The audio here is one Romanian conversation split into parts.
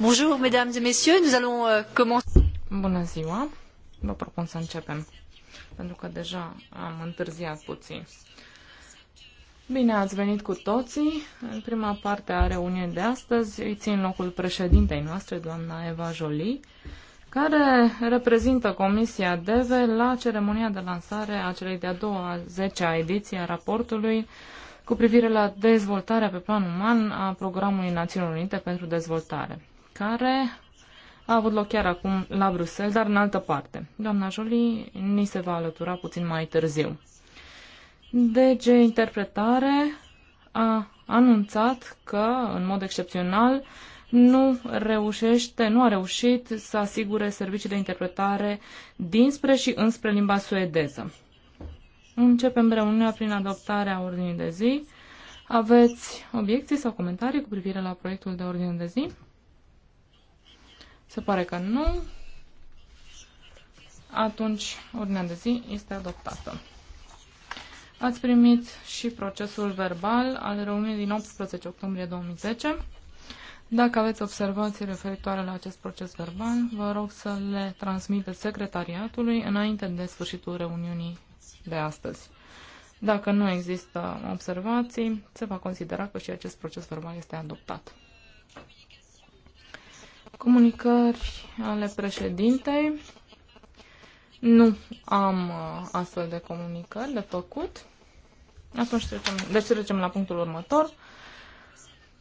Bonjour, mesdames et messieurs, nous allons euh, commencer. Bună ziua, vă propun să începem, pentru că deja am întârziat puțin. Bine ați venit cu toții. În prima parte a reuniunii de astăzi îi țin locul președintei noastre, doamna Eva Jolie, care reprezintă Comisia DEVE la ceremonia de lansare a celei de-a doua zecea ediție a raportului cu privire la dezvoltarea pe plan uman a Programului Națiunilor Unite pentru Dezvoltare, care a avut loc chiar acum la Bruxelles, dar în altă parte. Doamna Jolie ni se va alătura puțin mai târziu. DG Interpretare a anunțat că, în mod excepțional, nu reușește, nu a reușit să asigure servicii de interpretare dinspre și înspre limba suedeză. Începem reuniunea prin adoptarea ordinii de zi. Aveți obiecții sau comentarii cu privire la proiectul de ordine de zi? Se pare că nu. Atunci, ordinea de zi este adoptată. Ați primit și procesul verbal al reuniunii din 18 octombrie 2010. Dacă aveți observații referitoare la acest proces verbal, vă rog să le transmiteți secretariatului înainte de sfârșitul reuniunii de astăzi. Dacă nu există observații, se va considera că și acest proces verbal este adoptat. Comunicări ale președintei. Nu am uh, astfel de comunicări de făcut. Atunci trecem, deci trecem la punctul următor.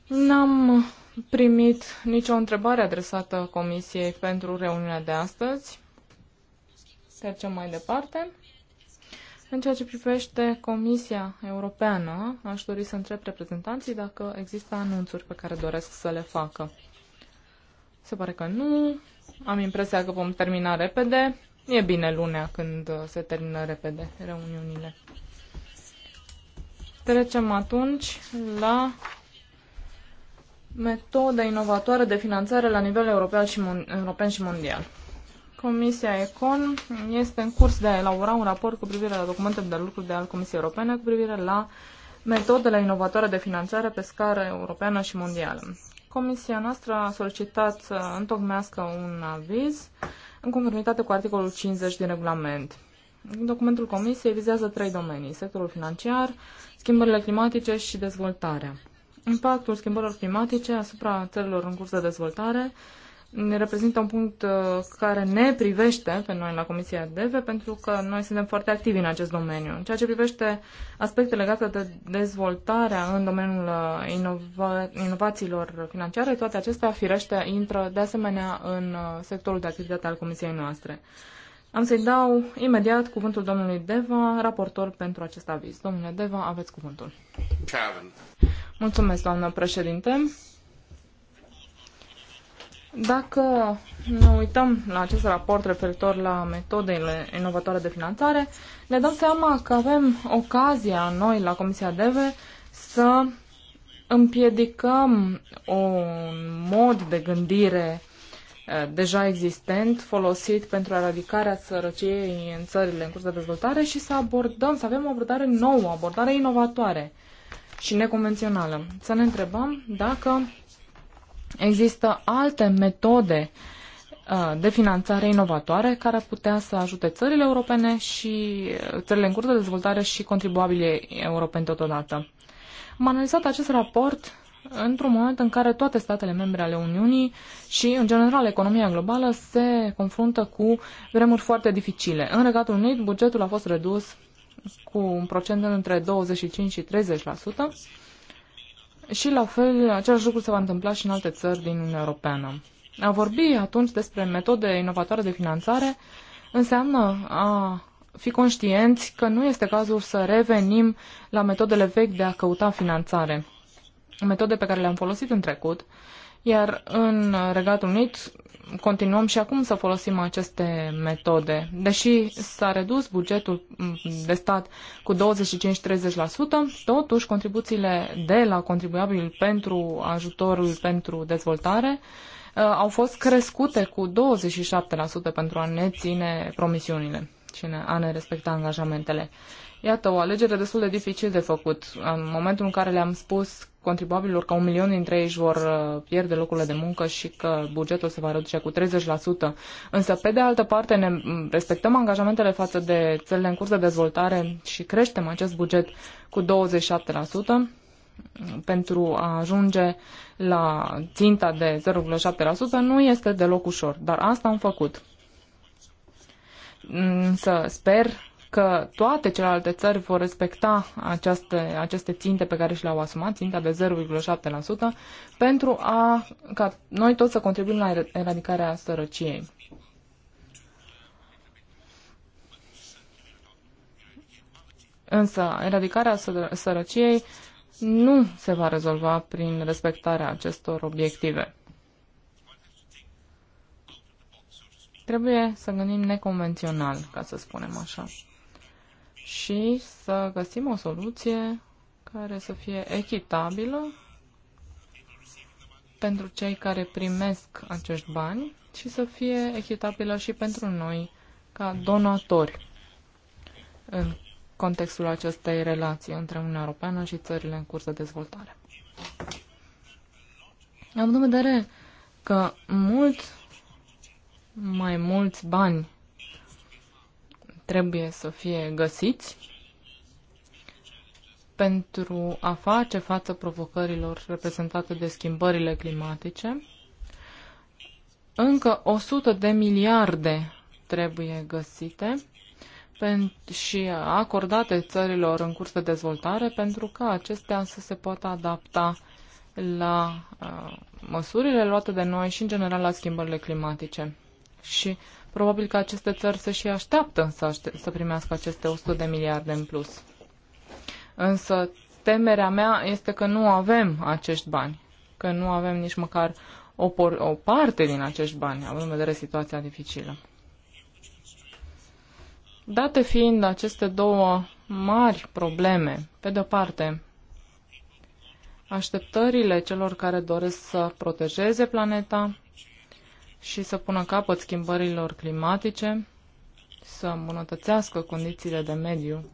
N-am primit nicio întrebare adresată Comisiei pentru reuniunea de astăzi. Trecem mai departe. În ceea ce privește Comisia Europeană, aș dori să întreb reprezentanții dacă există anunțuri pe care doresc să le facă. Se pare că nu. Am impresia că vom termina repede. E bine lunea când se termină repede reuniunile. Trecem atunci la metodă inovatoare de finanțare la nivel european și, mon- european și mondial. Comisia Econ este în curs de a elabora un raport cu privire la documentele de lucru de al Comisiei Europene cu privire la metodele inovatoare de finanțare pe scară europeană și mondială. Comisia noastră a solicitat să întocmească un aviz în conformitate cu articolul 50 din regulament. Documentul Comisiei vizează trei domenii, sectorul financiar, schimbările climatice și dezvoltarea. Impactul schimbărilor climatice asupra țărilor în curs de dezvoltare ne reprezintă un punct uh, care ne privește pe noi la Comisia DEVE, pentru că noi suntem foarte activi în acest domeniu. În ceea ce privește aspecte legate de dezvoltarea în domeniul uh, inova- inovațiilor financiare, toate acestea, firește, intră de asemenea în uh, sectorul de activitate al Comisiei noastre. Am să-i dau imediat cuvântul domnului Deva, raportor pentru acest aviz. Domnule Deva, aveți cuvântul. Dacă ne uităm la acest raport referitor la metodele inovatoare de finanțare, ne dăm seama că avem ocazia noi la Comisia DEVE să împiedicăm un mod de gândire eh, deja existent, folosit pentru eradicarea sărăciei în țările în curs de dezvoltare și să abordăm, să avem o abordare nouă, o abordare inovatoare și neconvențională. Să ne întrebăm dacă există alte metode uh, de finanțare inovatoare care ar putea să ajute țările europene și uh, țările în curs de dezvoltare și contribuabilii europeni totodată. Am analizat acest raport într-un moment în care toate statele membre ale Uniunii și, în general, economia globală se confruntă cu vremuri foarte dificile. În Regatul Unit, bugetul a fost redus cu un procent între 25 și 30% și la fel același lucru se va întâmpla și în alte țări din Uniunea Europeană. A vorbi atunci despre metode inovatoare de finanțare înseamnă a fi conștienți că nu este cazul să revenim la metodele vechi de a căuta finanțare. Metode pe care le-am folosit în trecut iar în Regatul Unit continuăm și acum să folosim aceste metode. Deși s-a redus bugetul de stat cu 25-30%, totuși contribuțiile de la contribuabil pentru ajutorul pentru dezvoltare uh, au fost crescute cu 27% pentru a ne ține promisiunile și a ne respecta angajamentele. Iată, o alegere destul de dificil de făcut. În momentul în care le-am spus contribuabililor că un milion dintre ei își vor uh, pierde locurile de muncă și că bugetul se va reduce cu 30%. Însă, pe de altă parte, ne mm, respectăm angajamentele față de țările în curs de dezvoltare și creștem acest buget cu 27% mm, pentru a ajunge la ținta de 0,7% nu este deloc ușor, dar asta am făcut. Însă sper că toate celelalte țări vor respecta aceste, aceste ținte pe care și le-au asumat, ținta de 0,7%, pentru a, ca noi toți să contribuim la eradicarea sărăciei. Însă, eradicarea sărăciei nu se va rezolva prin respectarea acestor obiective. Trebuie să gândim neconvențional, ca să spunem așa și să găsim o soluție care să fie echitabilă pentru cei care primesc acești bani și să fie echitabilă și pentru noi ca donatori în contextul acestei relații între Uniunea Europeană și țările în curs de dezvoltare. Am în vedere că mult mai mulți bani trebuie să fie găsiți pentru a face față provocărilor reprezentate de schimbările climatice. Încă 100 de miliarde trebuie găsite și acordate țărilor în curs de dezvoltare pentru ca acestea să se poată adapta la uh, măsurile luate de noi și, în general, la schimbările climatice. Și Probabil că aceste țări se și așteaptă să, aște- să primească aceste 100 de miliarde în plus. Însă temerea mea este că nu avem acești bani, că nu avem nici măcar o, por- o parte din acești bani, având în vedere situația dificilă. Date fiind aceste două mari probleme, pe de-o parte, așteptările celor care doresc să protejeze planeta și să pună capăt schimbărilor climatice, să îmbunătățească condițiile de mediu.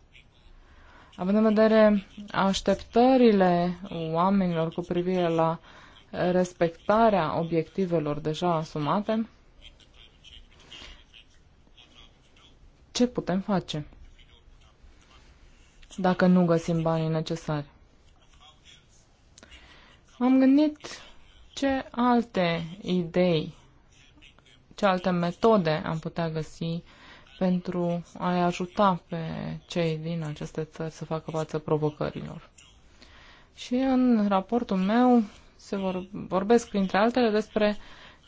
Având în vedere așteptările oamenilor cu privire la respectarea obiectivelor deja asumate, ce putem face dacă nu găsim banii necesari? Am gândit ce alte idei ce alte metode am putea găsi pentru a-i ajuta pe cei din aceste țări să facă față provocărilor. Și în raportul meu se vor, vorbesc, printre altele, despre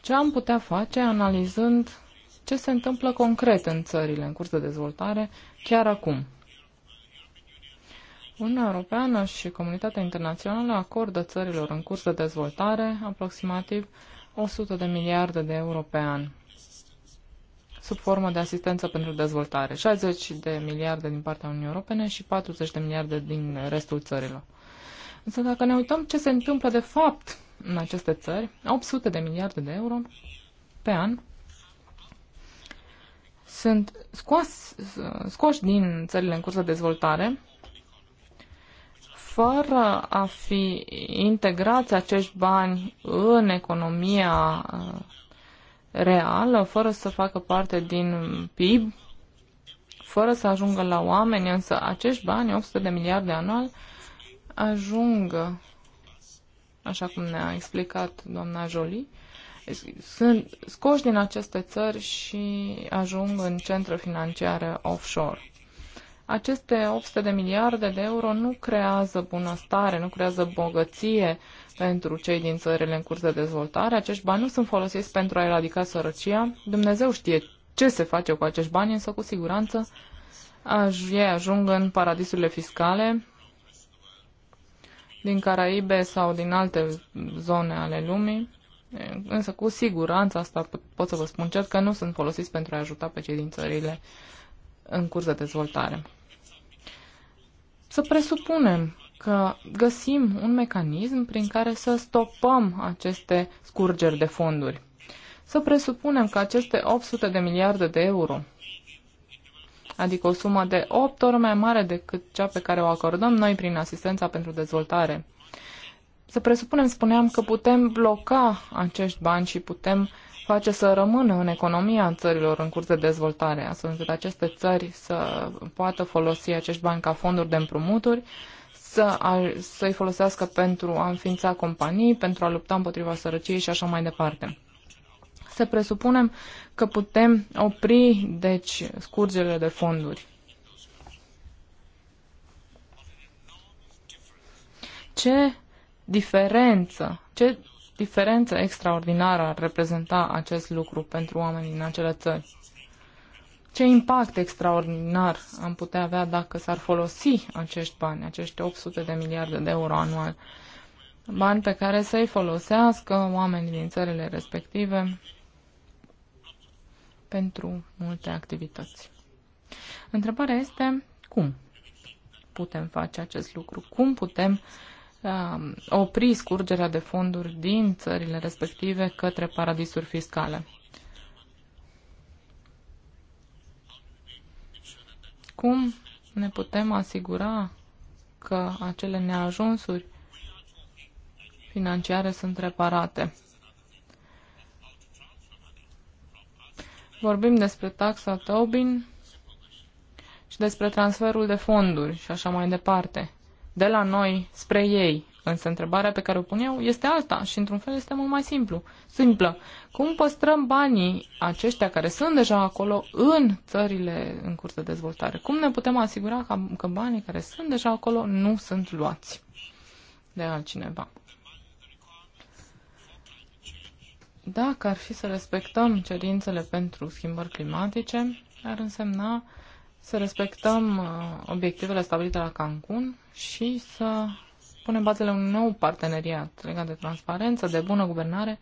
ce am putea face analizând ce se întâmplă concret în țările în curs de dezvoltare chiar acum. Uniunea Europeană și comunitatea internațională acordă țărilor în curs de dezvoltare aproximativ 100 de miliarde de euro pe an sub formă de asistență pentru dezvoltare, 60 de miliarde din partea Uniunii Europene și 40 de miliarde din restul țărilor. Însă dacă ne uităm ce se întâmplă de fapt în aceste țări, 800 de miliarde de euro pe an sunt scoas, scoși din țările în curs de dezvoltare fără a fi integrați acești bani în economia reală, fără să facă parte din PIB, fără să ajungă la oameni, însă acești bani, 800 de miliarde anual, ajung, așa cum ne-a explicat doamna Jolie, sunt scoși din aceste țări și ajung în centre financiare offshore. Aceste 800 de miliarde de euro nu creează bunăstare, nu creează bogăție, uh, pentru cei din țările în curs de dezvoltare. Acești bani nu sunt folosiți pentru a eradica sărăcia. Dumnezeu știe ce se face cu acești bani, însă cu siguranță ei ajung în paradisurile fiscale din Caraibe sau din alte zone ale lumii. Însă cu siguranță, asta pot să vă spun cert că nu sunt folosiți pentru a ajuta pe cei din țările în curs de dezvoltare. Să presupunem că găsim un mecanism prin care să stopăm aceste scurgeri de fonduri. Să presupunem că aceste 800 de miliarde de euro, adică o sumă de 8 ori mai mare decât cea pe care o acordăm noi prin asistența pentru dezvoltare, să presupunem, spuneam, că putem bloca acești bani și putem face să rămână în economia țărilor în curs de dezvoltare, astfel încât aceste țări să poată folosi acești bani ca fonduri de împrumuturi să, să-i folosească pentru a înființa companii, pentru a lupta împotriva sărăciei și așa mai departe. Să presupunem că putem opri, deci, scurgele de fonduri. Ce diferență, ce diferență extraordinară ar reprezenta acest lucru pentru oamenii din acele țări? ce impact extraordinar am putea avea dacă s-ar folosi acești bani, acești 800 de miliarde de euro anual. Bani pe care să-i folosească oamenii din țările respective pentru multe activități. Întrebarea este cum putem face acest lucru, cum putem uh, opri scurgerea de fonduri din țările respective către paradisuri fiscale. cum ne putem asigura că acele neajunsuri financiare sunt reparate. Vorbim despre taxa Tobin și despre transferul de fonduri și așa mai departe, de la noi spre ei. Însă întrebarea pe care o pun eu este alta și într-un fel este mult mai simplu, simplă. Cum păstrăm banii aceștia care sunt deja acolo în țările în curs de dezvoltare? Cum ne putem asigura că, că banii care sunt deja acolo nu sunt luați de altcineva? Dacă ar fi să respectăm cerințele pentru schimbări climatice, ar însemna să respectăm uh, obiectivele stabilite la Cancun și să Pune bazele un nou parteneriat legat de transparență, de bună guvernare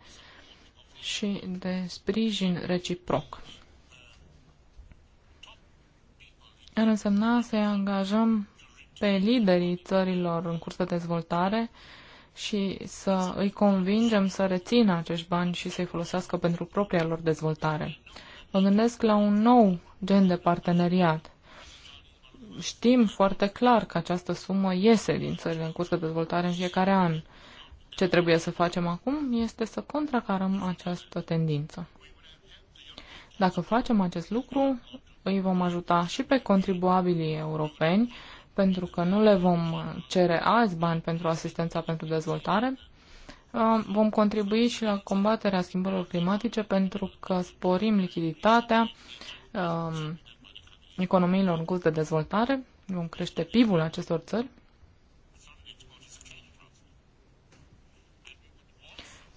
și de sprijin reciproc. Ar însemna să angajăm pe liderii țărilor în curs de dezvoltare și să îi convingem să rețină acești bani și să-i folosească pentru propria lor dezvoltare. Mă gândesc la un nou gen de parteneriat știm foarte clar că această sumă iese din țările în curs de dezvoltare în fiecare an. Ce trebuie să facem acum este să contracarăm această tendință. Dacă facem acest lucru, îi vom ajuta și pe contribuabilii europeni, pentru că nu le vom cere azi bani pentru asistența pentru dezvoltare, uh, vom contribui și la combaterea schimbărilor climatice pentru că sporim lichiditatea, um, economiilor în curs de dezvoltare, vom crește PIB-ul acestor țări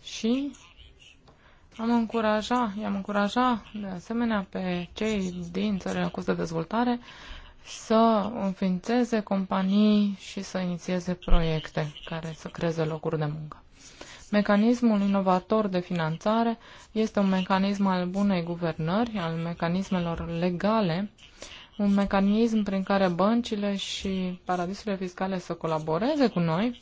și am încuraja, i-am încuraja de asemenea pe cei din țările în curs de dezvoltare să înființeze companii și să inițieze proiecte care să creeze locuri de muncă. Mecanismul inovator de finanțare este un mecanism al bunei guvernări, al mecanismelor legale, un mecanism prin care băncile și paradisurile fiscale să colaboreze cu noi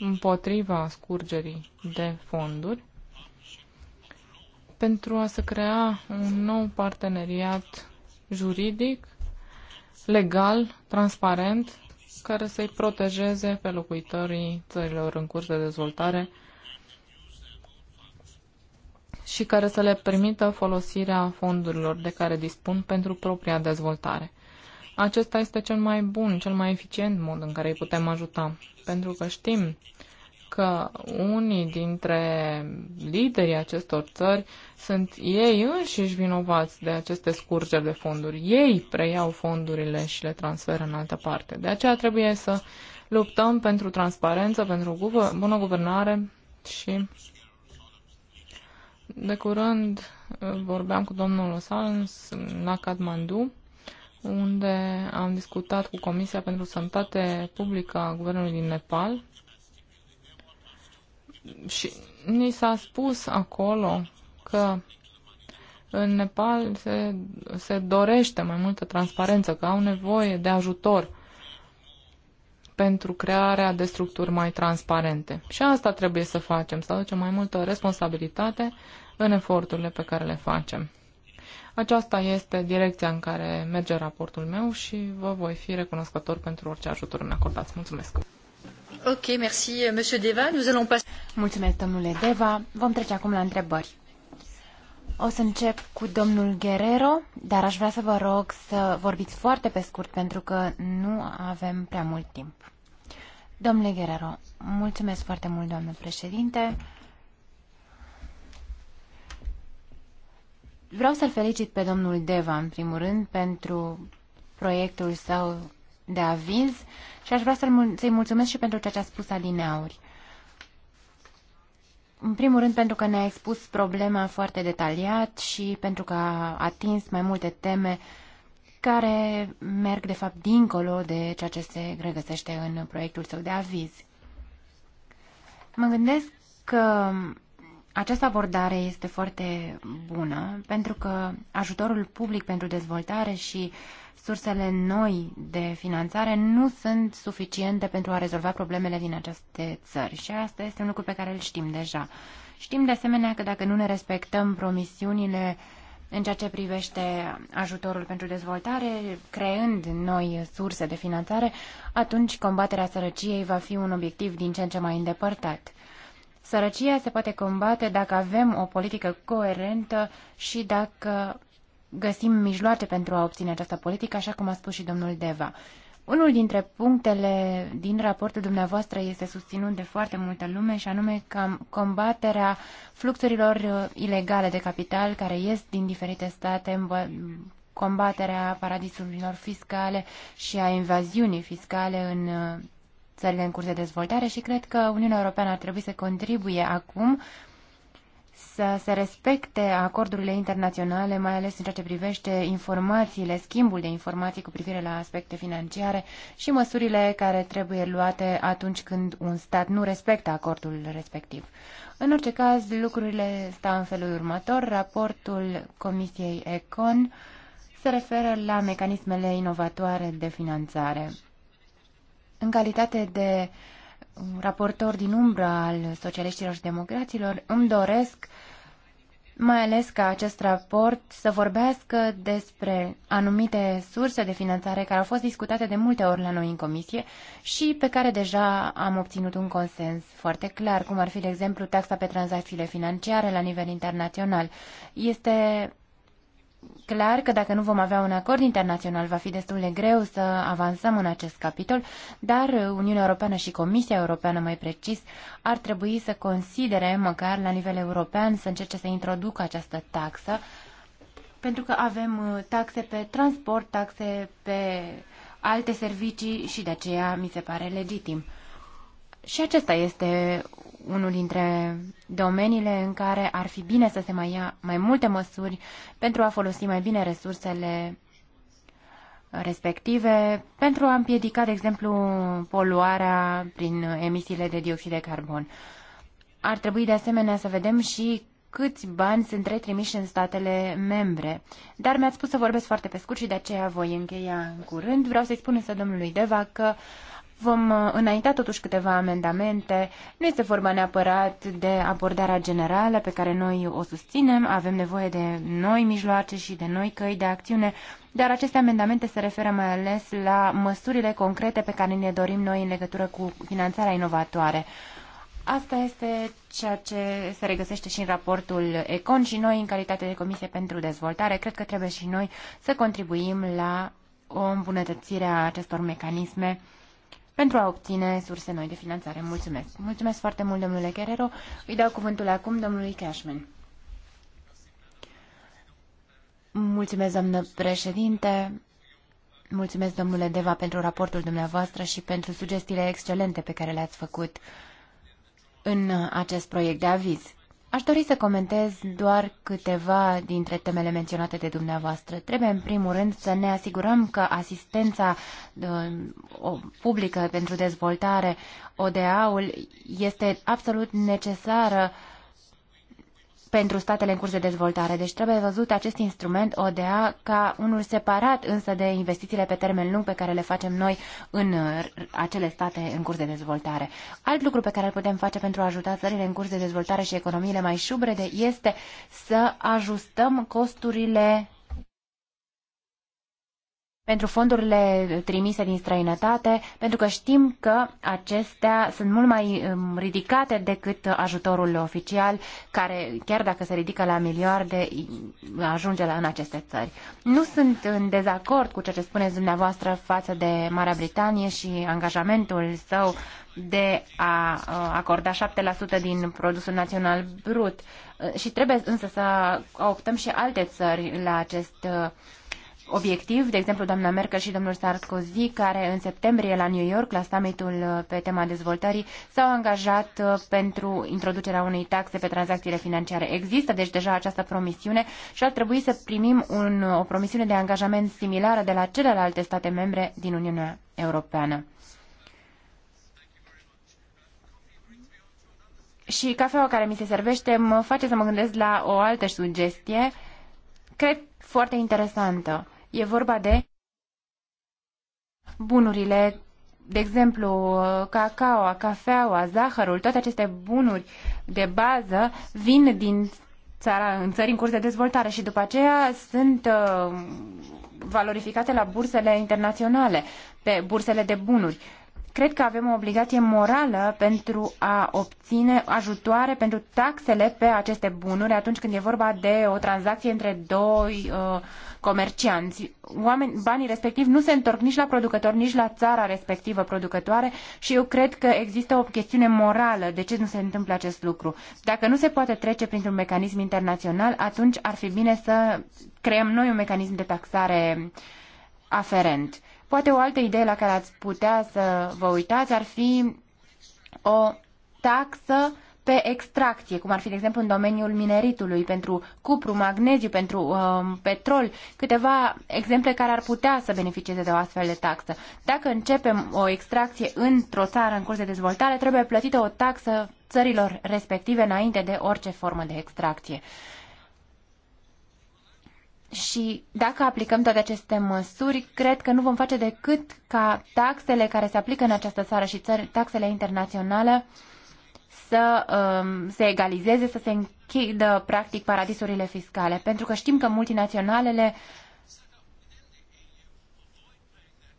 împotriva scurgerii de fonduri pentru a se crea un nou parteneriat juridic, legal, transparent care să-i protejeze pe locuitorii țărilor în curs de dezvoltare și care să le permită folosirea fondurilor de care dispun pentru propria dezvoltare. Acesta este cel mai bun, cel mai eficient mod în care îi putem ajuta, pentru că știm că unii dintre liderii acestor țări sunt ei înșiși vinovați de aceste scurgeri de fonduri. Ei preiau fondurile și le transferă în altă parte. De aceea trebuie să luptăm pentru transparență, pentru bună guvernare și de curând vorbeam cu domnul Osalens la Kathmandu, unde am discutat cu Comisia pentru Sănătate Publică a Guvernului din Nepal și ni s-a spus acolo că în Nepal se, se dorește mai multă transparență, că au nevoie de ajutor pentru crearea de structuri mai transparente. Și asta trebuie să facem, să aducem mai multă responsabilitate în eforturile pe care le facem. Aceasta este direcția în care merge raportul meu și vă voi fi recunoscător pentru orice ajutor îmi acordați. Mulțumesc! Ok, Mulțumesc, domnule Deva. Vom trece acum la întrebări. O să încep cu domnul Guerrero, dar aș vrea să vă rog să vorbiți foarte pe scurt, pentru că nu avem prea mult timp. Domnule Guerrero, mulțumesc foarte mult, doamnă președinte. Vreau să-l felicit pe domnul Deva, în primul rând, pentru proiectul său de aviz și aș vrea să-i mulțumesc și pentru ceea ce a spus Alineauri. În primul rând pentru că ne-a expus problema foarte detaliat și pentru că a atins mai multe teme care merg de fapt dincolo de ceea ce se regăsește în proiectul său de aviz. Mă gândesc că această abordare este foarte bună pentru că ajutorul public pentru dezvoltare și sursele noi de finanțare nu sunt suficiente pentru a rezolva problemele din aceste țări și asta este un lucru pe care îl știm deja. Știm de asemenea că dacă nu ne respectăm promisiunile în ceea ce privește ajutorul pentru dezvoltare, creând noi surse de finanțare, atunci combaterea sărăciei va fi un obiectiv din ce în ce mai îndepărtat. Sărăcia se poate combate dacă avem o politică coerentă și dacă găsim mijloace pentru a obține această politică, așa cum a spus și domnul Deva. Unul dintre punctele din raportul dumneavoastră este susținut de foarte multă lume și anume cam combaterea fluxurilor uh, ilegale de capital care ies din diferite state, combaterea paradisurilor fiscale și a invaziunii fiscale în uh, țările în curs de dezvoltare și cred că Uniunea Europeană ar trebui să contribuie acum să se respecte acordurile internaționale, mai ales în ceea ce privește informațiile, schimbul de informații cu privire la aspecte financiare și măsurile care trebuie luate atunci când un stat nu respectă acordul respectiv. În orice caz, lucrurile stau în felul următor. Raportul Comisiei ECON se referă la mecanismele inovatoare de finanțare. În calitate de um, raportor din umbră al socialiștilor și democraților, îmi doresc mai ales ca acest raport să vorbească despre anumite surse de finanțare care au fost discutate de multe ori la noi în comisie și pe care deja am obținut un consens foarte clar, cum ar fi, de exemplu, taxa pe tranzacțiile financiare la nivel internațional. Este clar că dacă nu vom avea un acord internațional, va fi destul de greu să avansăm în acest capitol, dar Uniunea Europeană și Comisia Europeană, mai precis, ar trebui să considere, măcar la nivel european, să încerce să introducă această taxă, pentru că avem uh, taxe pe transport, taxe pe alte servicii și de aceea mi se pare legitim. Și acesta este unul dintre domeniile în care ar fi bine să se mai ia mai multe măsuri pentru a folosi mai bine resursele respective pentru a împiedica, de exemplu, poluarea prin emisiile de dioxid de carbon. Ar trebui de asemenea să vedem și câți bani sunt retrimiși în statele membre. Dar mi-ați spus să vorbesc foarte pe scurt și de aceea voi încheia în curând. Vreau să-i spun însă domnului Deva că Vom uh, înainta totuși câteva amendamente. Nu este vorba neapărat de abordarea generală pe care noi o susținem. Avem nevoie de noi mijloace și de noi căi de acțiune, dar aceste amendamente se referă mai ales la măsurile concrete pe care ne dorim noi în legătură cu finanțarea inovatoare. Asta este ceea ce se regăsește și în raportul Econ și noi, în calitate de Comisie pentru Dezvoltare, cred că trebuie și noi să contribuim la o îmbunătățire a acestor mecanisme pentru a obține surse noi de finanțare. Mulțumesc! Mulțumesc foarte mult, domnule Guerrero. Îi dau cuvântul acum domnului Cashman. Mulțumesc, doamnă președinte. Mulțumesc, domnule Deva, pentru raportul dumneavoastră și pentru sugestiile excelente pe care le-ați făcut în acest proiect de aviz. Aș dori să comentez doar câteva dintre temele menționate de dumneavoastră. Trebuie, în primul rând, să ne asigurăm că asistența uh, publică pentru dezvoltare, ODA-ul, este absolut necesară uh, pentru statele în curs de dezvoltare. Deci trebuie văzut acest instrument ODA ca unul separat însă de investițiile pe termen lung pe care le facem noi în uh, acele state în curs de dezvoltare. Alt lucru pe care îl putem face pentru a ajuta țările în curs de dezvoltare și economiile mai șubrede este să ajustăm costurile pentru fondurile trimise din străinătate, pentru că știm că acestea sunt mult mai um, ridicate decât ajutorul oficial, care, chiar dacă se ridică la miliarde, ajunge la, în aceste țări. Nu sunt în dezacord cu ceea ce spuneți dumneavoastră față de Marea Britanie și angajamentul său de a uh, acorda 7% din produsul național brut. Uh, și trebuie însă să optăm și alte țări la acest uh, obiectiv, de exemplu doamna Merkel și domnul Sarkozy, care în septembrie la New York, la summitul uh, pe tema dezvoltării, s-au angajat uh, pentru introducerea unei taxe pe tranzacțiile financiare. Există deci deja această promisiune și ar trebui să primim un, o promisiune de angajament similară de la celelalte state membre din Uniunea Europeană. Și cafeaua care mi se servește mă face să mă gândesc la o altă sugestie, cred foarte interesantă. E vorba de bunurile, de exemplu, cacao, cafeaua, zahărul, toate aceste bunuri de bază vin din țara, în țări în curs de dezvoltare și după aceea sunt uh, valorificate la bursele internaționale, pe bursele de bunuri cred că avem o obligație morală pentru a obține ajutoare pentru taxele pe aceste bunuri atunci când e vorba de o tranzacție între doi uh, comercianți. Oameni, banii respectiv nu se întorc nici la producător, nici la țara respectivă producătoare și eu cred că există o chestiune morală de ce nu se întâmplă acest lucru. Dacă nu se poate trece printr-un mecanism internațional, atunci ar fi bine să creăm noi un mecanism de taxare aferent. Poate o altă idee la care ați putea să vă uitați ar fi o taxă pe extracție, cum ar fi, de exemplu, în domeniul mineritului, pentru cupru, magneziu, pentru uh, petrol, câteva exemple care ar putea să beneficieze de o astfel de taxă. Dacă începem o extracție într-o țară în curs de dezvoltare, trebuie plătită o taxă țărilor respective înainte de orice formă de extracție. Și dacă aplicăm toate aceste măsuri, cred că nu vom face decât ca taxele care se aplică în această țară și țări, taxele internaționale să um, se egalizeze, să se închidă practic paradisurile fiscale. Pentru că știm că multinaționalele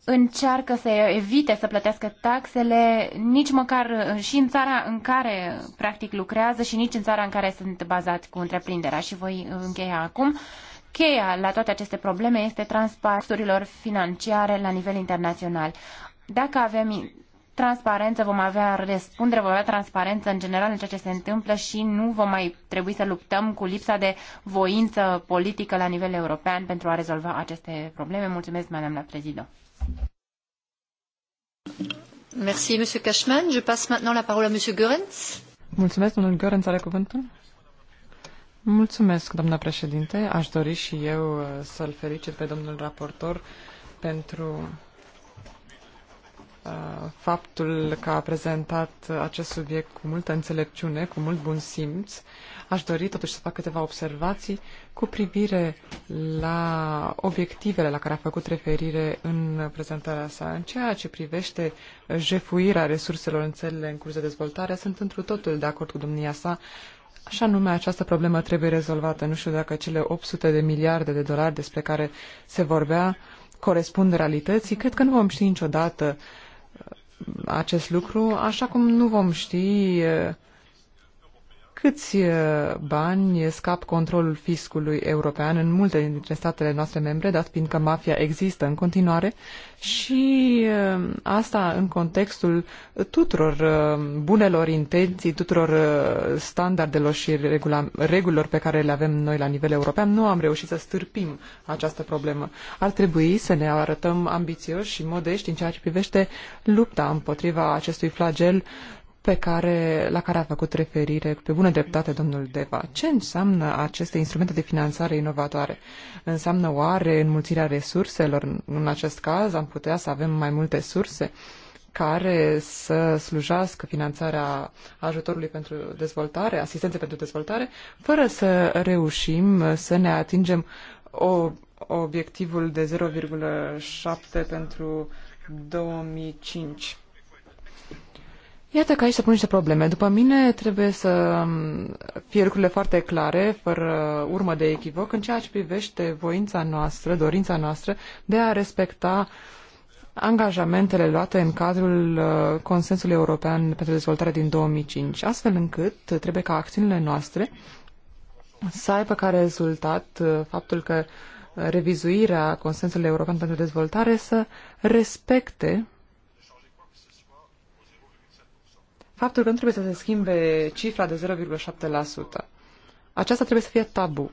încearcă să evite să plătească taxele nici măcar uh, și în țara în care practic lucrează și nici în țara în care sunt bazați cu întreprinderea. Și voi uh, încheia acum. Uh, Cheia la toate aceste probleme este transparențurilor financiare la nivel internațional. Dacă avem transparență, vom avea răspundere, vom avea transparență în general în ceea ce se întâmplă și nu vom mai trebui să luptăm cu lipsa de voință politică la nivel european pentru a rezolva aceste probleme. Mulțumesc, madame la prezido. Merci, monsieur Cashman. Je passe maintenant la parole à monsieur Goerens. Mulțumesc, domnul Goerens are cuvântul. Mulțumesc, doamna președinte. Aș dori și eu uh, să-l felicit pe domnul raportor pentru uh, faptul că a prezentat acest subiect cu multă înțelepciune, cu mult bun simț. Aș dori totuși să fac câteva observații cu privire la obiectivele la care a făcut referire în prezentarea sa. În ceea ce privește jefuirea resurselor în țările în curs de dezvoltare, sunt întru totul de acord cu domnia sa Așa nume, această problemă trebuie rezolvată. Nu știu dacă cele 800 de miliarde de dolari despre care se vorbea corespund realității. Cred că nu vom ști niciodată uh, acest lucru, așa cum nu vom ști uh, câți uh, bani scap controlul fiscului european în multe dintre statele noastre membre, dat fiindcă mafia există în continuare și uh, asta în contextul tuturor uh, bunelor intenții, tuturor standardelor și regulilor pe care le avem noi la nivel european, nu am reușit să stârpim această problemă. Ar trebui să ne arătăm ambițioși și modești în ceea ce privește lupta împotriva acestui flagel pe care, la care a făcut referire pe bună dreptate domnul Deva. Ce înseamnă aceste instrumente de finanțare inovatoare? Înseamnă oare înmulțirea resurselor? În acest caz am putea să avem mai multe surse care să slujească finanțarea ajutorului pentru dezvoltare, asistențe pentru dezvoltare, fără să reușim să ne atingem o, obiectivul de 0,7 pentru 2005 Iată că aici se pun niște probleme. După mine trebuie să um, fie lucrurile foarte clare, fără urmă de echivoc, în ceea ce privește voința noastră, dorința noastră de a respecta angajamentele luate în cadrul uh, Consensului European pentru Dezvoltare din 2005, astfel încât trebuie ca acțiunile noastre să aibă ca rezultat uh, faptul că revizuirea Consensului European pentru Dezvoltare să respecte faptul că nu trebuie să se schimbe cifra de 0,7%. Aceasta trebuie să fie tabu.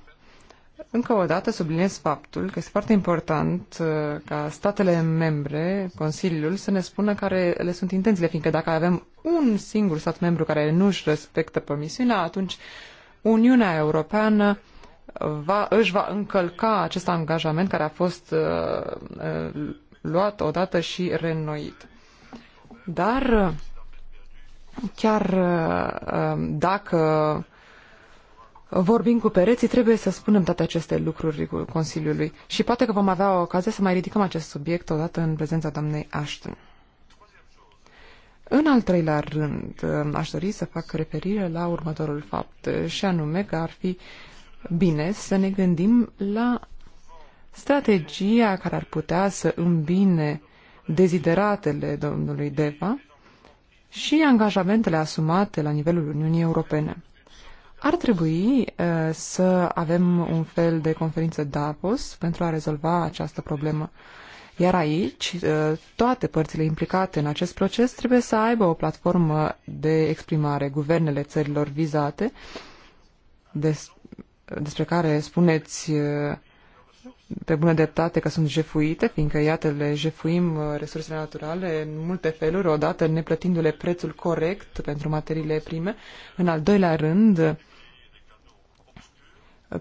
Încă o dată subliniez faptul că este foarte important uh, ca statele membre, Consiliul, să ne spună care le sunt intențiile, fiindcă dacă avem un singur stat membru care nu își respectă promisiunea, atunci Uniunea Europeană va, își va încălca acest angajament care a fost uh, uh luat odată și reînnoit. Dar uh, chiar uh, um, dacă vorbim cu pereții, trebuie să spunem toate aceste lucruri Consiliului. Și poate că vom avea ocazia să mai ridicăm acest subiect odată în prezența doamnei Ashton. În al treilea rând, um, aș dori să fac referire la următorul fapt, și anume că ar fi bine să ne gândim la strategia care ar putea să îmbine dezideratele domnului Deva și angajamentele asumate la nivelul Uniunii Europene. Ar trebui uh, să avem un fel de conferință Davos pentru a rezolva această problemă. Iar aici, uh, toate părțile implicate în acest proces trebuie să aibă o platformă de exprimare. Guvernele țărilor vizate, despre care spuneți uh, pe bună dreptate că sunt jefuite, fiindcă, iată, le jefuim uh, resursele naturale în multe feluri, odată neplătindu-le prețul corect pentru materiile prime, în al doilea rând,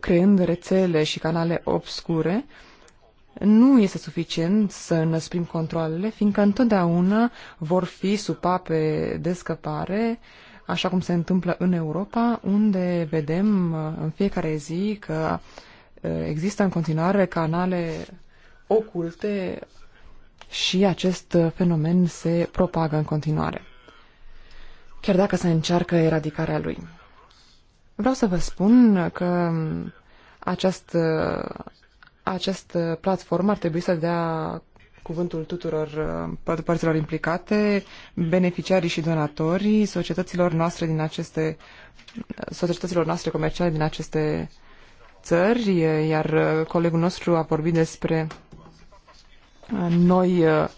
creând rețele și canale obscure, nu este suficient să năsprim controlele, fiindcă întotdeauna vor fi supape de scăpare, așa cum se întâmplă în Europa, unde vedem uh, în fiecare zi că uh, există în continuare canale oculte și acest fenomen se propagă în continuare, chiar dacă se încearcă eradicarea lui. Vreau să vă spun că această, această platformă ar trebui să dea cuvântul tuturor părților implicate, beneficiarii și donatorii, societăților noastre din aceste societăților noastre comerciale din aceste țări, iar colegul nostru a vorbit despre noi uh,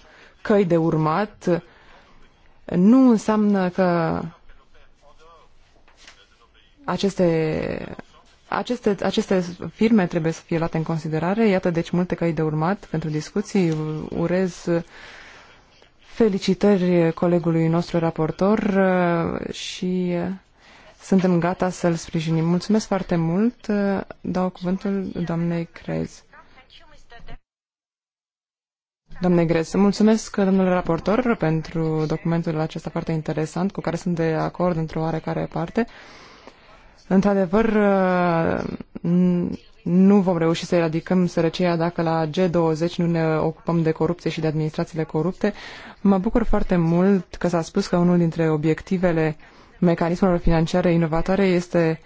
căi de urmat, nu înseamnă că aceste, aceste, aceste firme trebuie să fie luate în considerare. Iată, deci, multe căi de urmat pentru discuții. Urez felicitări colegului nostru raportor uh, și uh, suntem gata să-l sprijinim. Mulțumesc foarte mult. Dau cuvântul doamnei Crez. Doamne Grez, mulțumesc, domnule raportor, pentru documentul acesta foarte interesant, cu care sunt de acord într-o oarecare parte. Într-adevăr, nu vom reuși să eradicăm sărăcia dacă la G20 nu ne ocupăm de corupție și de administrațiile corupte. Mă bucur foarte mult că s-a spus că unul dintre obiectivele uh, mecanismelor financiare inovatoare este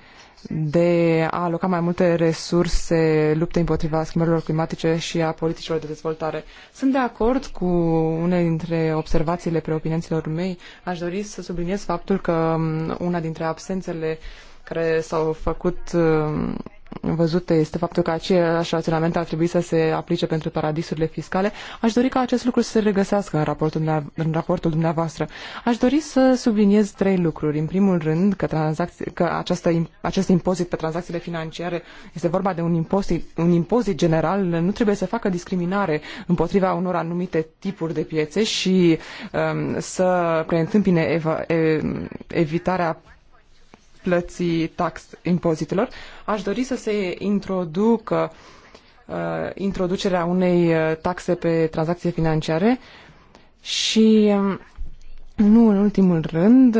de a aloca mai multe resurse luptei împotriva schimbărilor climatice și a politicilor de dezvoltare. Sunt de acord cu unele dintre observațiile preopinenților mei. Aș dori să subliniez faptul că mm, una dintre absențele care s-au făcut mm, văzute este faptul că același raționament ar trebui să se aplice pentru paradisurile fiscale, aș dori ca acest lucru să se regăsească în raportul, în raportul dumneavoastră. Aș dori să subliniez trei lucruri. În primul rând, că, că această, acest impozit pe tranzacțiile financiare este vorba de un impozit, un impozit general, nu trebuie să facă discriminare împotriva unor anumite tipuri de piețe și um, să preîntâmpine ev evitarea plății tax impozitelor, aș dori să se introducă uh, introducerea unei uh, taxe pe tranzacție financiare și, um, nu în ultimul rând,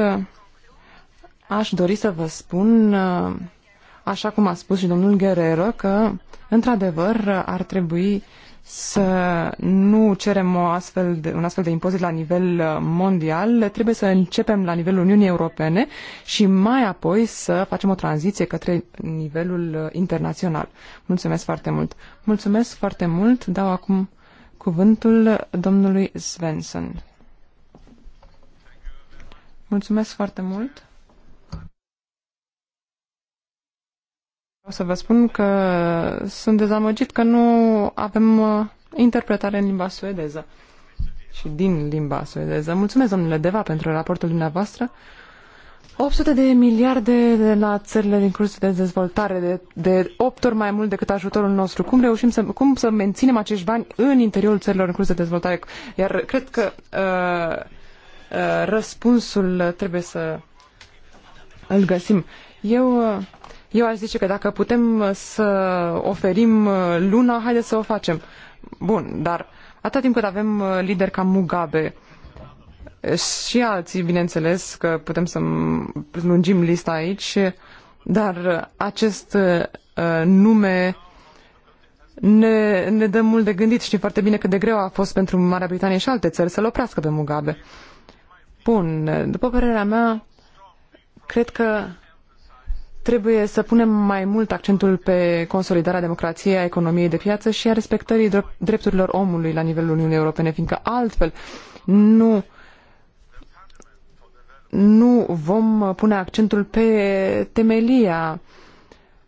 aș dori să vă spun, uh, așa cum a spus și domnul Guerrero, că, într-adevăr, ar trebui să nu cerem o astfel de, un astfel de impozit la nivel uh, mondial, trebuie să începem la nivelul Uniunii Europene și mai apoi să facem o tranziție către nivelul uh, internațional. Mulțumesc foarte mult! Mulțumesc foarte mult! Dau acum cuvântul domnului Svensson. Mulțumesc foarte mult! Vreau să vă spun că sunt dezamăgit că nu avem uh, interpretare în limba suedeză și din limba suedeză. Mulțumesc, domnule Deva, pentru raportul dumneavoastră. 800 de miliarde de la țările din curs de dezvoltare, de, de 8 ori mai mult decât ajutorul nostru. Cum reușim să, cum să menținem acești bani în interiorul țărilor în curs de dezvoltare? Iar cred că uh, uh, răspunsul trebuie să îl găsim. Eu uh, eu aș zice că dacă putem uh, să oferim uh, luna, haideți să o facem. Bun, dar atâta timp cât avem uh, lideri ca Mugabe și alții, bineînțeles, că putem să lungim lista aici, dar acest uh, nume ne, ne dă mult de gândit. Știm foarte bine cât de greu a fost pentru Marea Britanie și alte țări să-l oprească pe Mugabe. Bun, după părerea mea, cred că Trebuie să punem mai mult accentul pe consolidarea democrației, a economiei de piață și a respectării drepturilor omului la nivelul Uniunii Europene, fiindcă altfel nu nu vom pune accentul pe temelia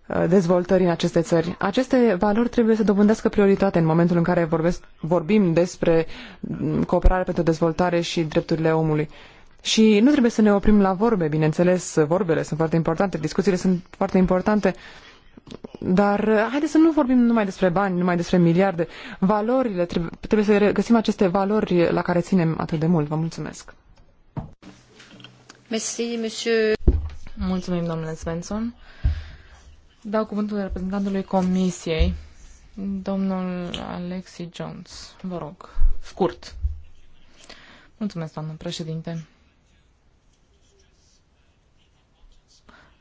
uh, dezvoltării în aceste țări. Aceste valori trebuie să dobândească prioritate în momentul în care vorbesc, vorbim despre mm, cooperare pentru dezvoltare și drepturile omului. Și nu trebuie să ne oprim la vorbe, bineînțeles, vorbele sunt foarte importante, discuțiile sunt foarte importante, dar haideți să nu vorbim numai despre bani, numai despre miliarde. Valorile, trebuie, trebuie să găsim aceste valori la care ținem atât de mult. Vă mulțumesc. Merci, monsieur. Mulțumim, domnule Svensson. Dau cuvântul reprezentantului Comisiei, domnul Alexi Jones. Vă rog, scurt. Mulțumesc, doamnă președinte.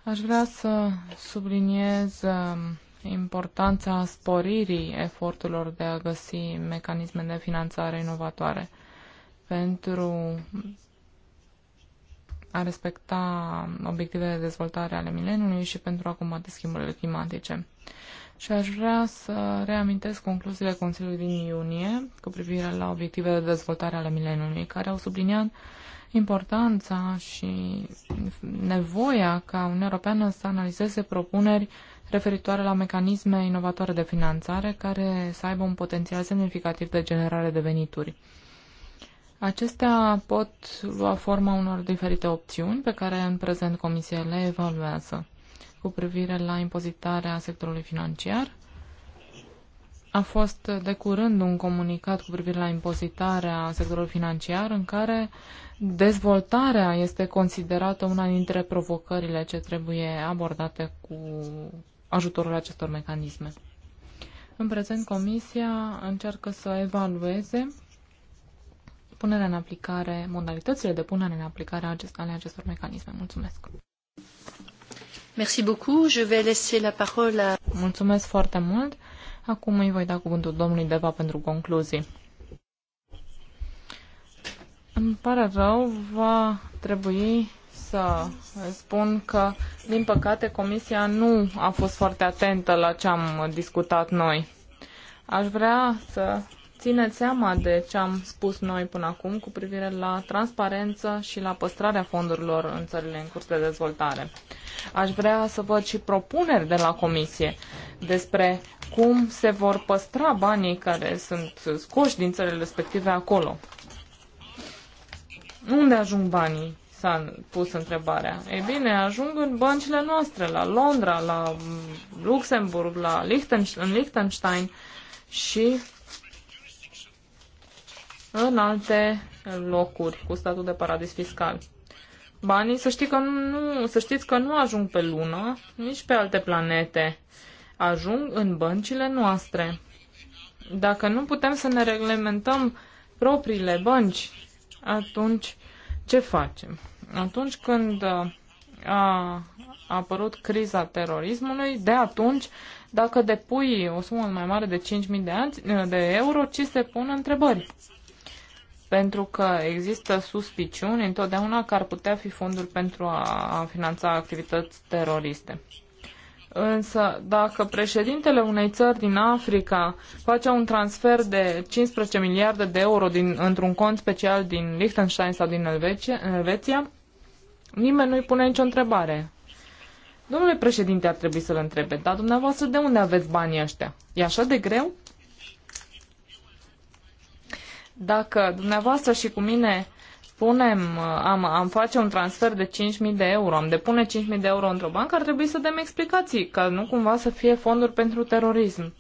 Aș vrea să subliniez um, importanța sporirii eforturilor de a găsi mecanisme de finanțare inovatoare pentru a respecta obiectivele de dezvoltare ale mileniului și pentru a combate schimbările climatice. Și aș vrea să reamintesc concluziile Consiliului din iunie cu privire la obiectivele de dezvoltare ale mileniului, care au subliniat importanța și nevoia ca Uniunea Europeană să analizeze propuneri referitoare la mecanisme inovatoare de finanțare care să aibă un potențial semnificativ de generare de venituri. Acestea pot lua forma unor diferite opțiuni pe care în prezent Comisia le evaluează cu privire la impozitarea sectorului financiar. A fost de curând un comunicat cu privire la impozitarea sectorului financiar în care Dezvoltarea este considerată una dintre provocările ce trebuie abordate cu ajutorul acestor mecanisme. În prezent, Comisia încearcă să evalueze punerea în aplicare, modalitățile de punere în aplicare ale acestor mecanisme. Mulțumesc! Merci beaucoup. Je vais laisser la parole à... Mulțumesc foarte mult. Acum îi voi da cuvântul domnului Deva pentru concluzii. Îmi pare rău, va trebui să spun că, din păcate, Comisia nu a fost foarte atentă la ce am discutat noi. Aș vrea să țineți seama de ce am spus noi până acum cu privire la transparență și la păstrarea fondurilor în țările în curs de dezvoltare. Aș vrea să văd și propuneri de la Comisie despre cum se vor păstra banii care sunt scoși din țările respective acolo. Unde ajung banii? S-a pus întrebarea. Ei bine, ajung în băncile noastre, la Londra, la Luxemburg, la Liechtenstein, în Liechtenstein și în alte locuri cu statut de paradis fiscal. Banii, să, știi că nu, să știți că nu ajung pe lună, nici pe alte planete. Ajung în băncile noastre. Dacă nu putem să ne reglementăm propriile bănci, atunci ce facem? Atunci când uh, a apărut criza terorismului, de atunci, dacă depui o sumă mai mare de 5.000 de, ani, uh, de euro, ci se pun întrebări. Pentru că există suspiciuni întotdeauna că ar putea fi fonduri pentru a finanța activități teroriste. Însă, dacă președintele unei țări din Africa face un transfer de 15 miliarde de euro din, într-un cont special din Liechtenstein sau din Elveția, nimeni nu-i pune nicio întrebare. Domnule președinte, ar trebui să-l întrebe, dar dumneavoastră de unde aveți banii ăștia? E așa de greu? Dacă dumneavoastră și cu mine depunem, am, am face un transfer de 5.000 de euro, am depune 5.000 de euro într-o bancă, ar trebui să dăm explicații, ca nu cumva să fie fonduri pentru terorism.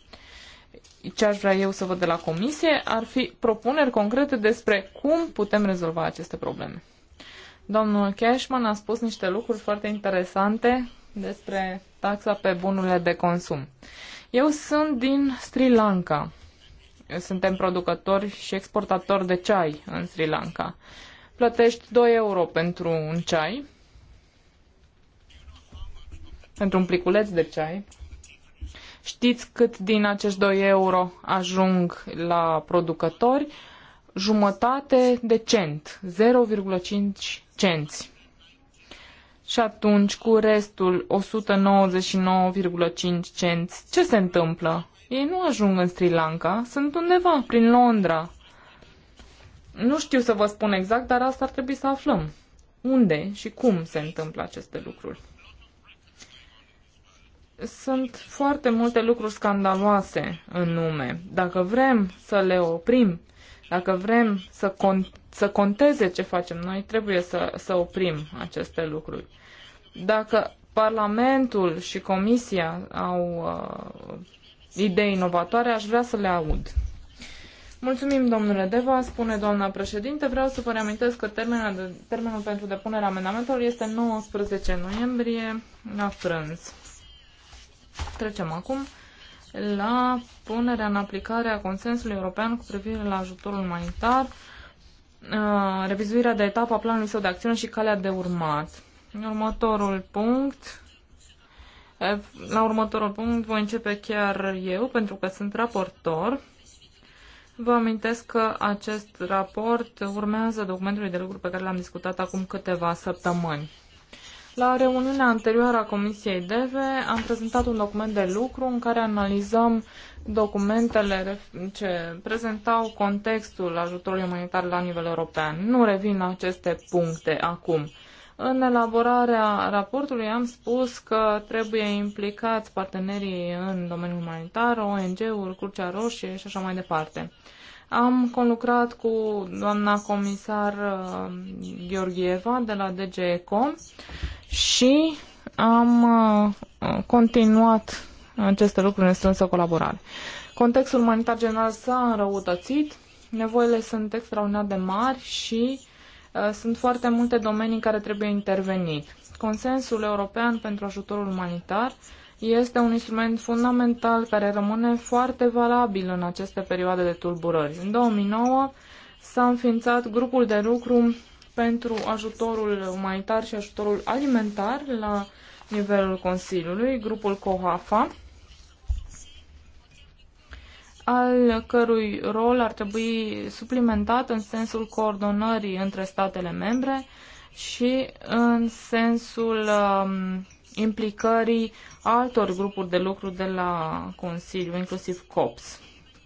Ce aș vrea eu să văd de la comisie ar fi propuneri concrete despre cum putem rezolva aceste probleme. Domnul Cashman a spus niște lucruri foarte interesante despre taxa pe bunurile de consum. Eu sunt din Sri Lanka. Suntem producători și exportatori de ceai în Sri Lanka plătești 2 euro pentru un ceai, pentru un pliculeț de ceai. Știți cât din acești 2 euro ajung la producători? Jumătate de cent, 0,5 cenți. Și atunci, cu restul 199,5 cenți, ce se întâmplă? Ei nu ajung în Sri Lanka, sunt undeva prin Londra, nu știu să vă spun exact, dar asta ar trebui să aflăm. Unde și cum se întâmplă aceste lucruri? Sunt foarte multe lucruri scandaloase în nume. Dacă vrem să le oprim, dacă vrem să, con- să conteze ce facem noi, trebuie să, să oprim aceste lucruri. Dacă Parlamentul și Comisia au uh, idei inovatoare, aș vrea să le aud. Mulțumim, domnule Deva, spune doamna președinte. Vreau să vă reamintesc că termenul, de, termenul pentru depunerea amendamentelor este 19 noiembrie la prânz. Trecem acum la punerea în aplicare a consensului european cu privire la ajutorul umanitar, uh, revizuirea de etapă a planului său de acțiune și calea de urmat. Următorul punct. Eh, la următorul punct voi începe chiar eu, pentru că sunt raportor Vă amintesc că acest raport urmează documentului de lucru pe care l-am discutat acum câteva săptămâni. La reuniunea anterioară a Comisiei DEVE am prezentat un document de lucru în care analizăm documentele ce prezentau contextul ajutorului umanitar la nivel european. Nu revin la aceste puncte acum. În elaborarea raportului am spus că trebuie implicați partenerii în domeniul umanitar, ONG-uri, Curcea Roșie și așa mai departe. Am conlucrat cu doamna comisar uh, Gheorgheva de la DGECOM și am uh, continuat aceste lucruri în strânsă colaborare. Contextul umanitar general s-a înrăutățit, nevoile sunt extraordinar de mari și uh, Uh, sunt foarte multe domenii în care trebuie intervenit. Consensul european pentru ajutorul umanitar este un instrument fundamental care rămâne foarte valabil în aceste perioade de tulburări. În 2009 s-a înființat grupul de lucru pentru ajutorul umanitar și ajutorul alimentar la nivelul Consiliului, grupul COHAFA, al cărui rol ar trebui suplimentat în sensul coordonării între statele membre și în sensul um, implicării altor grupuri de lucru de la Consiliu, inclusiv COPS.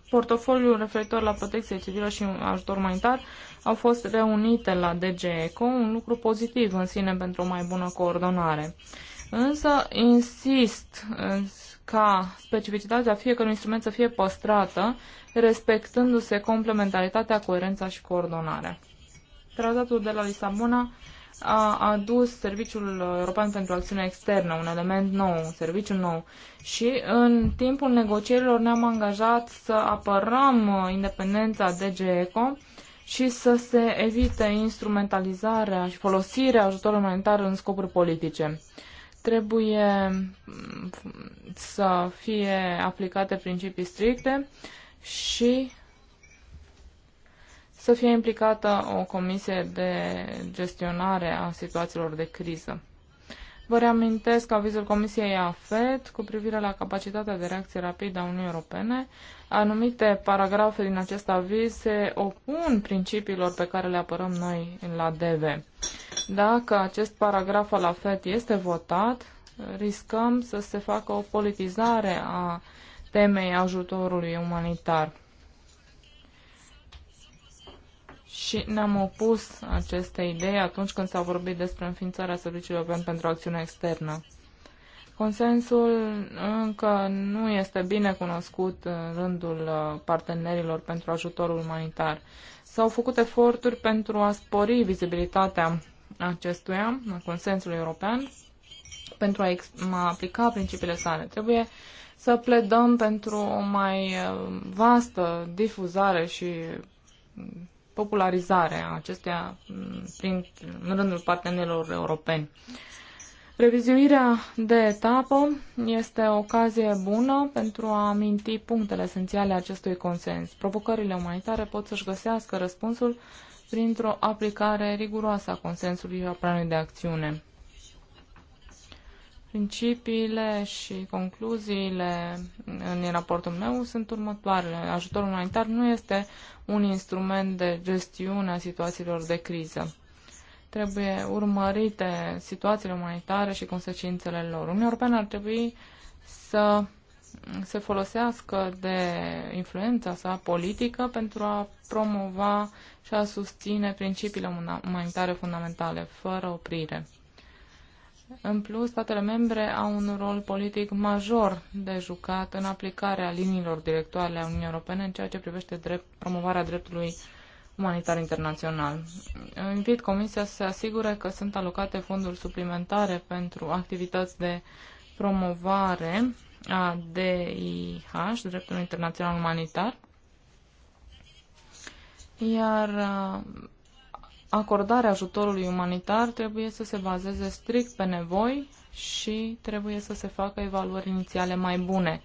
Portofoliul referitor la protecție civilă și ajutor umanitar au fost reunite la DGECO, un lucru pozitiv în sine pentru o mai bună coordonare. Însă insist ca specificitatea fiecărui instrument să fie păstrată, respectându-se complementaritatea, coerența și coordonarea. Tratatul de la Lisabona a adus Serviciul European pentru Acțiune Externă, un element nou, un serviciu nou. Și în timpul negocierilor ne-am angajat să apărăm independența DGECO și să se evite instrumentalizarea și folosirea ajutorului umanitar în scopuri politice trebuie mm, să fie aplicate principii stricte și să fie implicată o comisie de gestionare a situațiilor de criză. Vă reamintesc avizul Comisiei AFET cu privire la capacitatea de reacție rapidă a Uniunii Europene. Anumite paragrafe din acest aviz se opun principiilor pe care le apărăm noi la DV. Dacă acest paragraf al AFET este votat, riscăm să se facă o politizare a temei ajutorului umanitar. Și ne-am opus aceste idei atunci când s-a vorbit despre înființarea Serviciului European pentru Acțiune Externă. Consensul încă nu este bine cunoscut în rândul uh, partenerilor pentru ajutorul umanitar. S-au făcut eforturi pentru a spori vizibilitatea acestuia, a consensului european, pentru a aplica principiile sale. Trebuie să pledăm pentru o mai uh, vastă difuzare și popularizare a acestea mm, prin, în rândul partenerilor europeni. Revizuirea de etapă este o ocazie bună pentru a aminti punctele esențiale acestui consens. Provocările umanitare pot să-și găsească răspunsul printr-o aplicare riguroasă a consensului și a planului de acțiune. Principiile și concluziile în raportul meu sunt următoarele. Ajutorul umanitar nu este un instrument de gestiune a situațiilor de criză. Trebuie urmărite situațiile umanitare și consecințele lor. Uniunea Europeană ar trebui să se folosească de influența sa politică pentru a promova și a susține principiile umanitare fundamentale, fără oprire. În plus, statele membre au un rol politic major de jucat în aplicarea liniilor directoare a Uniunii Europene în ceea ce privește drept, promovarea dreptului umanitar internațional. Invit Comisia să se asigure că sunt alocate fonduri suplimentare pentru activități de promovare D.I.H. Dreptul Internațional Umanitar, iar uh, acordarea ajutorului umanitar trebuie să se bazeze strict pe nevoi și trebuie să se facă evaluări inițiale mai bune,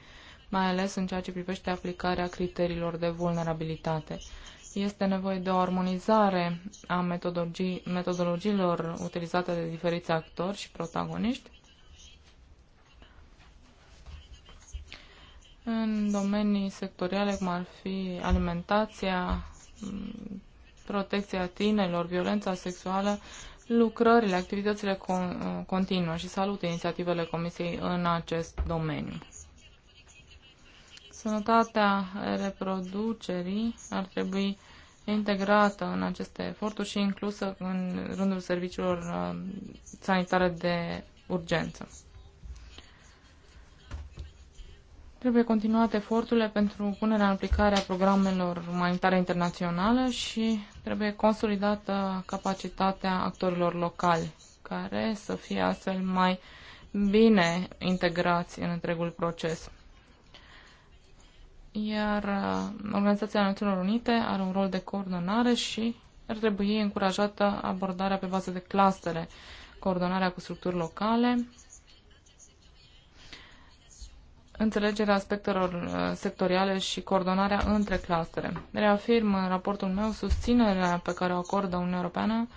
mai ales în ceea ce privește aplicarea criteriilor de vulnerabilitate. Este nevoie de o armonizare a metodologiilor utilizate de diferiți actori și protagoniști în domenii sectoriale, cum ar fi alimentația, protecția tinerilor, violența sexuală, lucrările, activitățile continuă și salut inițiativele Comisiei în acest domeniu. Sănătatea reproducerii ar trebui integrată în aceste eforturi și inclusă în rândul serviciilor uh, sanitare de urgență. Trebuie continuate eforturile pentru punerea în aplicare a programelor umanitare internaționale și trebuie consolidată capacitatea actorilor locali, care să fie astfel mai bine integrați în întregul proces. Iar uh, Organizația Națiunilor Unite are un rol de coordonare și ar trebui încurajată abordarea pe bază de clastere, coordonarea cu structuri locale, înțelegerea aspectelor uh, sectoriale și coordonarea între clastere. Reafirm în uh, raportul meu susținerea pe care o acordă Uniunea Europeană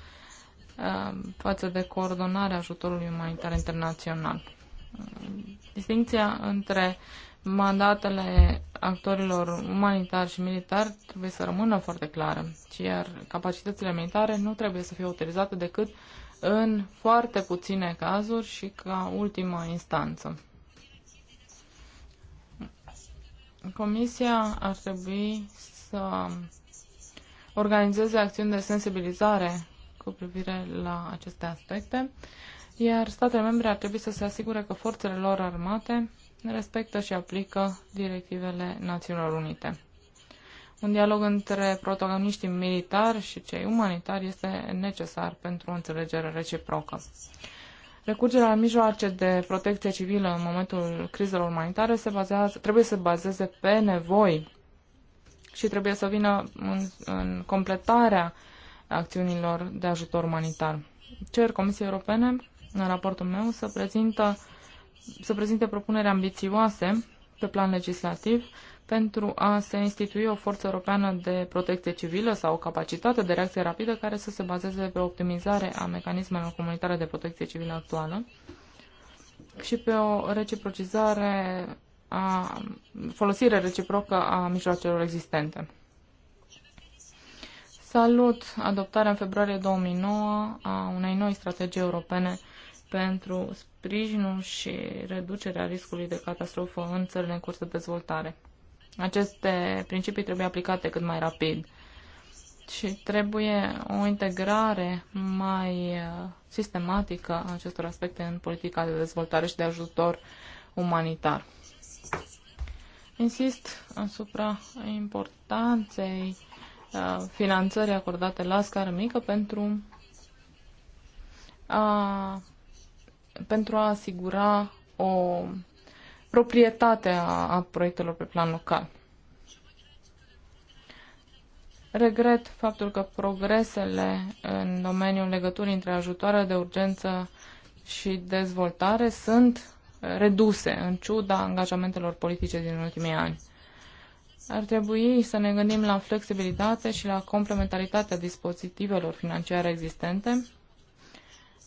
uh, față de coordonarea ajutorului umanitar internațional. Distinția între mandatele actorilor umanitari și militari trebuie să rămână foarte clară, iar capacitățile militare nu trebuie să fie utilizate decât în foarte puține cazuri și ca ultimă instanță. Comisia ar trebui să organizeze acțiuni de sensibilizare cu privire la aceste aspecte, iar statele membre ar trebui să se asigure că forțele lor armate respectă și aplică directivele Națiunilor Unite. Un dialog între protagoniștii militari și cei umanitari este necesar pentru o înțelegere reciprocă. Recurgerea la mijloace de protecție civilă în momentul crizelor umanitare se bazează, trebuie să bazeze pe nevoi și trebuie să vină în, în completarea acțiunilor de ajutor umanitar. Cer Comisiei Europene, în raportul meu, să, prezintă, să prezinte propuneri ambițioase pe plan legislativ pentru a se institui o forță europeană de protecție civilă sau o capacitate de reacție rapidă care să se bazeze pe optimizare a mecanismelor comunitare de protecție civilă actuală și pe o reciprocizare a folosire reciprocă a mijloacelor existente. Salut adoptarea în februarie 2009 a unei noi strategii europene pentru sprijinul și reducerea riscului de catastrofă în țările în curs de dezvoltare. Aceste principii trebuie aplicate cât mai rapid și trebuie o integrare mai uh, sistematică a acestor aspecte în politica de dezvoltare și de ajutor umanitar. Insist asupra importanței uh, finanțării acordate la scară mică pentru a, pentru a asigura o proprietate a, a proiectelor pe plan local. Regret faptul că progresele în domeniul legăturii între ajutoare de urgență și dezvoltare sunt reduse în ciuda angajamentelor politice din ultimii ani. Ar trebui să ne gândim la flexibilitate și la complementaritatea dispozitivelor financiare existente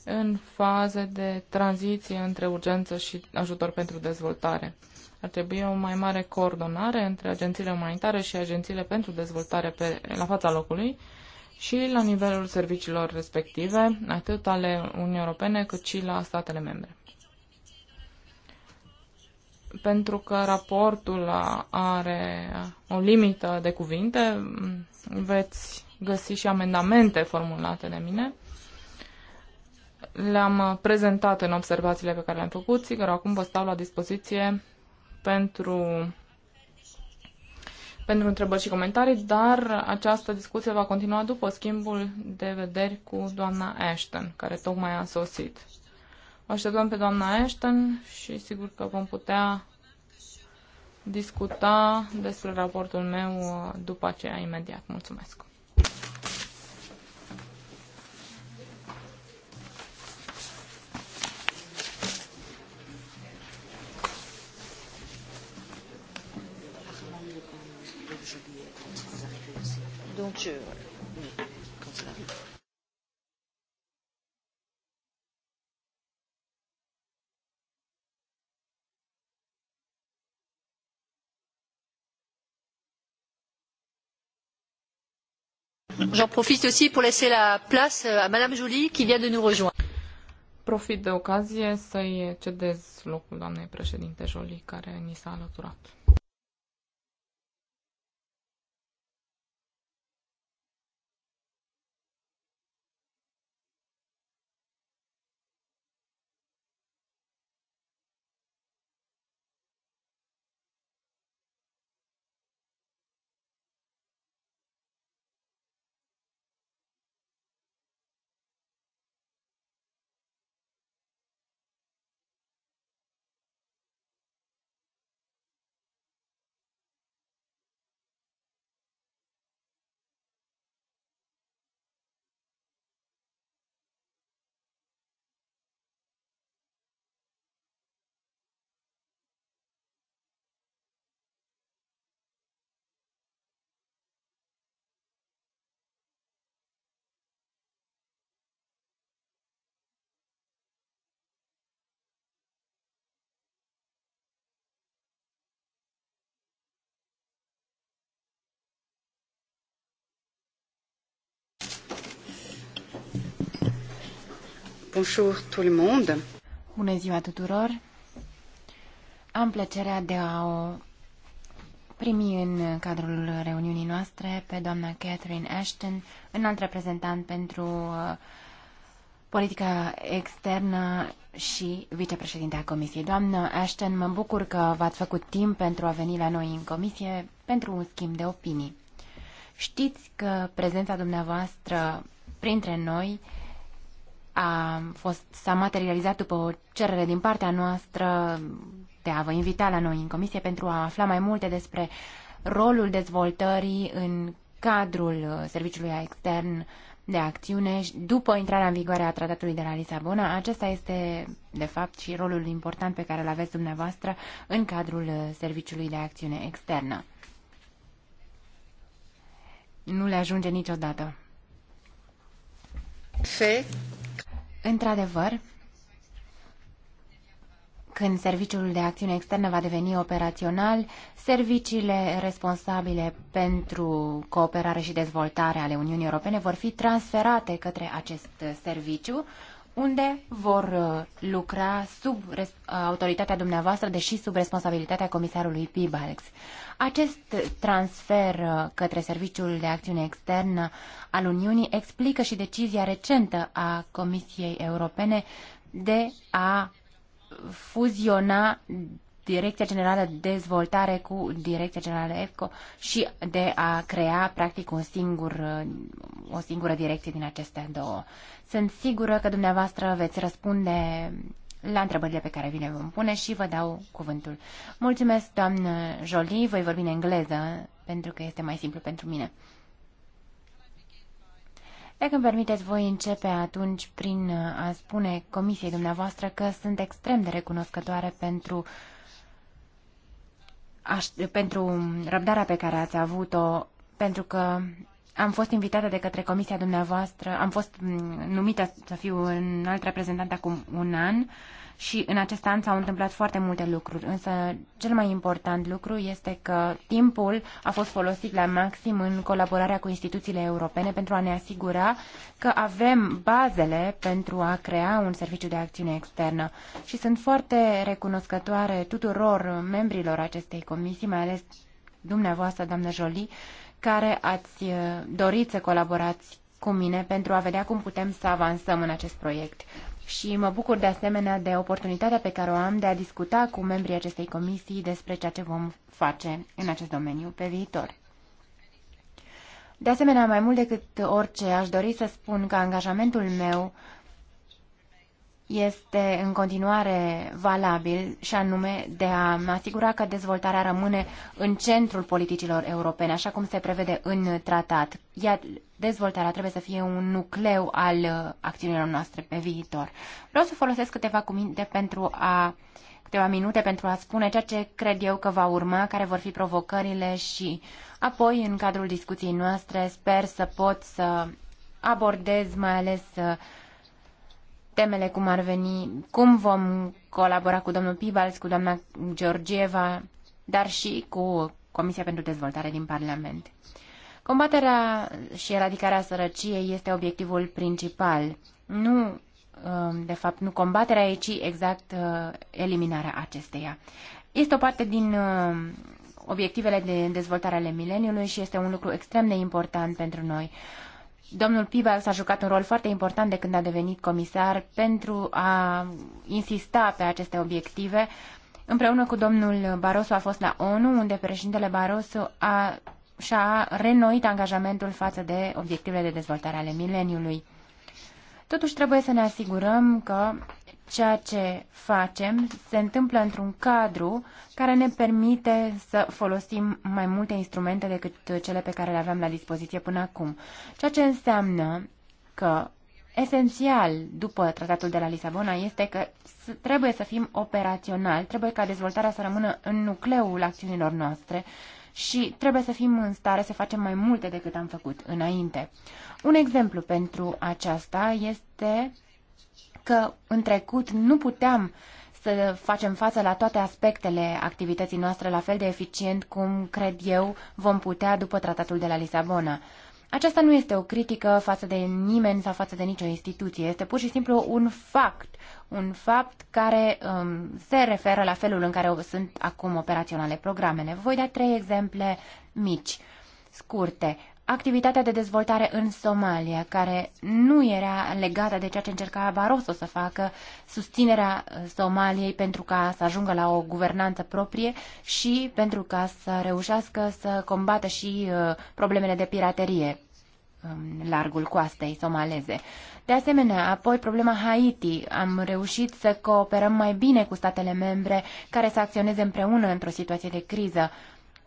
în faze de tranziție între urgență și ajutor pentru dezvoltare. Ar trebui o mai mare coordonare între agențiile umanitare și agențiile pentru dezvoltare pe, la fața locului și la nivelul serviciilor respective, atât ale Uniunii Europene cât și la statele membre. Pentru că raportul are o limită de cuvinte, veți găsi și amendamente formulate de mine le-am uh, prezentat în observațiile pe care le-am făcut. Sigur, acum vă stau la dispoziție pentru, pentru întrebări și comentarii, dar această discuție va continua după schimbul de vederi cu doamna Ashton, care tocmai a sosit. O așteptăm pe doamna Ashton și sigur că vom putea discuta despre raportul meu uh, după aceea imediat. Mulțumesc! Donc, euh, voilà. J'en profite aussi pour laisser la place à Madame Jolie qui vient de nous rejoindre. Profit de ocazie să-i cedez locul doamnei președinte Jolie care ni s-a alăturat. Bonjour tout le monde. Bună ziua tuturor. Am plăcerea de a o primi în cadrul reuniunii noastre pe doamna Catherine Ashton, înalt reprezentant pentru uh, politica externă și vicepreședintea Comisiei. Doamnă Ashton, mă bucur că v-ați făcut timp pentru a veni la noi în comisie pentru un schimb de opinii. Știți că prezența dumneavoastră printre noi uh, a fost, s-a materializat după o cerere din partea noastră de a vă invita la noi în comisie pentru a afla mai multe despre rolul dezvoltării în cadrul uh, serviciului extern de acțiune după intrarea în vigoare a tratatului de la Lisabona. Acesta este, de fapt, și rolul important pe care îl aveți dumneavoastră în cadrul uh, serviciului de acțiune externă. Nu le ajunge niciodată. Fe. Într-adevăr, când Serviciul de Acțiune Externă va deveni operațional, serviciile responsabile pentru cooperare și dezvoltare ale Uniunii Europene vor fi transferate către acest serviciu unde vor uh, lucra sub uh, autoritatea dumneavoastră, deși sub responsabilitatea comisarului Pibalex. Acest transfer uh, către Serviciul de Acțiune Externă al Uniunii explică și decizia recentă a Comisiei Europene de a fuziona Direcția Generală de Dezvoltare cu Direcția Generală EFCO și de a crea practic un singur, uh, o singură direcție din aceste două. Sunt sigură că dumneavoastră veți răspunde la întrebările pe care vi le vom pune și vă dau cuvântul. Mulțumesc, doamnă Jolie, voi vorbi în engleză pentru că este mai simplu pentru mine. Dacă îmi permiteți, voi începe atunci prin a spune comisiei dumneavoastră că sunt extrem de recunoscătoare pentru uh, aș, pentru răbdarea pe care ați avut-o, pentru că am fost invitată de către comisia dumneavoastră, am fost mm, numită să fiu un alt reprezentant acum un an și în acest an s-au întâmplat foarte multe lucruri, însă cel mai important lucru este că timpul a fost folosit la maxim în colaborarea cu instituțiile europene pentru a ne asigura că avem bazele pentru a crea un serviciu de acțiune externă. Și sunt foarte recunoscătoare tuturor membrilor acestei comisii, mai ales dumneavoastră, doamnă Jolie, care ați uh, dorit să colaborați cu mine pentru a vedea cum putem să avansăm în acest proiect și mă bucur de asemenea de oportunitatea pe care o am de a discuta cu membrii acestei comisii despre ceea ce vom face în acest domeniu pe viitor. De asemenea, mai mult decât orice, aș dori să spun că angajamentul meu este în continuare valabil și anume de a asigura că dezvoltarea rămâne în centrul politicilor europene, așa cum se prevede în tratat. Iar dezvoltarea trebuie să fie un nucleu al uh, acțiunilor noastre pe viitor. Vreau să folosesc câteva cuvinte pentru a câteva minute pentru a spune ceea ce cred eu că va urma, care vor fi provocările și apoi, în cadrul discuției noastre, sper să pot să abordez mai ales uh, temele cum ar veni, cum vom colabora cu domnul Pibals, cu doamna Georgieva, dar și cu Comisia pentru Dezvoltare din Parlament. Combaterea și eradicarea sărăciei este obiectivul principal. Nu, um, de fapt, nu combaterea ei, ci exact uh, eliminarea acesteia. Este o parte din um, obiectivele de dezvoltare ale mileniului și este un lucru extrem de important pentru noi. Domnul Pibar s-a jucat un rol foarte important de când a devenit comisar pentru a insista pe aceste obiective. Împreună cu domnul Barroso a fost la ONU, unde președintele Barroso a, și-a renoit angajamentul față de obiectivele de dezvoltare ale mileniului. Totuși trebuie să ne asigurăm că ceea ce facem se întâmplă într-un cadru care ne permite să folosim mai multe instrumente decât cele pe care le aveam la dispoziție până acum. Ceea ce înseamnă că esențial după tratatul de la Lisabona este că trebuie să fim operaționali, trebuie ca dezvoltarea să rămână în nucleul acțiunilor noastre și trebuie să fim în stare să facem mai multe decât am făcut înainte. Un exemplu pentru aceasta este că în trecut nu puteam să facem față la toate aspectele activității noastre la fel de eficient cum, cred eu, vom putea după tratatul de la Lisabona. Aceasta nu este o critică față de nimeni sau față de nicio instituție, este pur și simplu un fapt, un fapt care um, se referă la felul în care sunt acum operaționale programele. Voi da trei exemple mici, scurte activitatea de dezvoltare în Somalia, care nu era legată de ceea ce încerca Barroso să facă, susținerea uh, Somaliei pentru ca să ajungă la o guvernanță proprie și pentru ca să reușească să combată și uh, problemele de piraterie în um, largul coastei somaleze. De asemenea, apoi problema Haiti. Am reușit să cooperăm mai bine cu statele membre care să acționeze împreună într-o situație de criză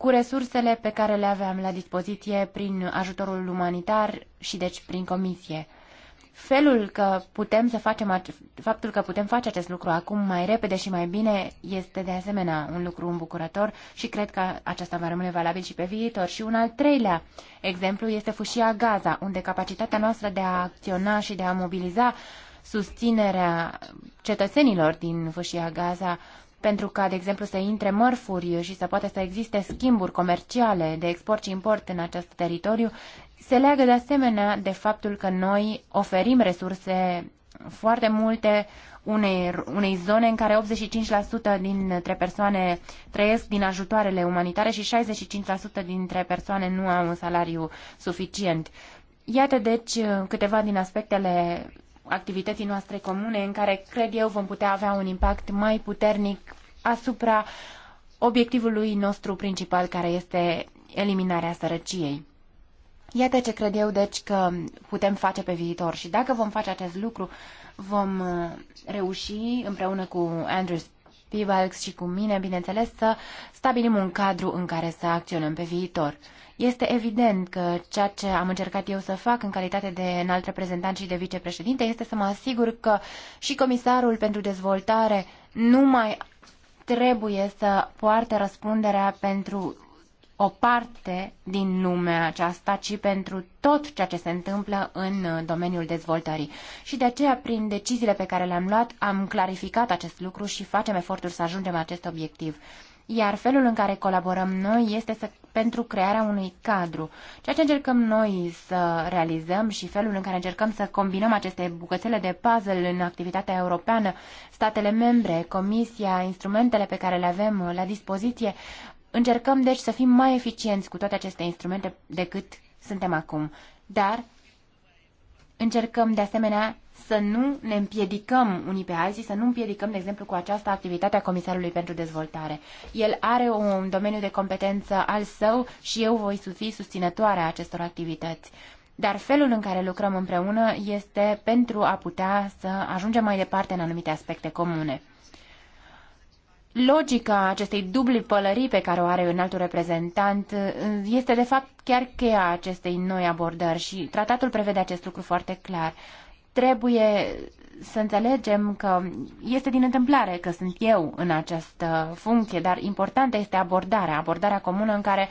cu resursele pe care le aveam la dispoziție prin ajutorul umanitar și deci prin comisie. Felul că putem să facem, faptul că putem face acest lucru acum mai repede și mai bine este de asemenea un lucru îmbucurător și cred că aceasta va rămâne valabil și pe viitor. Și un al treilea exemplu este fâșia Gaza, unde capacitatea noastră de a acționa și de a mobiliza susținerea cetățenilor din fâșia Gaza pentru ca, de exemplu, să intre mărfuri și să poată să existe schimburi comerciale de export și import în acest teritoriu, se leagă de asemenea de faptul că noi oferim resurse foarte multe unei, unei zone în care 85% dintre persoane trăiesc din ajutoarele umanitare și 65% dintre persoane nu au un salariu suficient. Iată deci câteva din aspectele activității noastre comune, în care cred eu vom putea avea un impact mai puternic asupra obiectivului nostru principal, care este eliminarea sărăciei. Iată ce cred eu, deci, că putem face pe viitor și dacă vom face acest lucru, vom uh, reuși împreună cu Andrew Spivalks și cu mine, bineînțeles, să stabilim un cadru în care să acționăm pe viitor. Este evident că ceea ce am încercat eu să fac în calitate de înalt reprezentant și de vicepreședinte este să mă asigur că și comisarul pentru dezvoltare nu mai trebuie să poarte răspunderea pentru o parte din lumea aceasta, ci pentru tot ceea ce se întâmplă în domeniul dezvoltării. Și de aceea, prin deciziile pe care le-am luat, am clarificat acest lucru și facem eforturi să ajungem la acest obiectiv iar felul în care colaborăm noi este să, pentru crearea unui cadru. Ceea ce încercăm noi să realizăm și felul în care încercăm să combinăm aceste bucățele de puzzle în activitatea europeană, statele membre, comisia, instrumentele pe care le avem la dispoziție, încercăm deci să fim mai eficienți cu toate aceste instrumente decât suntem acum. Dar încercăm de asemenea să nu ne împiedicăm unii pe alții, să nu împiedicăm, de exemplu, cu această activitate a Comisarului pentru Dezvoltare. El are un domeniu de competență al său și eu voi fi susținătoarea acestor activități. Dar felul în care lucrăm împreună este pentru a putea să ajungem mai departe în anumite aspecte comune. Logica acestei dubli pălării pe care o are un altul reprezentant este de fapt chiar cheia acestei noi abordări și tratatul prevede acest lucru foarte clar trebuie să înțelegem că este din întâmplare că sunt eu în această funcție, dar importantă este abordarea, abordarea comună în care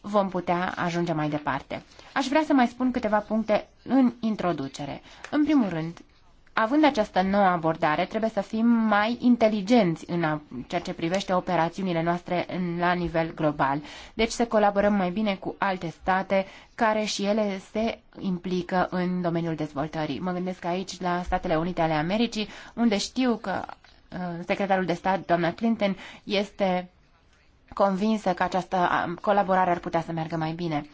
vom putea ajunge mai departe. Aș vrea să mai spun câteva puncte în introducere. În primul rând, Având această nouă abordare, trebuie să fim mai inteligenți în ceea ce privește operațiunile noastre în, la nivel global. Deci să colaborăm mai bine cu alte state care și ele se implică în domeniul dezvoltării. Mă gândesc aici la Statele Unite ale Americii, unde știu că uh, secretarul de stat, doamna Clinton, este convinsă că această um, colaborare ar putea să meargă mai bine.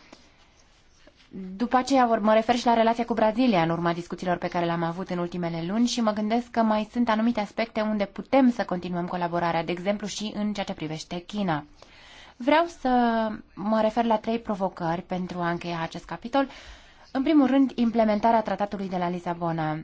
După aceea vor, mă refer și la relația cu Brazilia în urma discuțiilor pe care le-am avut în ultimele luni și mă gândesc că mai sunt anumite aspecte unde putem să continuăm colaborarea, de exemplu și în ceea ce privește China. Vreau să mă refer la trei provocări pentru a încheia acest capitol. În primul rând, implementarea tratatului de la Lisabona.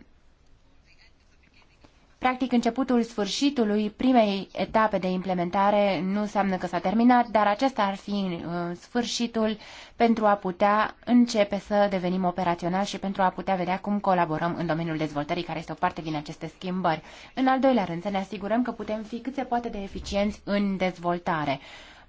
Practic, începutul sfârșitului primei etape de implementare nu înseamnă că s-a terminat, dar acesta ar fi uh, sfârșitul pentru a putea începe să devenim operațional și pentru a putea vedea cum colaborăm în domeniul dezvoltării, care este o parte din aceste schimbări. În al doilea rând, să ne asigurăm că putem fi cât se poate de eficienți în dezvoltare.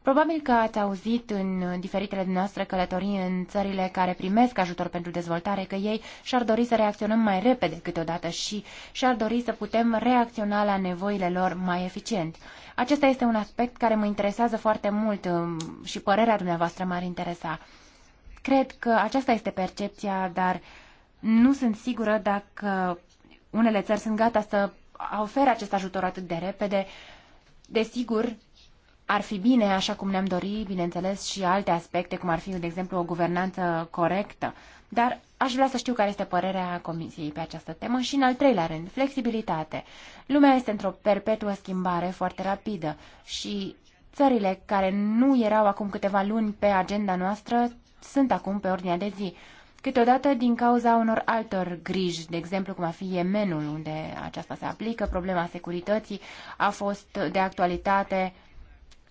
Probabil că ați auzit în diferitele noastre călătorii în țările care primesc ajutor pentru dezvoltare că ei și-ar dori să reacționăm mai repede câteodată și și-ar dori să putem reacționa la nevoile lor mai eficient. Acesta este un aspect care mă interesează foarte mult um, și părerea dumneavoastră m-ar interesa. Cred că aceasta este percepția, dar nu sunt sigură dacă unele țări sunt gata să ofere acest ajutor atât de repede. Desigur, ar fi bine, așa cum ne-am dorit, bineînțeles, și alte aspecte, cum ar fi, de exemplu, o guvernanță corectă, dar aș vrea să știu care este părerea Comisiei pe această temă și, în al treilea rând, flexibilitate. Lumea este într-o perpetuă schimbare foarte rapidă și țările care nu erau acum câteva luni pe agenda noastră sunt acum pe ordinea de zi. Câteodată din cauza unor altor griji, de exemplu cum ar fi Yemenul, unde aceasta se aplică, problema securității a fost de actualitate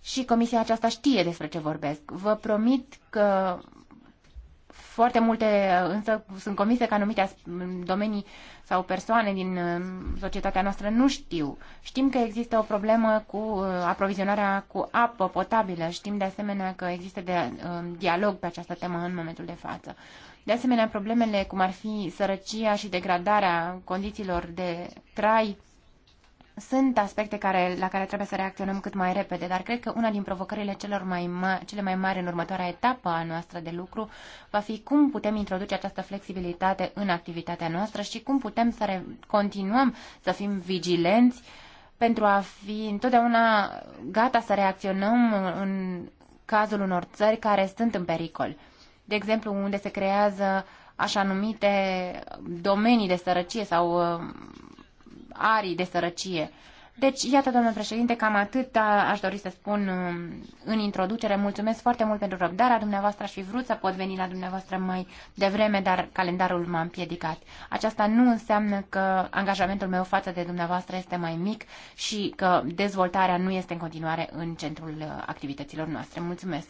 și comisia aceasta știe despre ce vorbesc. Vă promit că foarte multe, însă sunt comise că anumite domenii sau persoane din uh, societatea noastră nu știu. Știm că există o problemă cu uh, aprovizionarea cu apă potabilă, știm de asemenea că există de, uh, dialog pe această temă în momentul de față. De asemenea, problemele cum ar fi sărăcia și degradarea condițiilor de trai sunt aspecte care, la care trebuie să reacționăm cât mai repede, dar cred că una din provocările celor mai ma- cele mai mari în următoarea etapă a noastră de lucru va fi cum putem introduce această flexibilitate în activitatea noastră și cum putem să continuăm să fim vigilenți pentru a fi întotdeauna gata să reacționăm în cazul unor țări care sunt în pericol. De exemplu, unde se creează așa numite domenii de sărăcie sau arii de sărăcie. Deci, iată, domnule președinte, cam atât da, aș dori să spun um, în introducere. Mulțumesc foarte mult pentru răbdarea dumneavoastră. Aș fi vrut să pot veni la dumneavoastră mai devreme, dar calendarul m-a împiedicat. Aceasta nu înseamnă că angajamentul meu față de dumneavoastră este mai mic și că dezvoltarea nu este în continuare în centrul uh, activităților noastre. Mulțumesc!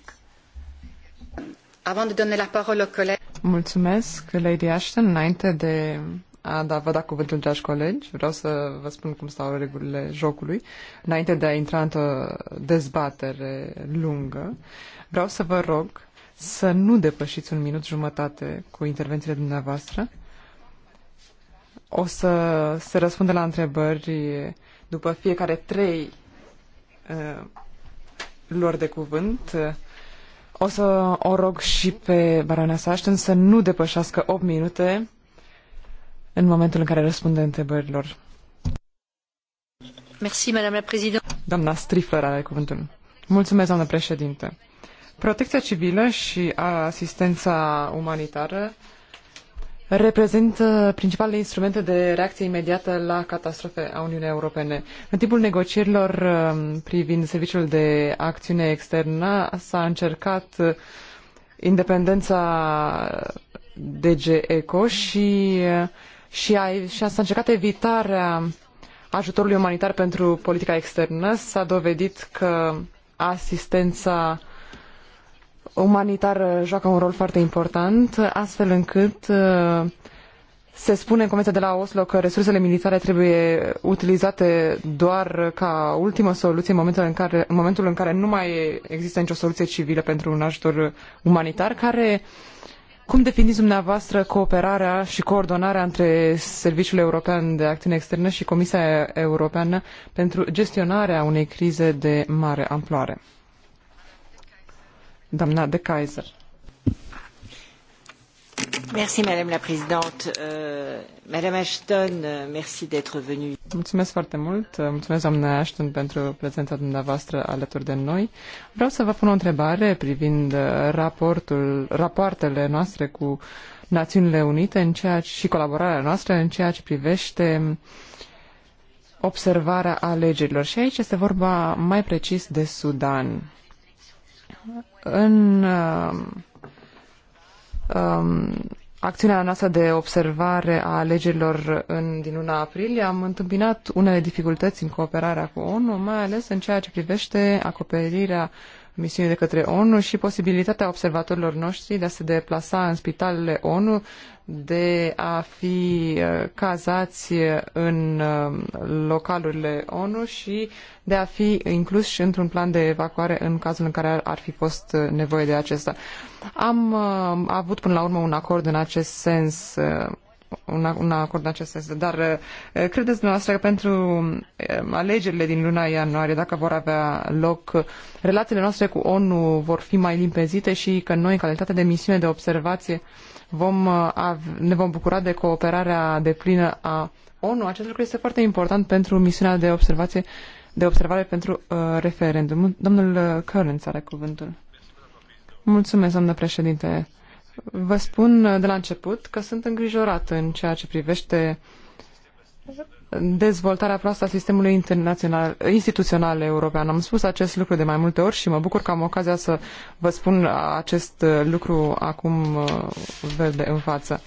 Avant de donner la parole au Mulțumesc, Lady Ashton. Înainte de a, da, vă da cuvântul, dragi colegi. Vreau să vă spun cum stau regulile jocului. Înainte de a intra într-o dezbatere lungă, vreau să vă rog să nu depășiți un minut jumătate cu intervențiile dumneavoastră. O să se răspunde la întrebări după fiecare trei uh, lor de cuvânt. O să o rog și pe baronesa Ashton să nu depășească 8 minute în momentul în care răspunde întrebărilor. Merci, Madame la Présidente. Doamna Strifler are cuvântul. Mulțumesc, doamnă președinte. Protecția civilă și asistența umanitară reprezintă principalele instrumente de reacție imediată la catastrofe a Uniunii Europene. În timpul negocierilor um, privind serviciul de acțiune externă s-a încercat uh, independența uh, DG ECO și uh, și, a, și a, s-a încercat evitarea ajutorului umanitar pentru politica externă. S-a dovedit că asistența umanitară joacă un rol foarte important, astfel încât uh, se spune în Convenția de la Oslo că resursele militare trebuie utilizate doar ca ultimă soluție în momentul în care, în momentul în care nu mai există nicio soluție civilă pentru un ajutor umanitar, care cum definiți dumneavoastră cooperarea și coordonarea între Serviciul European de Acțiune Externă și Comisia Europeană pentru gestionarea unei crize de mare amploare? Doamna de Kaiser. Mulțumesc, Madame la Madame Ashton, merci d'être venue. Mulțumesc foarte mult. Mulțumesc, doamna Ashton, pentru prezența dumneavoastră alături de noi. Vreau să vă pun o întrebare privind raportul, rapoartele noastre cu Națiunile Unite în ceea ce, și colaborarea noastră în ceea ce privește observarea alegerilor. Și aici este vorba mai precis de Sudan. În uh, um, acțiunea noastră de observare a alegerilor în, din 1 aprilie am întâmpinat unele dificultăți în cooperarea cu ONU, mai ales în ceea ce privește acoperirea misiune de către ONU și posibilitatea observatorilor noștri de a se deplasa în spitalele ONU, de a fi uh, cazați în uh, localurile ONU și de a fi și într-un plan de evacuare în cazul în care ar fi fost uh, nevoie de acesta. Am avut până la urmă un acord în acest sens un acord în acest sens. Dar uh, credeți dumneavoastră că pentru um, alegerile din luna ianuarie, dacă vor avea loc, relațiile noastre cu ONU vor fi mai limpezite și că noi, în calitate de misiune de observație, vom, uh, ne vom bucura de cooperarea deplină a ONU? Acest lucru este foarte important pentru misiunea de observație de observare pentru uh, referendum. Domnul uh, Currens are cuvântul. Mulțumesc, doamnă președinte. Uh, Vă spun de la început că sunt îngrijorat în ceea ce privește dezvoltarea proastă a sistemului internațional, instituțional european. Am spus acest lucru de mai multe ori și mă bucur că am ocazia să vă spun acest lucru acum uh, verde în față.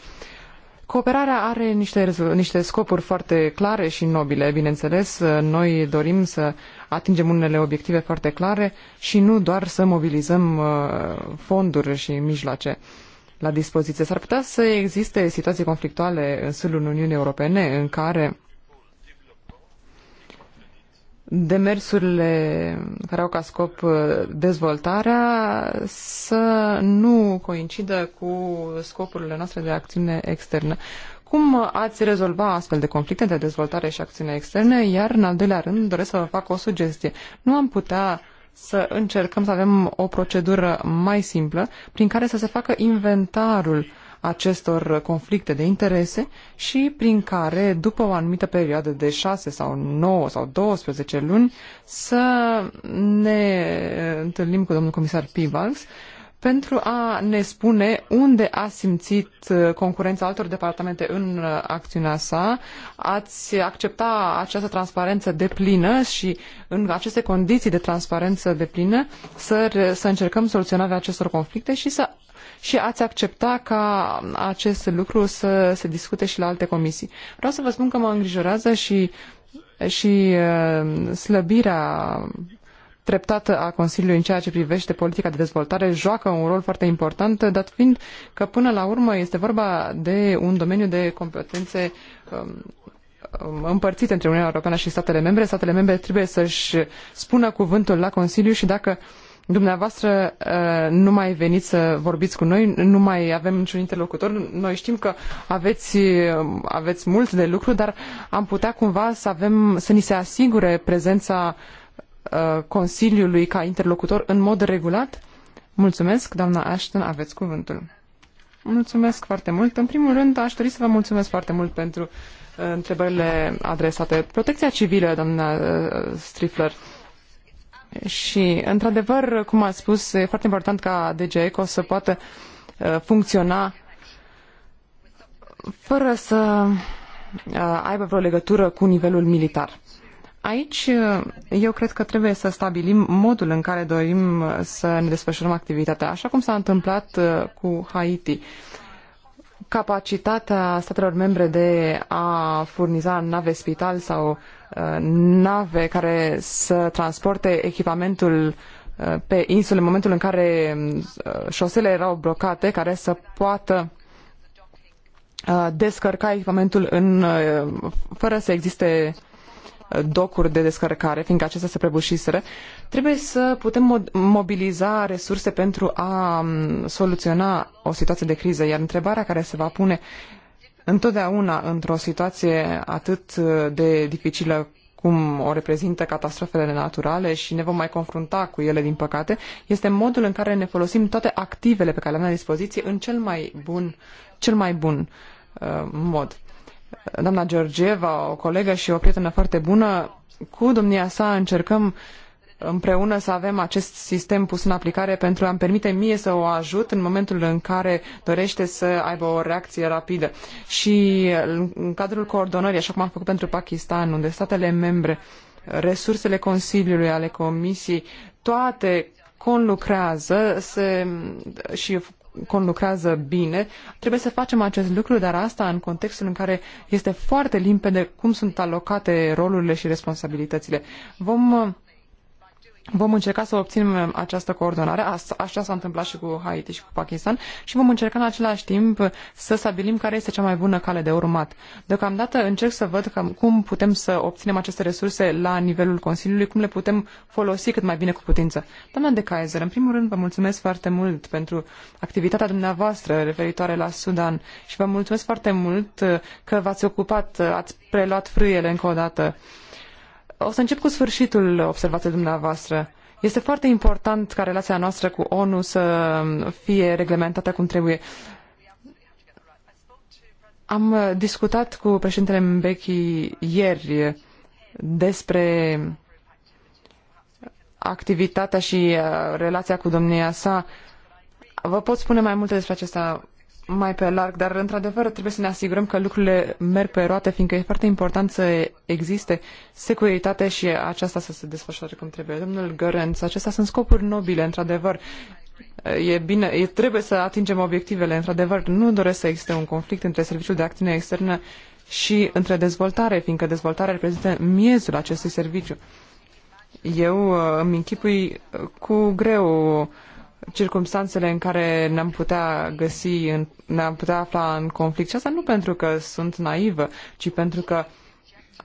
Cooperarea are niște, niște scopuri foarte clare și nobile, bineînțeles. Noi dorim să atingem unele obiective foarte clare și nu doar să mobilizăm uh, fonduri și mijloace la dispoziție. S-ar putea să existe situații conflictuale în sânul Uniunii Europene în care demersurile care au ca scop uh, dezvoltarea să nu coincidă cu scopurile noastre de acțiune externă. Cum ați rezolva astfel de conflicte de dezvoltare și acțiune externe? Iar, în al doilea rând, doresc să vă fac o sugestie. Nu am putea uh, să încercăm să avem o procedură mai simplă prin care să se facă inventarul acestor conflicte de interese și prin care, după o anumită perioadă de 6 sau 9 sau 12 luni, să ne întâlnim cu domnul comisar Pivals pentru a ne spune unde a simțit uh, concurența altor departamente în uh, acțiunea sa. Ați accepta această transparență deplină și în aceste condiții de transparență deplină să, să încercăm soluționarea acestor conflicte și să și ați accepta ca acest lucru să se discute și la alte comisii. Vreau să vă spun că mă îngrijorează și, și uh, slăbirea treptată a Consiliului în ceea ce privește politica de dezvoltare joacă un rol foarte important, dat fiind că până la urmă este vorba de un domeniu de competențe um, um împărțite între Uniunea Europeană și statele membre. Statele membre trebuie să-și spună cuvântul la Consiliu și dacă dumneavoastră uh, nu mai veniți să vorbiți cu noi, nu mai avem niciun interlocutor. Noi știm că aveți, um, aveți mult de lucru, dar am putea cumva să, avem, să ni se asigure prezența Uh, Consiliului ca interlocutor în mod regulat? Mulțumesc, doamna Ashton, aveți cuvântul. Mulțumesc foarte mult. În primul rând, aș dori să vă mulțumesc foarte mult pentru uh, întrebările adresate. Protecția civilă, doamna uh, Strifler, și, într-adevăr, cum a spus, e foarte important ca Eco să poată funcționa fără să aibă vreo legătură cu nivelul militar. Aici eu cred că trebuie să stabilim modul în care dorim uh, să ne desfășurăm activitatea, așa cum s-a întâmplat uh, cu Haiti. Capacitatea statelor membre de a furniza nave spital sau uh, nave care să transporte echipamentul pe insule în momentul în care șosele erau blocate, care să poată descărca echipamentul în, fără să existe docuri de descărcare, fiindcă acestea se prăbușiseră, trebuie să putem mobiliza resurse pentru a soluționa o situație de criză. Iar întrebarea care se va pune întotdeauna într-o situație atât de dificilă cum o reprezintă catastrofele naturale și ne vom mai confrunta cu ele, din păcate, este modul în care ne folosim toate activele pe care le avem la dispoziție în cel mai bun, cel mai bun uh, mod doamna Georgieva, o colegă și o prietenă foarte bună, cu domnia sa încercăm împreună să avem acest sistem pus în aplicare pentru a-mi permite mie să o ajut în momentul în care dorește să aibă o reacție rapidă. Și în cadrul coordonării, așa cum am făcut pentru Pakistan, unde statele membre, resursele Consiliului, ale Comisiei, toate conlucrează se, și conlucrează bine. Trebuie să facem acest lucru, dar asta în contextul în care este foarte limpede cum sunt alocate rolurile și responsabilitățile. Vom Vom încerca să obținem um, această coordonare, așa s-a întâmplat și cu Haiti și cu Pakistan, și vom încerca în același timp să stabilim care este cea mai bună cale de urmat. Deocamdată încerc să văd cum putem să obținem aceste resurse la nivelul Consiliului, cum le putem folosi cât mai bine cu putință. Doamna de Kaiser, în primul rând vă mulțumesc foarte mult pentru activitatea dumneavoastră referitoare la Sudan și vă mulțumesc foarte mult uh, că v-ați ocupat, uh, ați preluat frâiele încă o dată. O să încep cu sfârșitul observației dumneavoastră. Este foarte important ca relația noastră cu ONU să fie reglementată cum trebuie. Am discutat cu președintele Mbeki ieri despre activitatea și uh, relația cu domnia sa. Vă pot spune mai multe despre acesta mai pe larg, dar într-adevăr trebuie să ne asigurăm că lucrurile merg pe roate, fiindcă e foarte important să existe securitate și aceasta să se desfășoare cum trebuie. Domnul Gărenț, acestea sunt scopuri nobile, într-adevăr. E bine, e, trebuie să atingem obiectivele, într-adevăr. Nu doresc să existe un conflict între Serviciul de Acțiune Externă și între dezvoltare, fiindcă dezvoltarea reprezintă miezul acestui serviciu. Eu uh, îmi închipui uh, cu greu uh, circumstanțele în care ne-am putea găsi, ne-am putea afla în conflict. Și asta nu pentru că sunt naivă, ci pentru că uh,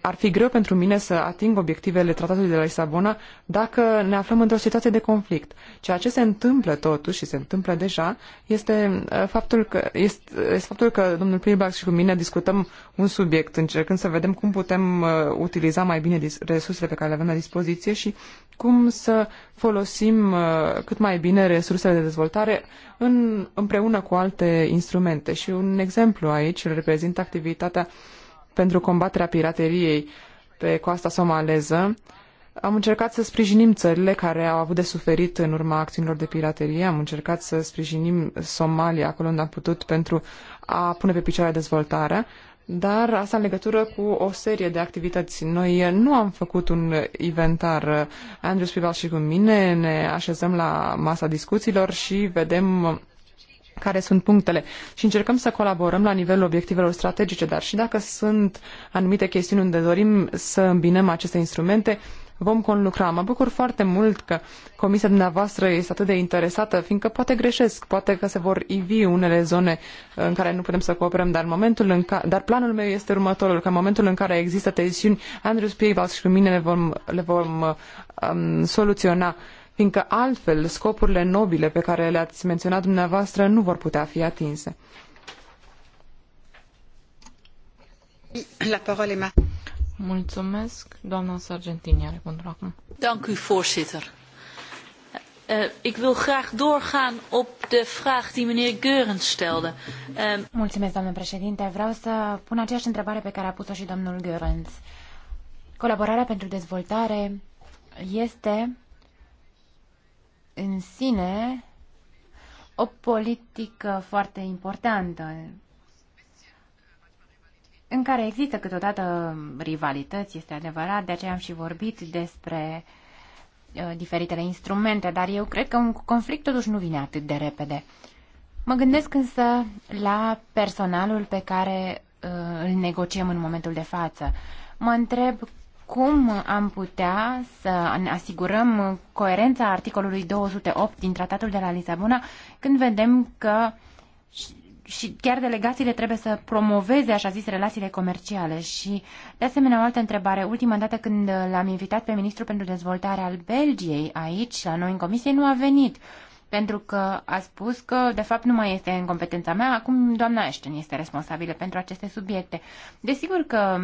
ar fi greu pentru mine să ating obiectivele tratatului de la Lisabona dacă ne aflăm într-o situație de conflict. Ceea ce se întâmplă totuși și se întâmplă deja este uh, faptul că, este, este faptul că domnul Prilbac și cu mine discutăm un subiect încercând să vedem cum putem uh, utiliza mai bine resursele pe care le avem la dispoziție și cum să folosim uh, cât mai bine resursele de dezvoltare în, împreună cu alte instrumente. Și un exemplu aici reprezintă activitatea uh, pentru combaterea pirateriei pe coasta somaleză, am încercat să sprijinim țările care au avut de suferit în urma acțiunilor de piraterie, am încercat să sprijinim Somalia acolo unde am putut pentru a pune pe picioare dezvoltarea, dar asta în legătură cu o serie de activități. Noi nu am făcut un inventar. Uh, Andrew Spival și cu mine ne așezăm la masa discuțiilor și vedem care sunt punctele și încercăm să colaborăm la nivelul obiectivelor strategice, dar și dacă sunt anumite chestiuni unde dorim să îmbinăm aceste instrumente, vom conlucra. Mă bucur foarte mult că comisia dumneavoastră este atât de interesată, fiindcă poate greșesc, poate că se vor ivi unele zone în care nu putem să cooperăm, dar, momentul în ca... dar planul meu este următorul, că în momentul în care există tensiuni, Andrew Spievax și cu mine le vom, le vom um, soluționa fiindcă altfel scopurile nobile pe care le-ați menționat dumneavoastră nu vor putea fi atinse. La parole ma... Mulțumesc, doamna Sargentini are cuvântul acum. Dank u, voorzitter. Uh, ik wil graag doorgaan op de vraag die meneer Geurens stelde. Uh... Mulțumesc, doamnă președinte. Vreau să pun aceeași întrebare pe care a pus-o și domnul Geurens. Colaborarea pentru dezvoltare este în sine o politică foarte importantă în care există câteodată rivalități, este adevărat, de aceea am și vorbit despre uh, diferitele instrumente, dar eu cred că un conflict totuși nu vine atât de repede. Mă gândesc însă la personalul pe care uh, îl negociem în momentul de față. Mă întreb cum am putea să ne asigurăm coerența articolului 208 din Tratatul de la Lisabona când vedem că și chiar delegațiile trebuie să promoveze, așa zis, relațiile comerciale. Și, de asemenea, o altă întrebare. Ultima dată când l-am invitat pe ministrul pentru dezvoltare al Belgiei aici, la noi în comisie, nu a venit. Pentru că a spus că, de fapt, nu mai este în competența mea. Acum doamna Ashton este responsabilă pentru aceste subiecte. Desigur că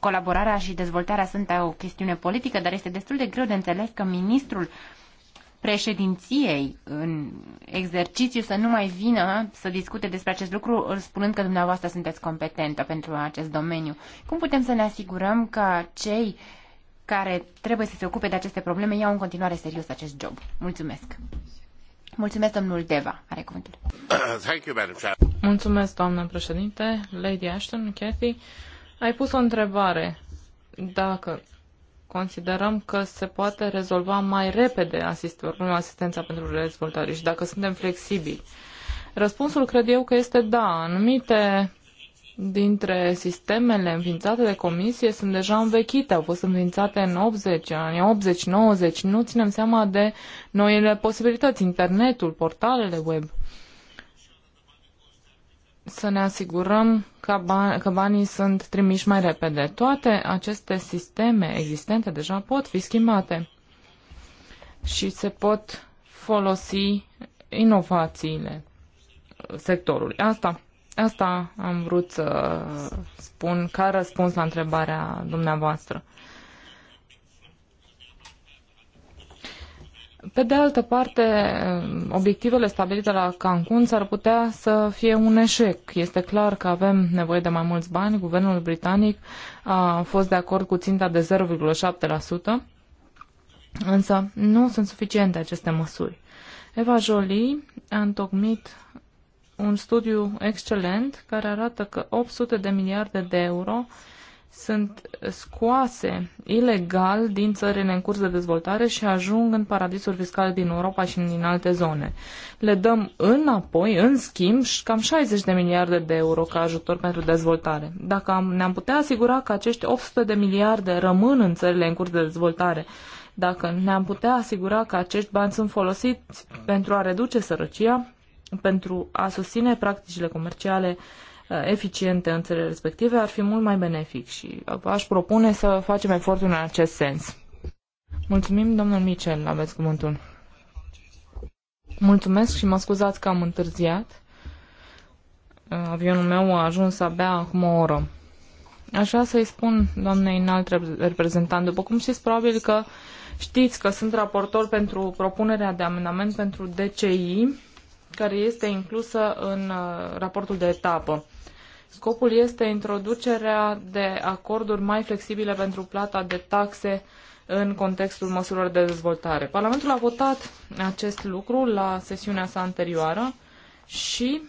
colaborarea și dezvoltarea sunt o chestiune politică, dar este destul de greu de înțeles că ministrul președinției în exercițiu să nu mai vină să discute despre acest lucru, spunând că dumneavoastră sunteți competentă pentru acest domeniu. Cum putem să ne asigurăm că cei care trebuie să se ocupe de aceste probleme iau în continuare serios acest job? Mulțumesc! Mulțumesc, domnul Deva. Are cuvântul. Mulțumesc, doamnă președinte, Lady Ashton, Cathy. Ai pus o întrebare. Dacă considerăm că se poate rezolva mai repede problema asistența pentru dezvoltare și dacă suntem flexibili. Răspunsul cred eu că este da. Anumite dintre sistemele înființate de comisie sunt deja învechite, au fost înființate în 80, ani, 80-90, nu ținem seama de noile posibilități, internetul, portalele web să ne asigurăm că, ban- că banii sunt trimiși mai repede. Toate aceste sisteme existente deja pot fi schimbate și se pot folosi inovațiile sectorului. Asta, asta am vrut să spun ca răspuns la întrebarea dumneavoastră. Pe de altă parte, obiectivele stabilite la Cancun s-ar putea să fie un eșec. Este clar că avem nevoie de mai mulți bani. Guvernul britanic a fost de acord cu ținta de 0,7%, însă nu sunt suficiente aceste măsuri. Eva Jolie a întocmit un studiu excelent care arată că 800 de miliarde de euro sunt scoase ilegal din țările în curs de dezvoltare și ajung în paradisuri fiscale din Europa și din alte zone. Le dăm înapoi, în schimb, cam 60 de miliarde de euro ca ajutor pentru dezvoltare. Dacă ne-am putea asigura că acești 800 de miliarde rămân în țările în curs de dezvoltare, dacă ne-am putea asigura că acești bani sunt folosiți pentru a reduce sărăcia, pentru a susține practicile comerciale Uh, eficiente în țările respective ar fi mult mai benefic și aș propune să facem eforturi în acest sens. Mulțumim, domnul Michel, aveți cuvântul. Mulțumesc și mă scuzați că am întârziat. Uh, avionul meu a ajuns abia acum o oră. Aș vrea să-i spun, doamnei înalt reprezentant, după cum știți, probabil că știți că sunt raportor pentru propunerea de amendament pentru DCI, care este inclusă în uh, raportul de etapă. Scopul este introducerea de acorduri mai flexibile pentru plata de taxe în contextul măsurilor de dezvoltare. Parlamentul a votat acest lucru la sesiunea sa anterioară și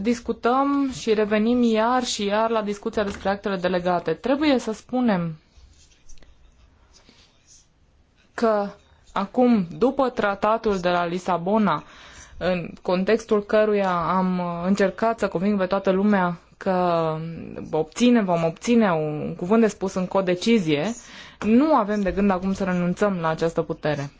discutăm și revenim iar și iar la discuția despre actele delegate. Trebuie să spunem că acum, după tratatul de la Lisabona, în contextul căruia am uh, încercat să conving pe toată lumea că obține, vom obține un cuvânt de spus în codecizie, nu avem de gând acum să renunțăm la această putere.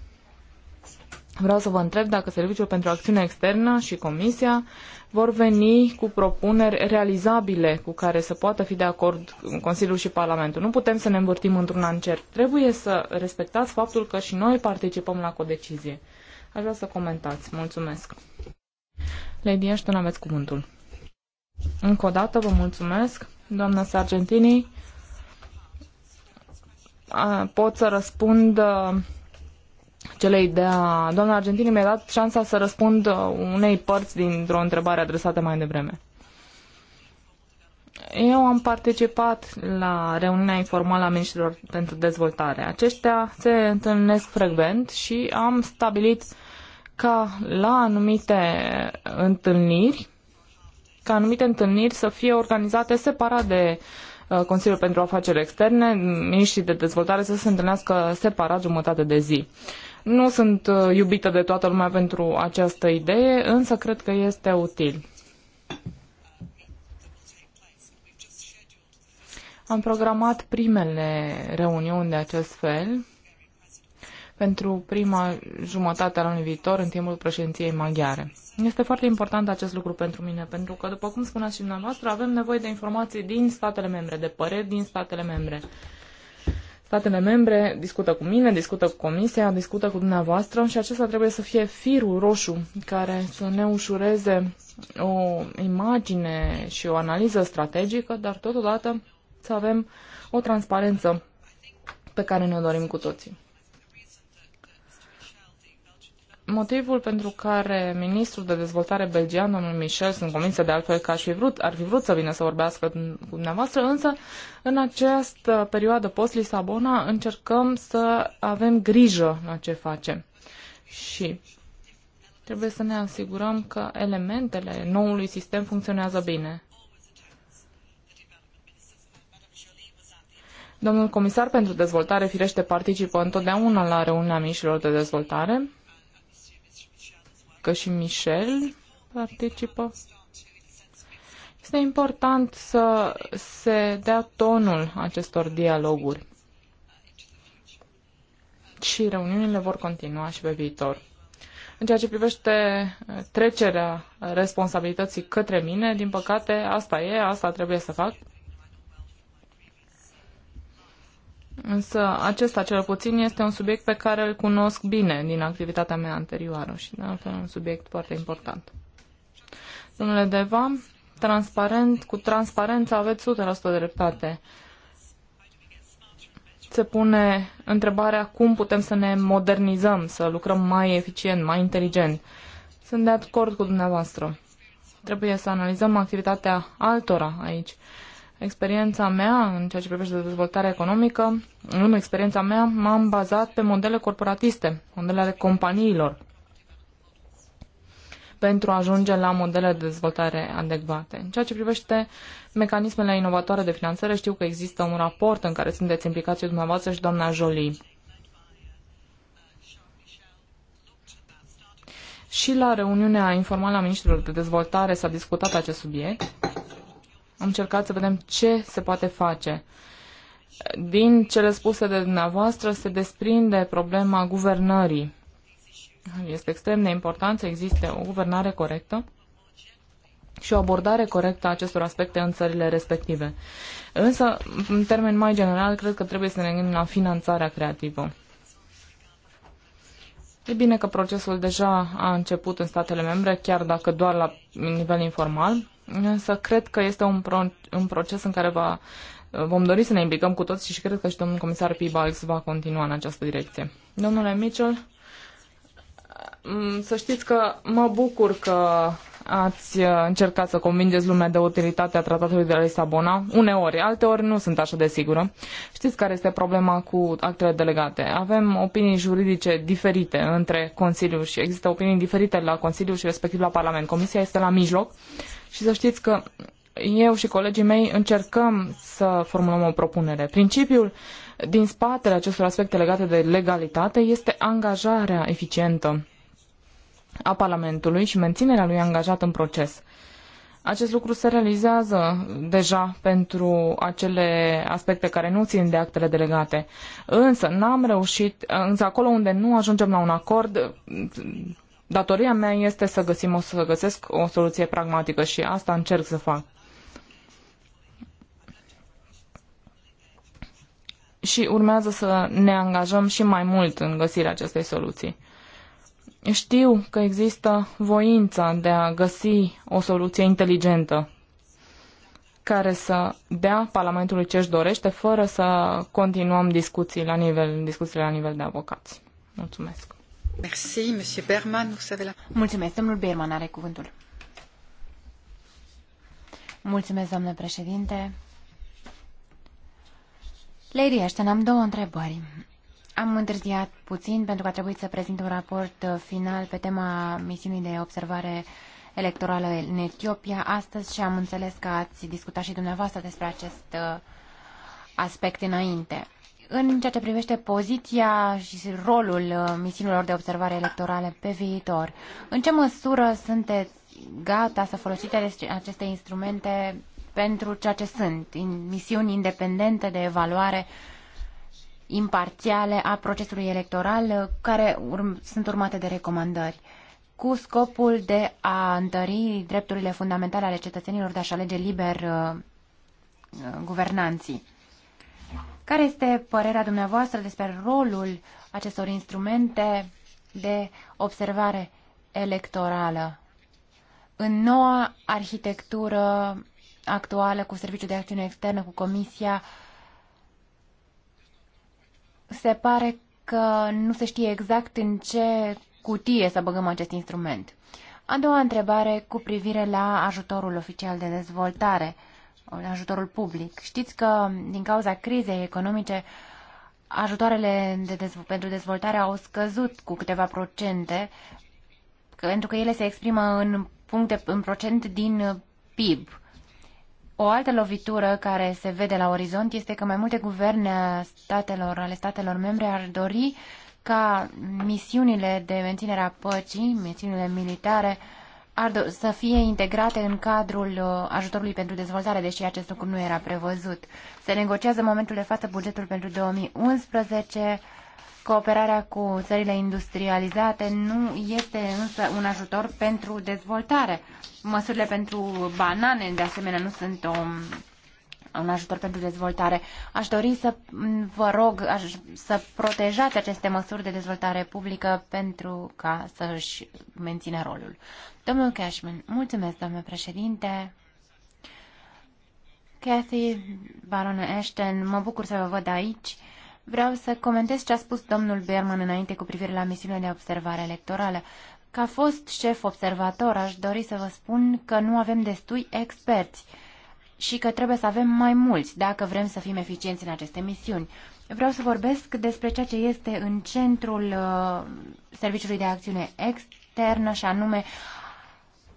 Vreau să vă întreb dacă Serviciul pentru Acțiune Externă și Comisia vor veni cu propuneri realizabile cu care să poată fi de acord Consiliul și Parlamentul. Nu putem să ne învârtim într-un ancer. Trebuie să respectați faptul că și noi participăm la codecizie. Aș vrea să comentați. Mulțumesc. Lady Ashton, aveți cuvântul. Încă o dată vă mulțumesc, doamna Sargentini. Pot să răspund celei de a... Doamna Argentini mi-a dat șansa să răspund unei părți dintr-o întrebare adresată mai devreme. Eu am participat la reuniunea informală a ministrilor pentru dezvoltare. Aceștia se întâlnesc frecvent și am stabilit uh, ca la anumite întâlniri, ca anumite întâlniri să fie organizate separat de uh, Consiliul pentru Afaceri Externe, miniștrii de dezvoltare să se întâlnească separat jumătate de zi. Nu sunt uh, iubită de toată lumea pentru această idee, însă cred că este util. Am programat primele reuniuni de acest fel pentru prima jumătate a anului viitor, în timpul președinției maghiare. Este foarte important acest lucru pentru mine, pentru că, după cum spuneați și dumneavoastră, avem nevoie de informații din statele membre, de păreri din statele membre. Statele membre discută cu mine, discută cu Comisia, discută cu dumneavoastră și acesta trebuie să fie firul roșu care să ne ușureze o imagine și o analiză strategică, dar totodată să avem o transparență pe care ne-o dorim cu toții. Motivul pentru care ministrul de dezvoltare belgian, domnul Michel, sunt convinsă de altfel că aș fi vrut, ar fi vrut să vină să vorbească cu dumneavoastră, însă în această perioadă post-Lisabona încercăm să avem grijă la ce facem. Și trebuie să ne asigurăm că elementele noului sistem funcționează bine. Domnul comisar pentru dezvoltare firește participă întotdeauna la reuniunea mișilor de dezvoltare că și Michel participă. Este important să se dea tonul acestor dialoguri și reuniunile vor continua și pe viitor. În ceea ce privește trecerea responsabilității către mine, din păcate, asta e, asta trebuie să fac. Însă acesta, cel puțin, este un subiect pe care îl cunosc bine din activitatea mea anterioară și, de altfel, un subiect foarte important. Domnule Deva, transparent, cu transparență aveți 100% dreptate. Se pune întrebarea cum putem să ne modernizăm, să lucrăm mai eficient, mai inteligent. Sunt de acord cu dumneavoastră. Trebuie să analizăm activitatea altora aici experiența mea în ceea ce privește dezvoltarea economică, în experiența mea m-am bazat pe modele corporatiste, modele ale companiilor, pentru a ajunge la modele de dezvoltare adecvate. În ceea ce privește mecanismele inovatoare de finanțare, știu că există un raport în care sunteți implicați dumneavoastră și doamna Jolie. Și la reuniunea informală a ministrilor de dezvoltare s-a discutat acest subiect am încercat să vedem ce se poate face. Din cele spuse de dumneavoastră se desprinde problema guvernării. Este extrem de important să existe o guvernare corectă și o abordare corectă a acestor aspecte în țările respective. Însă, în termen mai general, cred că trebuie să ne gândim la finanțarea creativă. E bine că procesul deja a început în statele membre, chiar dacă doar la nivel informal. Însă cred că este un, pro- un proces în care va, vom dori să ne implicăm cu toți și cred că și domnul comisar Pibals va continua în această direcție. Domnule Mitchell, mm, să știți că mă bucur că ați încercat să convingeți lumea de utilitatea tratatului de la Lisabona. Uneori, alteori nu sunt așa de sigură. Știți care este problema cu actele delegate? Avem opinii juridice diferite între Consiliu și există opinii diferite la Consiliu și respectiv la Parlament. Comisia este la mijloc. Și să știți că eu și colegii mei încercăm să formulăm o propunere. Principiul din spatele acestor aspecte legate de legalitate este angajarea eficientă a Parlamentului și menținerea lui angajat în proces. Acest lucru se realizează deja pentru acele aspecte care nu țin de actele delegate. Însă n-am reușit, însă acolo unde nu ajungem la un acord, Datoria mea este să găsim o, să găsesc o soluție pragmatică și asta încerc să fac. Și urmează să ne angajăm și mai mult în găsirea acestei soluții. Știu că există voința de a găsi o soluție inteligentă care să dea Parlamentului ce își dorește fără să continuăm discuții la nivel, discuțiile la nivel de avocați. Mulțumesc. Mulțumesc, domnul Berman are cuvântul. Mulțumesc, doamnă președinte. Lady Ashton, am două întrebări. Am întârziat puțin pentru că a trebuit să prezint un raport uh, final pe tema misiunii de observare electorală în Etiopia astăzi și am înțeles că ați discutat și dumneavoastră despre acest uh, aspect înainte în ceea ce privește poziția și rolul uh, misiunilor de observare electorale pe viitor. În ce măsură sunteți gata să folosiți aceste instrumente pentru ceea ce sunt misiuni independente de evaluare imparțiale a procesului electoral uh, care urm- sunt urmate de recomandări cu scopul de a întări drepturile fundamentale ale cetățenilor de a-și alege liber uh, uh guvernanții. Care este părerea dumneavoastră despre rolul acestor instrumente de observare electorală în noua arhitectură actuală cu Serviciul de Acțiune Externă, cu Comisia? Se pare că nu se știe exact în ce cutie să băgăm acest instrument. A doua întrebare cu privire la ajutorul oficial de dezvoltare – ajutorul public. Știți că din cauza crizei economice ajutoarele de dez pentru dezvoltare au scăzut cu câteva procente că, pentru că ele se exprimă în puncte în procent din PIB. O altă lovitură care se vede la orizont este că mai multe guverne statelor, ale statelor membre ar dori ca misiunile de menținere a păcii, misiunile militare, uh, ar, să fie integrate în cadrul uh, ajutorului pentru dezvoltare, deși acest lucru nu era prevăzut. Se negociază în momentul de față bugetul pentru 2011. Cooperarea cu țările industrializate nu este însă un ajutor pentru dezvoltare. Măsurile pentru banane, de asemenea, nu sunt o un ajutor pentru dezvoltare. Aș dori să vă rog aș, să protejați aceste măsuri de dezvoltare publică pentru ca să își mențină rolul. Domnul Cashman, mulțumesc, domnule președinte. Cathy, baronă Ashton, mă bucur să vă văd aici. Vreau să comentez ce a spus domnul Berman înainte cu privire la misiunea de observare electorală. Ca fost șef observator, aș dori să vă spun că nu avem destui experți și că trebuie să avem mai mulți dacă vrem să fim eficienți în aceste misiuni. Vreau să vorbesc despre ceea ce este în centrul uh, Serviciului de Acțiune Externă și anume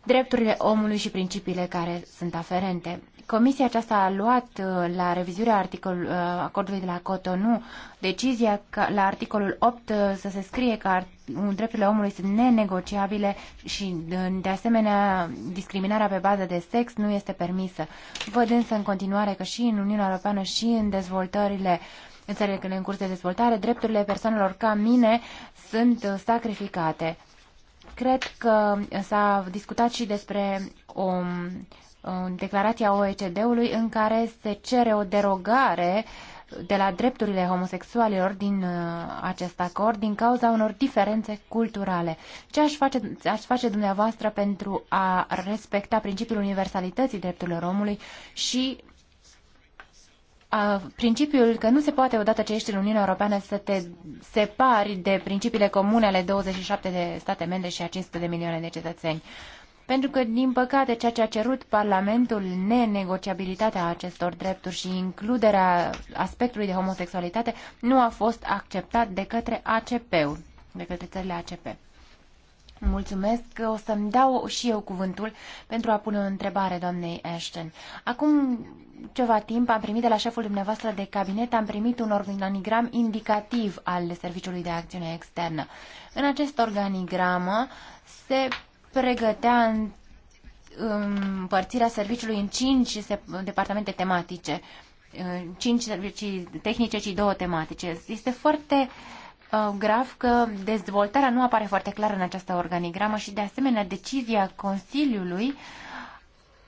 drepturile omului și principiile care sunt aferente. Comisia aceasta a luat uh, la revizuirea articol, uh, acordului de la Cotonou decizia că la articolul 8 să se scrie că drepturile omului sunt nenegociabile și, de asemenea, discriminarea pe bază de sex nu este permisă. Văd însă în continuare că și în Uniunea Europeană și în dezvoltările în țările în curs de dezvoltare, drepturile persoanelor ca mine sunt uh, sacrificate. Cred că s-a discutat și despre o um, declarația OECD-ului în care se cere o derogare uh, de la drepturile homosexualilor din uh, acest acord din cauza unor diferențe culturale. Ce aș face, aș face dumneavoastră pentru a respecta principiul universalității drepturilor omului și uh, principiul că nu se poate odată ce ești în Uniunea Europeană să te separi de principiile comune ale 27 de state membre și a 500 de milioane de cetățeni. Uh, pentru că, din păcate, ceea ce a cerut Parlamentul, nenegociabilitatea acestor drepturi și includerea aspectului de homosexualitate, nu a fost acceptat de către ACP-ul, de către țările ACP. Mulțumesc că o să-mi dau și eu cuvântul pentru a pune o întrebare doamnei Ashton. Acum ceva timp am primit de la șeful dumneavoastră de cabinet, am primit un organigram indicativ al Serviciului de Acțiune Externă. În acest organigramă se pregătea împărțirea serviciului în cinci departamente tematice, cinci servicii tehnice și două tematice. Este foarte uh, grav că dezvoltarea nu apare foarte clară în această organigramă și de asemenea decizia Consiliului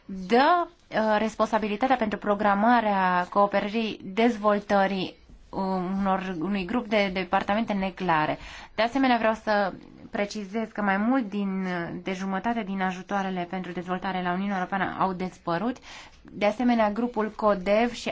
dă uh, responsabilitatea pentru programarea cooperării dezvoltării uh, unor, unui grup de departamente neclare. De asemenea, vreau să precizez că mai mult din, de jumătate din ajutoarele pentru dezvoltare la Uniunea Europeană au despărut. De asemenea, grupul CODEV și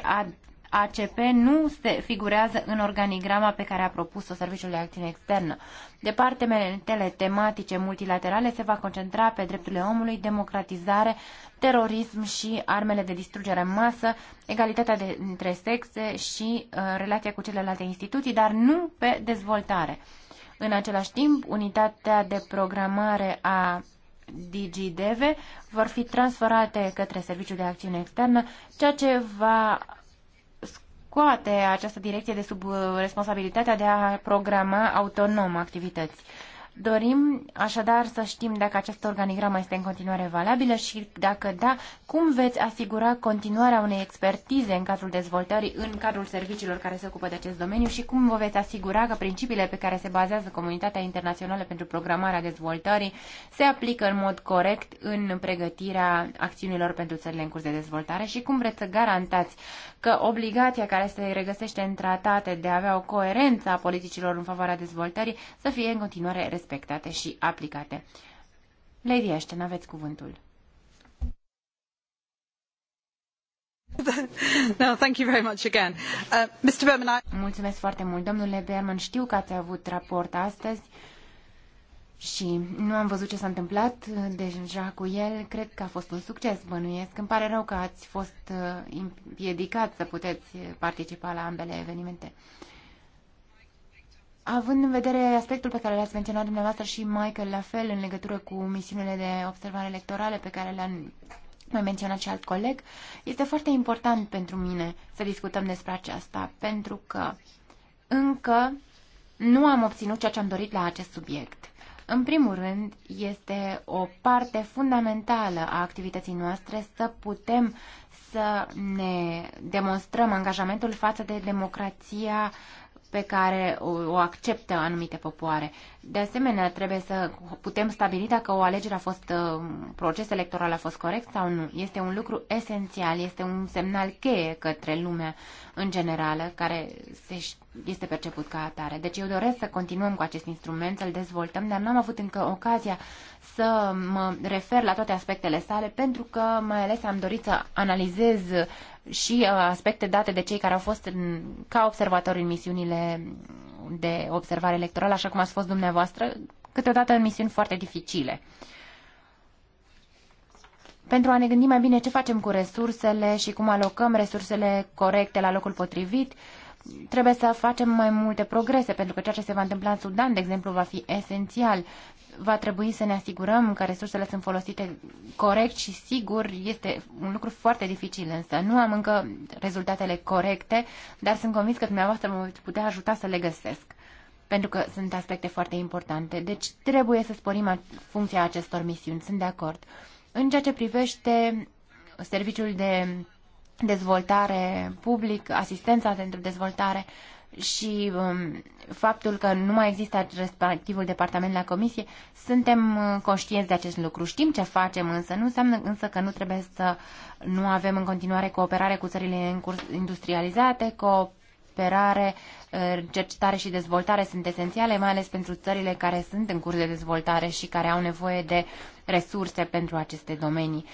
ACP nu se figurează în organigrama pe care a propus-o Serviciul de Acțiune Externă. Departamentele tematice multilaterale se va concentra pe drepturile omului, democratizare, terorism și armele de distrugere în masă, egalitatea de, între sexe și uh, relația cu celelalte instituții, dar nu pe dezvoltare. În același timp, unitatea de programare a DigiDeve vor fi transferate către Serviciul de Acțiune Externă, ceea ce va scoate această direcție de sub uh, responsabilitatea de a programa autonom activități. Dorim așadar să știm dacă această organigramă este în continuare valabilă și dacă da, cum veți asigura continuarea unei expertize în cadrul dezvoltării, în cadrul serviciilor care se ocupă de acest domeniu și cum vă veți asigura că principiile pe care se bazează comunitatea internațională pentru programarea dezvoltării se aplică în mod corect în pregătirea acțiunilor pentru țările în curs de dezvoltare și cum vreți să garantați că obligația care se regăsește în tratate de a avea o coerență a politicilor în favoarea dezvoltării să fie în continuare respectate și aplicate. Lady Ashton, aveți cuvântul. No, thank you very much again. Uh, Mr. Berman, I... Mulțumesc foarte mult, domnule Berman. Știu că ați avut raport astăzi. Uh, și nu am văzut ce s-a întâmplat uh, deja cu el. Cred că a fost un succes, bănuiesc. Îmi pare rău că ați fost uh, împiedicat să puteți participa la ambele evenimente. Având în vedere aspectul pe care l-ați menționat dumneavoastră și Michael la fel în legătură cu misiunile de observare electorale pe care le-am mai menționat și alt coleg, este foarte important pentru mine să discutăm despre aceasta, pentru că încă nu am obținut ceea ce am dorit la acest subiect. În primul rând, este o parte fundamentală a activității noastre să putem să ne demonstrăm angajamentul față de democrația pe care o acceptă anumite popoare. De asemenea, trebuie să putem stabili dacă o alegere a fost, uh, proces electoral a fost corect sau nu. Este un lucru esențial, este un semnal cheie către lumea în generală, care se, este perceput ca atare. Deci eu doresc să continuăm cu acest instrument, să-l dezvoltăm, dar n-am avut încă ocazia să mă refer la toate aspectele sale, pentru că mai ales am dorit să analizez și uh, aspecte date de cei care au fost ca observatori în misiunile de observare electorală, așa cum ați fost dumneavoastră, câteodată în misiuni foarte dificile. Pentru a ne gândi mai bine ce facem cu resursele și cum alocăm resursele corecte la locul potrivit, uh, trebuie să facem mai multe progrese, pentru că ceea ce se va întâmpla în Sudan, de exemplu, va fi esențial. Va trebui să ne asigurăm că resursele sunt folosite corect și sigur. Este un lucru foarte dificil, însă nu am încă rezultatele corecte, dar sunt convins că dumneavoastră mă putea ajuta să le găsesc pentru că sunt aspecte foarte importante. Deci trebuie să sporim funcția acestor misiuni, sunt de acord. În ceea ce privește serviciul de dezvoltare public, asistența pentru dezvoltare și um, faptul că nu mai există respectivul departament la comisie, suntem uh, conștienți de acest lucru. Știm ce facem însă, nu înseamnă însă că nu trebuie să nu avem în continuare cooperare cu țările industrializate, cooperare, uh, cercetare și dezvoltare sunt esențiale, mai ales pentru țările care sunt în curs de dezvoltare și care au nevoie de resurse pentru aceste domenii.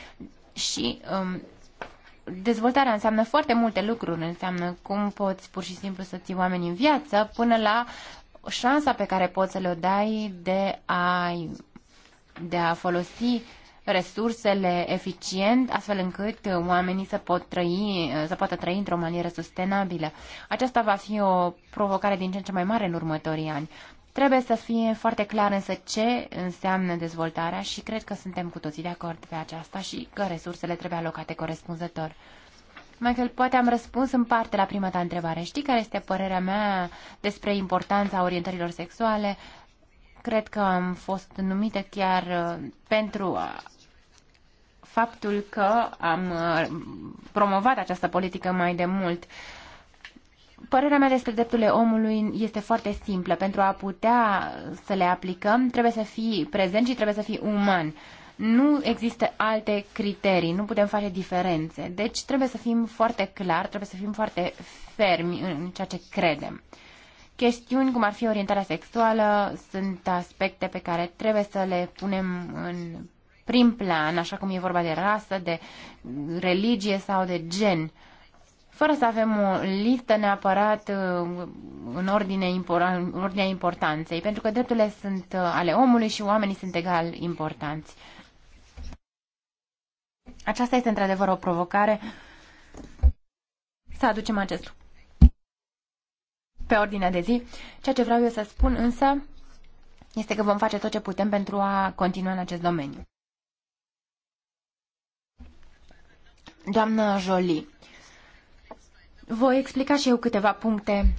Și um, dezvoltarea înseamnă foarte multe lucruri, înseamnă cum poți pur și simplu să ții oamenii în viață până la șansa pe care poți să le dai de a, de a folosi resursele eficient, astfel încât oamenii să, pot trăi, să poată trăi într-o manieră sustenabilă. Aceasta va fi o provocare din ce în ce mai mare în următorii ani. Trebuie să fie foarte clar însă ce înseamnă dezvoltarea și cred că suntem cu toții de acord pe aceasta și că resursele trebuie alocate corespunzător. Michael, poate am răspuns în parte la prima ta întrebare. Știi care este părerea mea despre importanța orientărilor sexuale? Cred că am fost numită chiar uh, pentru uh, faptul că am uh, promovat această politică mai de mult. Uh, Părerea mea despre drepturile omului este foarte simplă. Pentru a putea să le aplicăm, trebuie să fii prezent și trebuie să fii uman. Nu există alte criterii, nu putem face diferențe. Deci trebuie să fim foarte clar, trebuie să fim foarte fermi în ceea ce credem. Chestiuni cum ar fi orientarea sexuală sunt aspecte pe care trebuie să le punem în prim plan, așa cum e vorba de rasă, de religie sau de gen fără să avem o listă neapărat uh, în, ordine, în ordinea importanței, pentru că drepturile sunt uh, ale omului și oamenii sunt egal importanți. Aceasta este într-adevăr o provocare să aducem acest lucru pe ordinea de zi. Ceea ce vreau eu să spun însă este că vom face tot ce putem pentru a continua în acest domeniu. Doamnă Jolie, voi explica și eu câteva puncte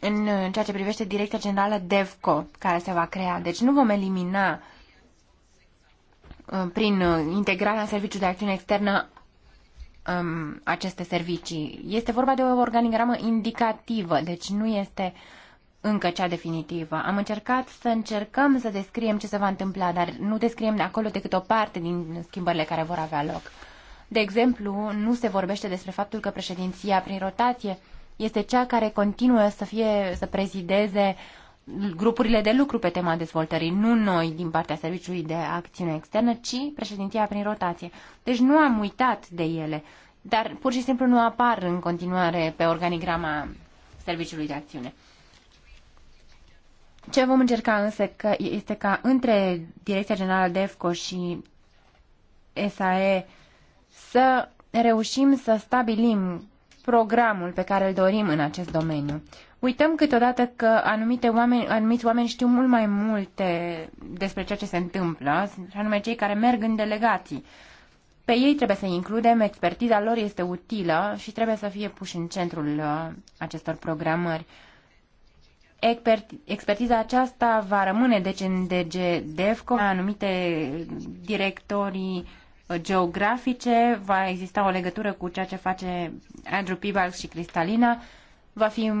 în ceea ce privește Direcția Generală DEVCO, care se va crea. Deci nu vom elimina uh, prin uh, integrarea în serviciul de acțiune externă um, aceste servicii. Este vorba de o organigramă indicativă, deci nu este încă cea definitivă. Am încercat să încercăm să descriem ce se va întâmpla, dar nu descriem de acolo decât o parte din schimbările care vor avea loc. De exemplu, nu se vorbește despre faptul că președinția prin rotație este cea care continuă să fie să prezideze grupurile de lucru pe tema dezvoltării, nu noi din partea Serviciului de Acțiune Externă, ci președinția prin rotație. Deci nu am uitat de ele, dar pur și simplu nu apar în continuare pe organigrama Serviciului de Acțiune. Ce vom încerca însă că este ca între Direcția Generală DEFCO și SAE să reușim să stabilim programul pe care îl dorim în acest domeniu. Uităm câteodată că anumite oameni, anumiți oameni știu mult mai multe despre ceea ce se întâmplă, și anume cei care merg în delegații. Pe ei trebuie să includem, expertiza lor este utilă și trebuie să fie puși în centrul uh, acestor programări. Expertiza aceasta va rămâne deci în DG DEFCO, anumite directorii geografice, va exista o legătură cu ceea ce face Andrew Peebles și Cristalina, va fi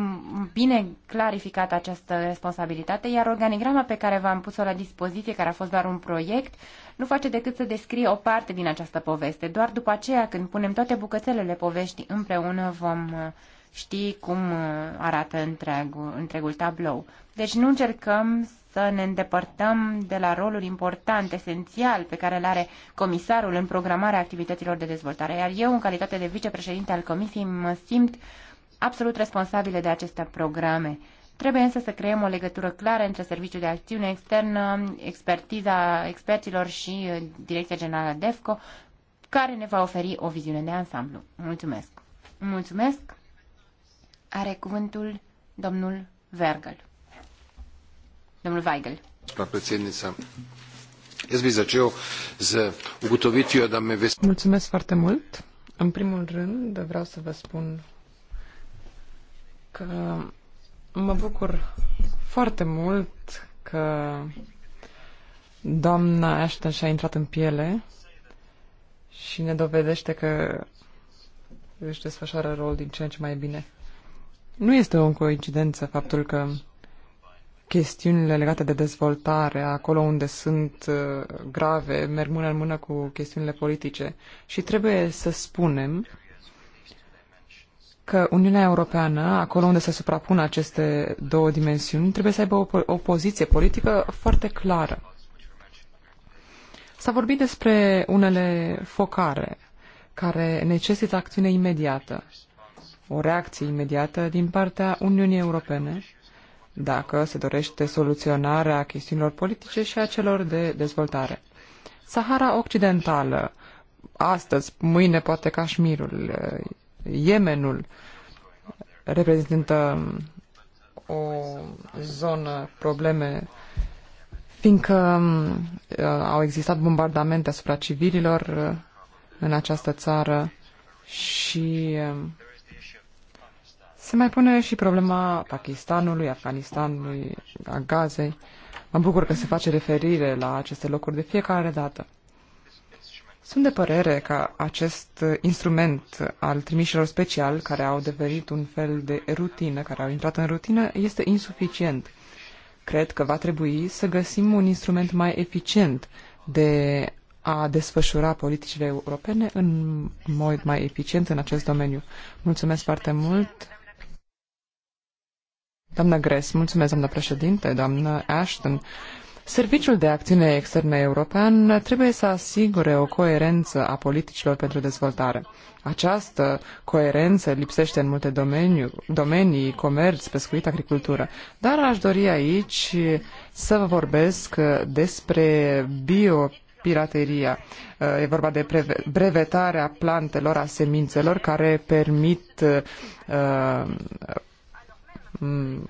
bine clarificată această responsabilitate, iar organigrama pe care v-am pus-o la dispoziție, care a fost doar un proiect, nu face decât să descrie o parte din această poveste. Doar după aceea, când punem toate bucățelele poveștii împreună, vom uh, ști cum uh, arată întregul, întregul tablou. Deci nu încercăm să ne îndepărtăm de la rolul important, esențial, pe care îl are comisarul în programarea activităților de dezvoltare. Iar eu, în calitate de vicepreședinte al comisiei, mă simt absolut responsabile de aceste programe. Trebuie însă să creăm o legătură clară între serviciul de acțiune externă, expertiza experților și uh, Direcția Generală DEFCO, care ne va oferi o viziune de ansamblu. Mulțumesc! Mulțumesc! Are cuvântul domnul Vergel. Domnul Weigel. Mulțumesc foarte mult. În primul rând, vreau să vă spun că mă bucur foarte mult că doamna Ashton și-a intrat în piele și ne dovedește că își desfășoară rol din ce în ce mai bine. Nu este o coincidență faptul că chestiunile legate de dezvoltare, acolo unde sunt uh, grave, merg mână în mână cu chestiunile politice. Și trebuie să spunem că Uniunea Europeană, acolo unde se suprapun aceste două dimensiuni, trebuie să aibă o, o poziție politică foarte clară. S-a vorbit despre unele focare care necesită acțiune imediată, o reacție imediată din partea Uniunii Europene dacă se dorește soluționarea chestiunilor politice și a celor de dezvoltare. Sahara Occidentală, astăzi, mâine poate Cașmirul, eh, Yemenul, reprezintă mm, o zonă, probleme, fiindcă mm, au existat bombardamente asupra civililor eh, în această țară și mm, se mai pune și problema Pakistanului, Afganistanului, a Gazei. Mă bucur că se face referire la aceste locuri de fiecare dată. Sunt de părere că acest instrument al trimișilor special, care au devenit un fel de rutină, care au intrat în rutină, este insuficient. Cred că va trebui să găsim un instrument mai eficient de a desfășura politicile europene în mod mai eficient în acest domeniu. Mulțumesc foarte mult! Doamna Gres, mulțumesc, doamna președinte, doamna Ashton. Serviciul de acțiune externă european trebuie să asigure o coerență a politicilor pentru dezvoltare. Această coerență lipsește în multe domenii, domenii comerț, pescuit, agricultură. Dar aș dori aici să vă vorbesc despre bio pirateria. E vorba de brevetarea plantelor, a semințelor care permit uh, Mm,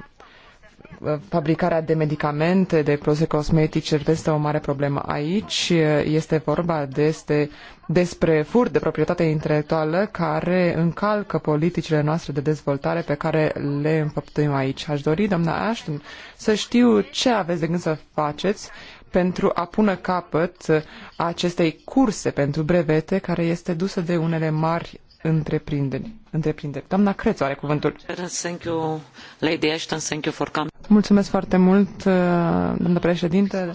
fabricarea de medicamente, de produse cosmetice reprezintă o mare problemă. Aici este vorba despre, despre furt de proprietate intelectuală care încalcă politicile noastre de dezvoltare pe care le înfăptuim aici. Aș dori, doamna Ashton, să știu ce aveți de gând să faceți pentru a pune capăt acestei curse pentru brevete care este dusă de unele mari întreprinderi. întreprinderi. Doamna Crețu are cuvântul. Thank you, Lady Ashton, thank you for coming. Mulțumesc foarte mult, uh, doamnă președinte,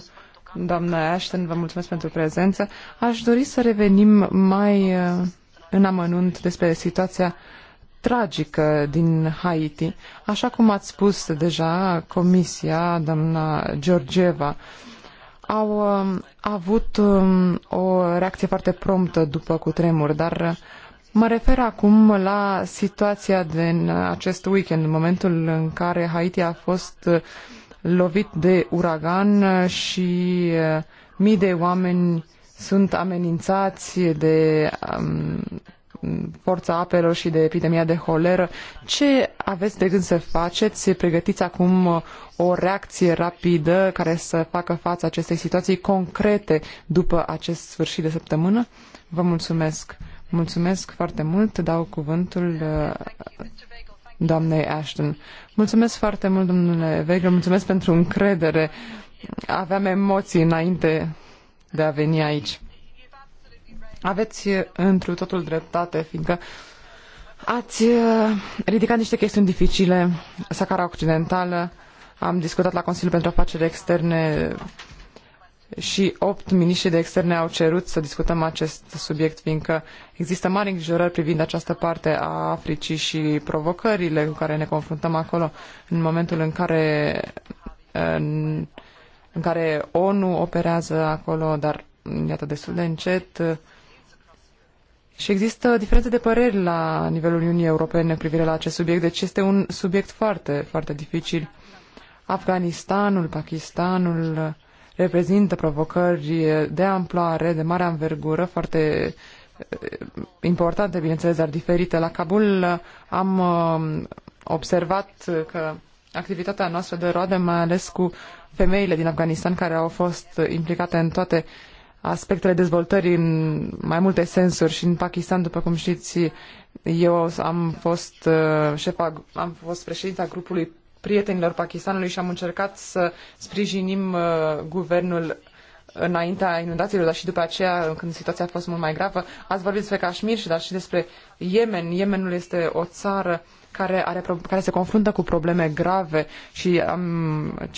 doamna Ashton, vă mulțumesc pentru prezență. Aș dori să revenim mai uh, în amănunt despre situația tragică din Haiti. Așa cum ați spus deja, Comisia, doamna Georgieva, au um, avut um, o reacție foarte promptă după cutremur, dar Mă refer acum la situația din acest weekend, în momentul în care Haiti a fost uh, lovit de uragan uh, și uh, mii de oameni sunt amenințați de um, forța apelor și de epidemia de holeră. Ce aveți de gând să faceți? Pregătiți acum o reacție rapidă care să facă față acestei situații concrete după acest sfârșit de săptămână? Vă mulțumesc! Mulțumesc foarte mult. Dau cuvântul uh, doamnei Ashton. Mulțumesc foarte mult, domnule Vegel. Mulțumesc pentru încredere. Aveam emoții înainte de a veni aici. Aveți uh, întru totul dreptate, fiindcă ați uh, ridicat niște chestiuni dificile. Sacara Occidentală, am discutat la Consiliul pentru Afaceri Externe și opt miniștri de externe au cerut să discutăm acest subiect, fiindcă există mari îngrijorări privind această parte a Africii și provocările cu care ne confruntăm acolo în momentul în care, în, în care ONU operează acolo, dar iată destul de încet. Și există diferențe de păreri la nivelul Uniunii Europene privire la acest subiect, deci este un subiect foarte, foarte dificil. Afganistanul, Pakistanul, reprezintă provocări de amploare, de mare anvergură, foarte eh, importante, bineînțeles, dar diferite. La Kabul eh, am eh, observat că activitatea noastră de roade, mai ales cu femeile din Afganistan care au fost implicate în toate aspectele dezvoltării în mai multe sensuri și în Pakistan, după cum știți, eu am fost șefa, am fost președinta grupului prietenilor Pakistanului și am încercat să sprijinim uh, guvernul înaintea inundațiilor, dar și după aceea, când situația a fost mult mai gravă. Ați vorbit despre Kashmir și dar și despre Yemen. Yemenul este o țară care, are, care se confruntă cu probleme grave și am,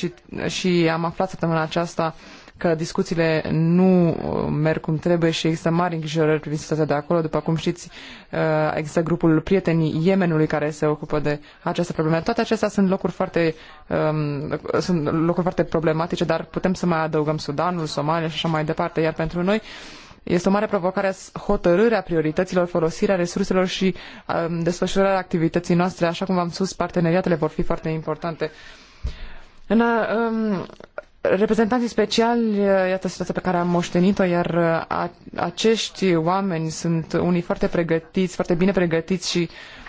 și am aflat săptămâna aceasta uh, că discuțiile nu uh, merg cum trebuie și există mari îngrijorări privind situația de acolo. După cum știți, uh, există grupul Prietenii Yemenului care se ocupă de această problemă. Toate acestea sunt locuri foarte, um, sunt locuri foarte problematice, dar putem să mai adăugăm Sudanul, Somalia și așa mai departe. Iar pentru noi, este o mare provocare hotărârea priorităților, folosirea resurselor și um, desfășurarea activității noastre. Așa cum v-am spus, parteneriatele vor fi foarte importante. În, um, reprezentanții speciali, iată situația pe care am moștenit-o, iar uh, a, acești oameni sunt unii foarte pregătiți, foarte bine pregătiți și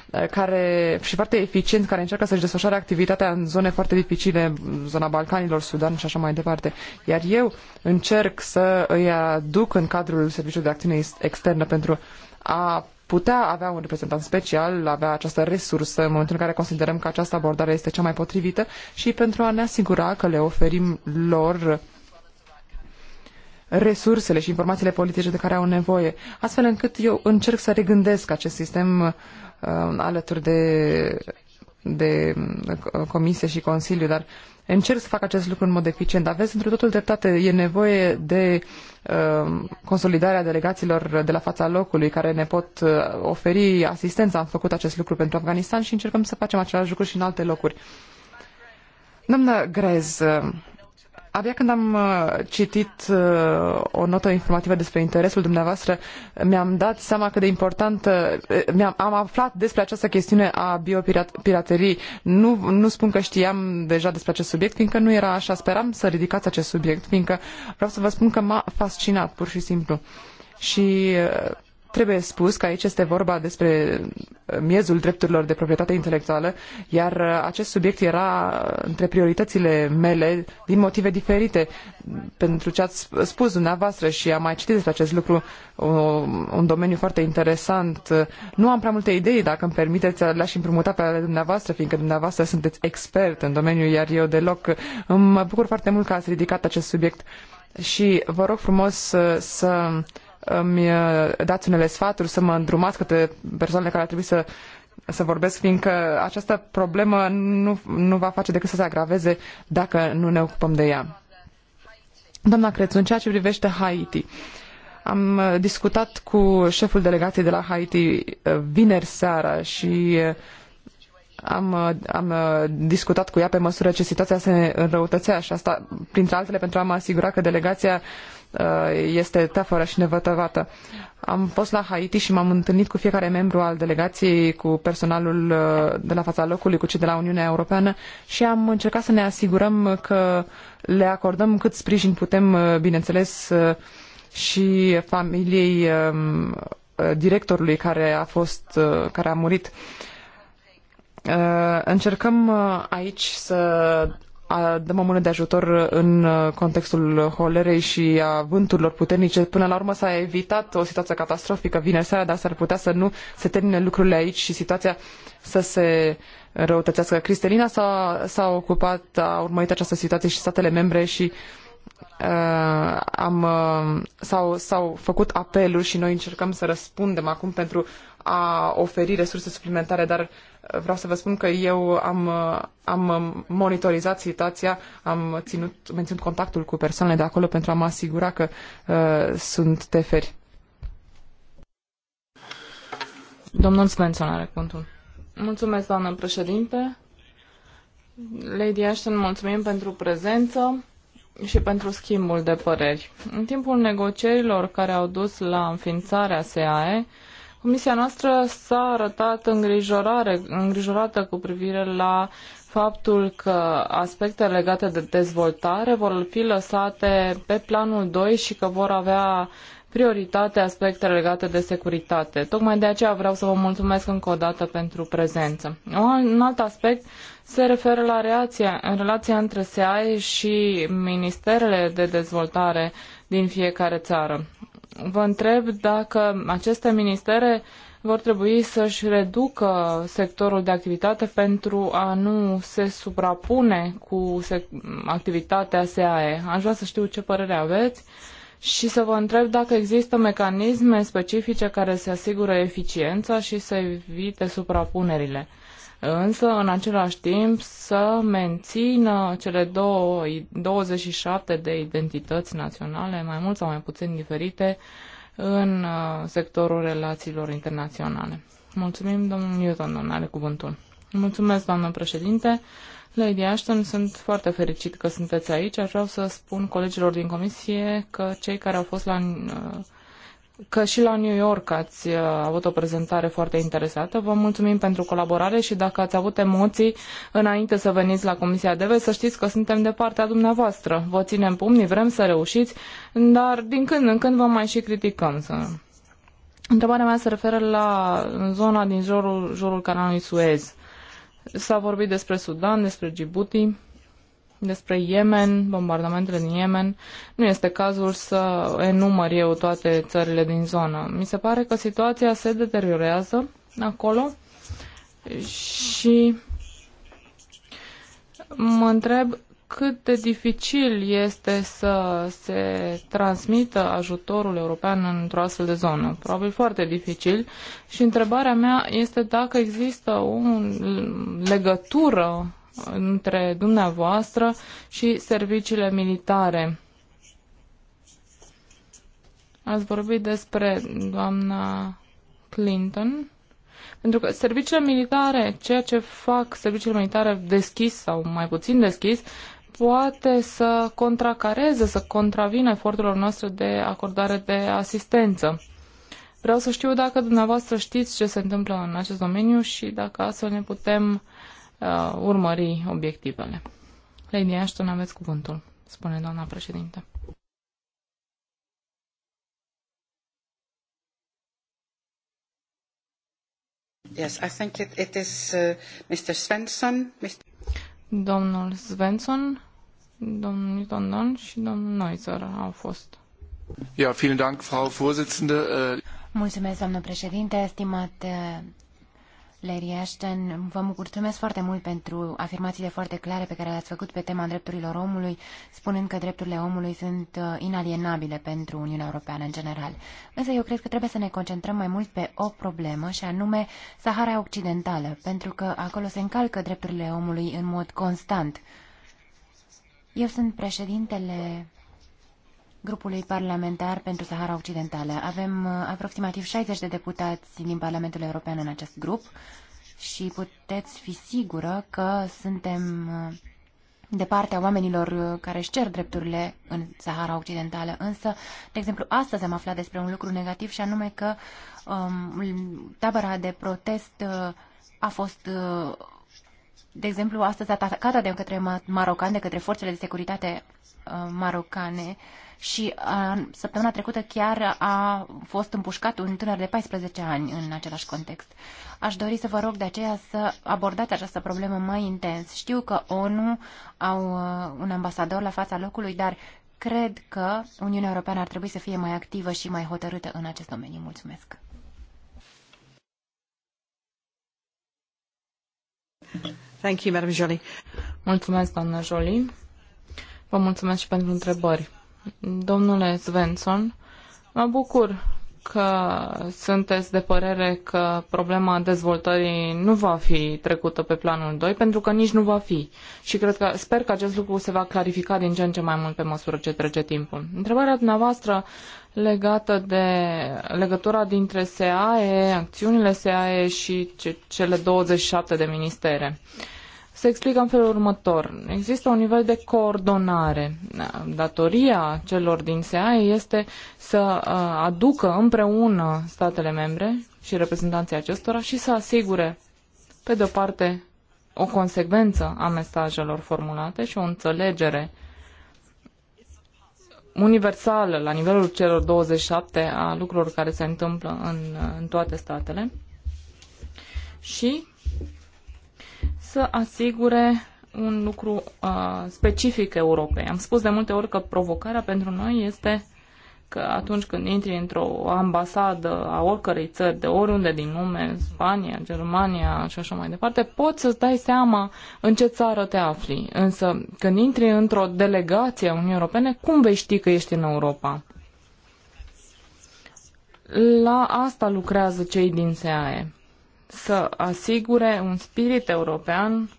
uh, care și foarte eficient, care încearcă să-și desfășoare activitatea în zone foarte dificile, zona Balcanilor, Sudan și așa mai departe. Iar eu încerc să îi aduc în cadrul Serviciului de Acțiune Externă pentru a putea avea un reprezentant special, avea această resursă în momentul în care considerăm că această abordare este cea mai potrivită și pentru a ne asigura că le oferim lor resursele și informațiile politice de care au nevoie, astfel încât eu încerc să regândesc acest sistem uh, alături de, de uh, Comisie și Consiliu, dar uh, încerc să fac acest lucru în mod eficient. Aveți într totul dreptate, e nevoie de uh, consolidarea delegațiilor de la fața locului care ne pot uh, oferi asistență. Am făcut acest lucru pentru Afganistan și încercăm să facem același lucru și în alte locuri. Doamna Grez, uh, Abia când am uh, citit uh, o notă informativă despre interesul dumneavoastră, mi-am dat seama cât de importantă, uh, mi-am, am aflat despre această chestiune a biopiraterii. Nu, nu spun că știam deja despre acest subiect, fiindcă nu era așa. Speram să ridicați acest subiect, fiindcă vreau să vă spun că m-a fascinat, pur și simplu. Și Trebuie spus că aici este vorba despre uh, miezul drepturilor de proprietate intelectuală, iar uh, acest subiect era uh, între prioritățile mele din motive diferite pentru ce ați spus dumneavoastră și am mai citit despre acest lucru, o, un domeniu foarte interesant. Nu am prea multe idei, dacă îmi permiteți, le-aș împrumuta pe ale dumneavoastră, fiindcă dumneavoastră sunteți expert în domeniu, iar eu deloc. Mă bucur foarte mult că ați ridicat acest subiect și vă rog frumos să, să îmi uh, dați unele sfaturi, să mă îndrumați către persoanele care ar trebui să să vorbesc, fiindcă această problemă nu, nu va face decât să se agraveze dacă nu ne ocupăm de ea. Doamna Crețu, în ceea ce privește Haiti, am uh, discutat cu șeful delegației de la Haiti uh, vineri seara și am, am discutat cu ea pe măsură ce situația se înrăutățea și asta, printre altele, pentru a mă asigura că delegația uh, Uh, este tafără și nevătăvată. Am fost la Haiti și m-am întâlnit cu fiecare membru al delegației, cu personalul uh, de la fața locului, cu cei de la Uniunea Europeană și am încercat să ne asigurăm că le acordăm cât sprijin putem, uh, bineînțeles, și familiei um, directorului care a fost, care a murit. Încercăm aici să dăm o mână de ajutor în uh, contextul holerei și a vânturilor puternice. Până la urmă s-a evitat o situație catastrofică vineri seara, dar s-ar putea să nu se termine lucrurile aici și situația să se răutățească. Cristelina s-a, s-a ocupat, a urmărit această situație și statele membre și uh, am, uh, s-au, s-au făcut apeluri și noi încercăm să răspundem acum pentru a oferi resurse suplimentare, dar vreau să vă spun că eu am, am monitorizat situația, am ținut, menținut contactul cu persoanele de acolo pentru a mă asigura că uh, sunt teferi. Domnul Svensson are cuvântul. Mulțumesc, doamnă președinte. Lady Ashton, mulțumim pentru prezență și pentru schimbul de păreri. În timpul negocierilor care au dus la înființarea SAE, Comisia noastră s-a arătat îngrijorare, îngrijorată cu privire la faptul că aspectele legate de dezvoltare vor fi lăsate pe planul 2 și că vor avea prioritate aspecte legate de securitate. Tocmai de aceea vreau să vă mulțumesc încă o dată pentru prezență. Un alt aspect se referă la reația, relația între SEAE și ministerele de dezvoltare din fiecare țară vă întreb dacă aceste ministere vor trebui să-și reducă sectorul de activitate pentru a nu se suprapune cu activitatea SAE. Aș vrea să știu ce părere aveți și să vă întreb dacă există mecanisme specifice care să asigure eficiența și să evite suprapunerile însă în același timp să mențină cele două, 27 de identități naționale, mai mult sau mai puțin diferite, în uh, sectorul relațiilor internaționale. Mulțumim, domnul Newton, domnul are cuvântul. Mulțumesc, doamnă președinte. Lady Ashton, sunt foarte fericit că sunteți aici. Aș vrea să spun colegilor din comisie că cei care au fost la uh, că și la New York ați uh, avut o prezentare foarte interesată. Vă mulțumim pentru colaborare și dacă ați avut emoții înainte să veniți la Comisia DEVE, să știți că suntem de partea dumneavoastră. Vă ținem pumnii, vrem să reușiți, dar din când în când vă mai și criticăm. Să... Întrebarea mea se referă la zona din jurul, jurul canalului Suez. S-a vorbit despre Sudan, despre Djibouti despre Yemen, bombardamentele din Yemen. Nu este cazul să enumăr eu toate țările din zonă. Mi se pare că situația se deteriorează acolo și mă întreb cât de dificil este să se transmită ajutorul european într-o astfel de zonă. Probabil foarte dificil. Și întrebarea mea este dacă există o legătură între dumneavoastră și serviciile militare. Ați vorbit despre doamna Clinton. Pentru că serviciile militare, ceea ce fac serviciile militare deschis sau mai puțin deschis, poate să contracareze, să contravină eforturilor noastre de acordare de asistență. Vreau să știu dacă dumneavoastră știți ce se întâmplă în acest domeniu și dacă astfel ne putem uh, urmări obiectivele. Lady Ashton, aveți cuvântul, spune doamna președinte. Yes, I think it, it is uh, Mr. Svensson. Mr. Domnul Svensson, domnul Newton Don și domnul Neuser au fost. Ja, vielen Dank, Frau Vorsitzende. Äh, Mulțumesc, doamnă președinte, estimate Larry Ashton, vă mulțumesc foarte mult pentru afirmațiile foarte clare pe care le-ați făcut pe tema drepturilor omului, spunând că drepturile omului sunt uh, inalienabile pentru Uniunea Europeană în general. Însă eu cred că trebuie să ne concentrăm mai mult pe o problemă, și anume Sahara Occidentală, pentru că acolo se încalcă drepturile omului în mod constant. Eu sunt președintele grupului parlamentar pentru Sahara Occidentală. Avem uh, aproximativ 60 de deputați din Parlamentul European în acest grup și puteți fi sigură că suntem uh, de partea oamenilor uh, care își cer drepturile în Sahara Occidentală. Însă, de exemplu, astăzi am aflat despre un lucru negativ și anume că um, tabăra de protest uh, a fost uh, de exemplu, astăzi atacată de către marocani, de către forțele de securitate uh, marocane și a, uh, săptămâna trecută chiar a fost împușcat un tânăr de 14 ani în același context. Aș dori să vă rog de aceea să abordați această problemă mai intens. Știu că ONU au uh, un ambasador la fața locului, dar cred că Uniunea Europeană ar trebui să fie mai activă și mai hotărâtă în acest domeniu. Mulțumesc! Mulțumesc, Vă mulțumesc și pentru întrebări. Domnule Svensson, mă bucur că sunteți de părere că problema dezvoltării nu va fi trecută pe planul doi, pentru că nici nu va fi. Și cred că, sper că acest lucru se va clarifica din ce în ce mai mult pe măsură ce trece timpul. Întrebarea dumneavoastră legată de legătura dintre SAE, acțiunile SAE și cele 27 de ministere. Uh, se explică în felul următor. Există un nivel de coordonare. Datoria celor din SEAE este să uh, aducă împreună statele membre și reprezentanții acestora și să asigure, pe de-o parte, o consecvență a mesajelor formulate și o înțelegere universală la nivelul celor 27 a lucrurilor care se întâmplă în, în toate statele și să asigure un lucru uh, specific Europei. Am spus de multe ori că provocarea pentru noi este că atunci când intri într-o ambasadă a oricărei țări, de oriunde din lume, Spania, Germania și așa mai departe, poți să-ți dai seama în ce țară te afli. Însă când intri într-o delegație a Uniunii Europene, cum vei ști că ești în Europa? La asta lucrează cei din SEAE să asigure un spirit european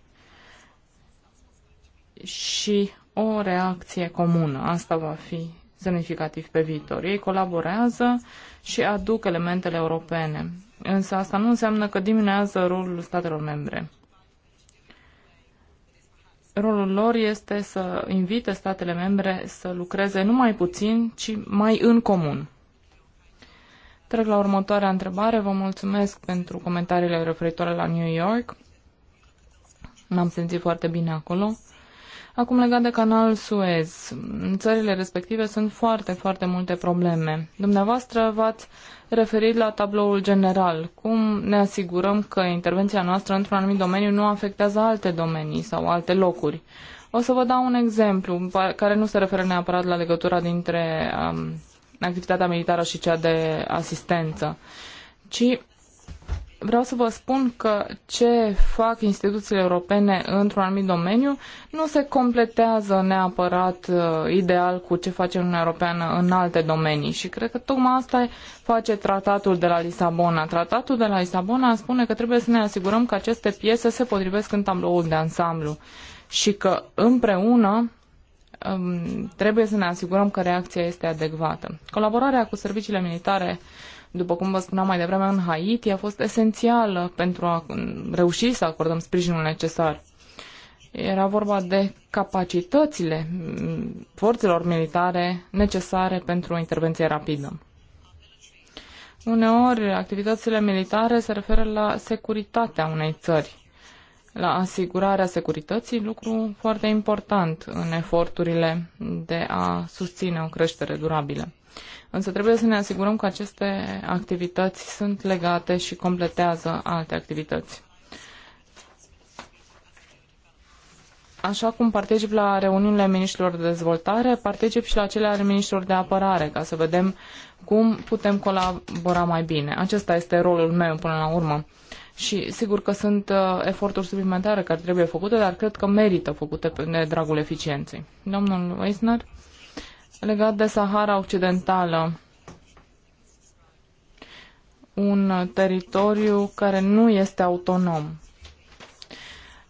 și o reacție comună. Asta va fi semnificativ pe viitor. Ei colaborează și aduc elementele europene. Însă asta nu înseamnă că diminuează rolul statelor membre. Rolul lor este să invite statele membre să lucreze nu mai puțin, ci mai în comun. Trec la următoarea întrebare. Vă mulțumesc pentru comentariile referitoare la New York. M-am simțit foarte bine acolo. Acum legat de canalul Suez, în țările respective sunt foarte, foarte multe probleme. Dumneavoastră v-ați referit la tabloul general. Cum ne asigurăm că intervenția noastră într-un anumit domeniu nu afectează alte domenii sau alte locuri? O să vă dau un exemplu care nu se referă neapărat la legătura dintre um, activitatea militară și cea de asistență, ci vreau să vă spun că ce fac instituțiile europene într-un anumit domeniu nu se completează neapărat uh, ideal cu ce face Uniunea Europeană în alte domenii și cred că tocmai asta face tratatul de la Lisabona. Tratatul de la Lisabona spune că trebuie să ne asigurăm că aceste piese se potrivesc în tabloul de ansamblu și că împreună trebuie să ne asigurăm că reacția este adecvată. Colaborarea cu serviciile militare, după cum vă spuneam mai devreme, în Haiti a fost esențială pentru a reuși să acordăm sprijinul necesar. Era vorba de capacitățile forțelor militare necesare pentru o intervenție rapidă. Uneori, activitățile militare se referă la securitatea unei țări la asigurarea securității, lucru foarte important în eforturile de a susține o creștere durabilă. Însă trebuie să ne asigurăm că aceste activități sunt legate și completează alte activități. Așa cum particip la reuniunile ministrilor de dezvoltare, particip și la cele ale ministrilor de apărare, ca să vedem cum putem colabora mai bine. Acesta este rolul meu până la urmă și sigur că sunt uh, eforturi suplimentare care trebuie făcute, dar cred că merită făcute de dragul eficienței. Domnul Weisner, legat de Sahara Occidentală, un teritoriu care nu este autonom.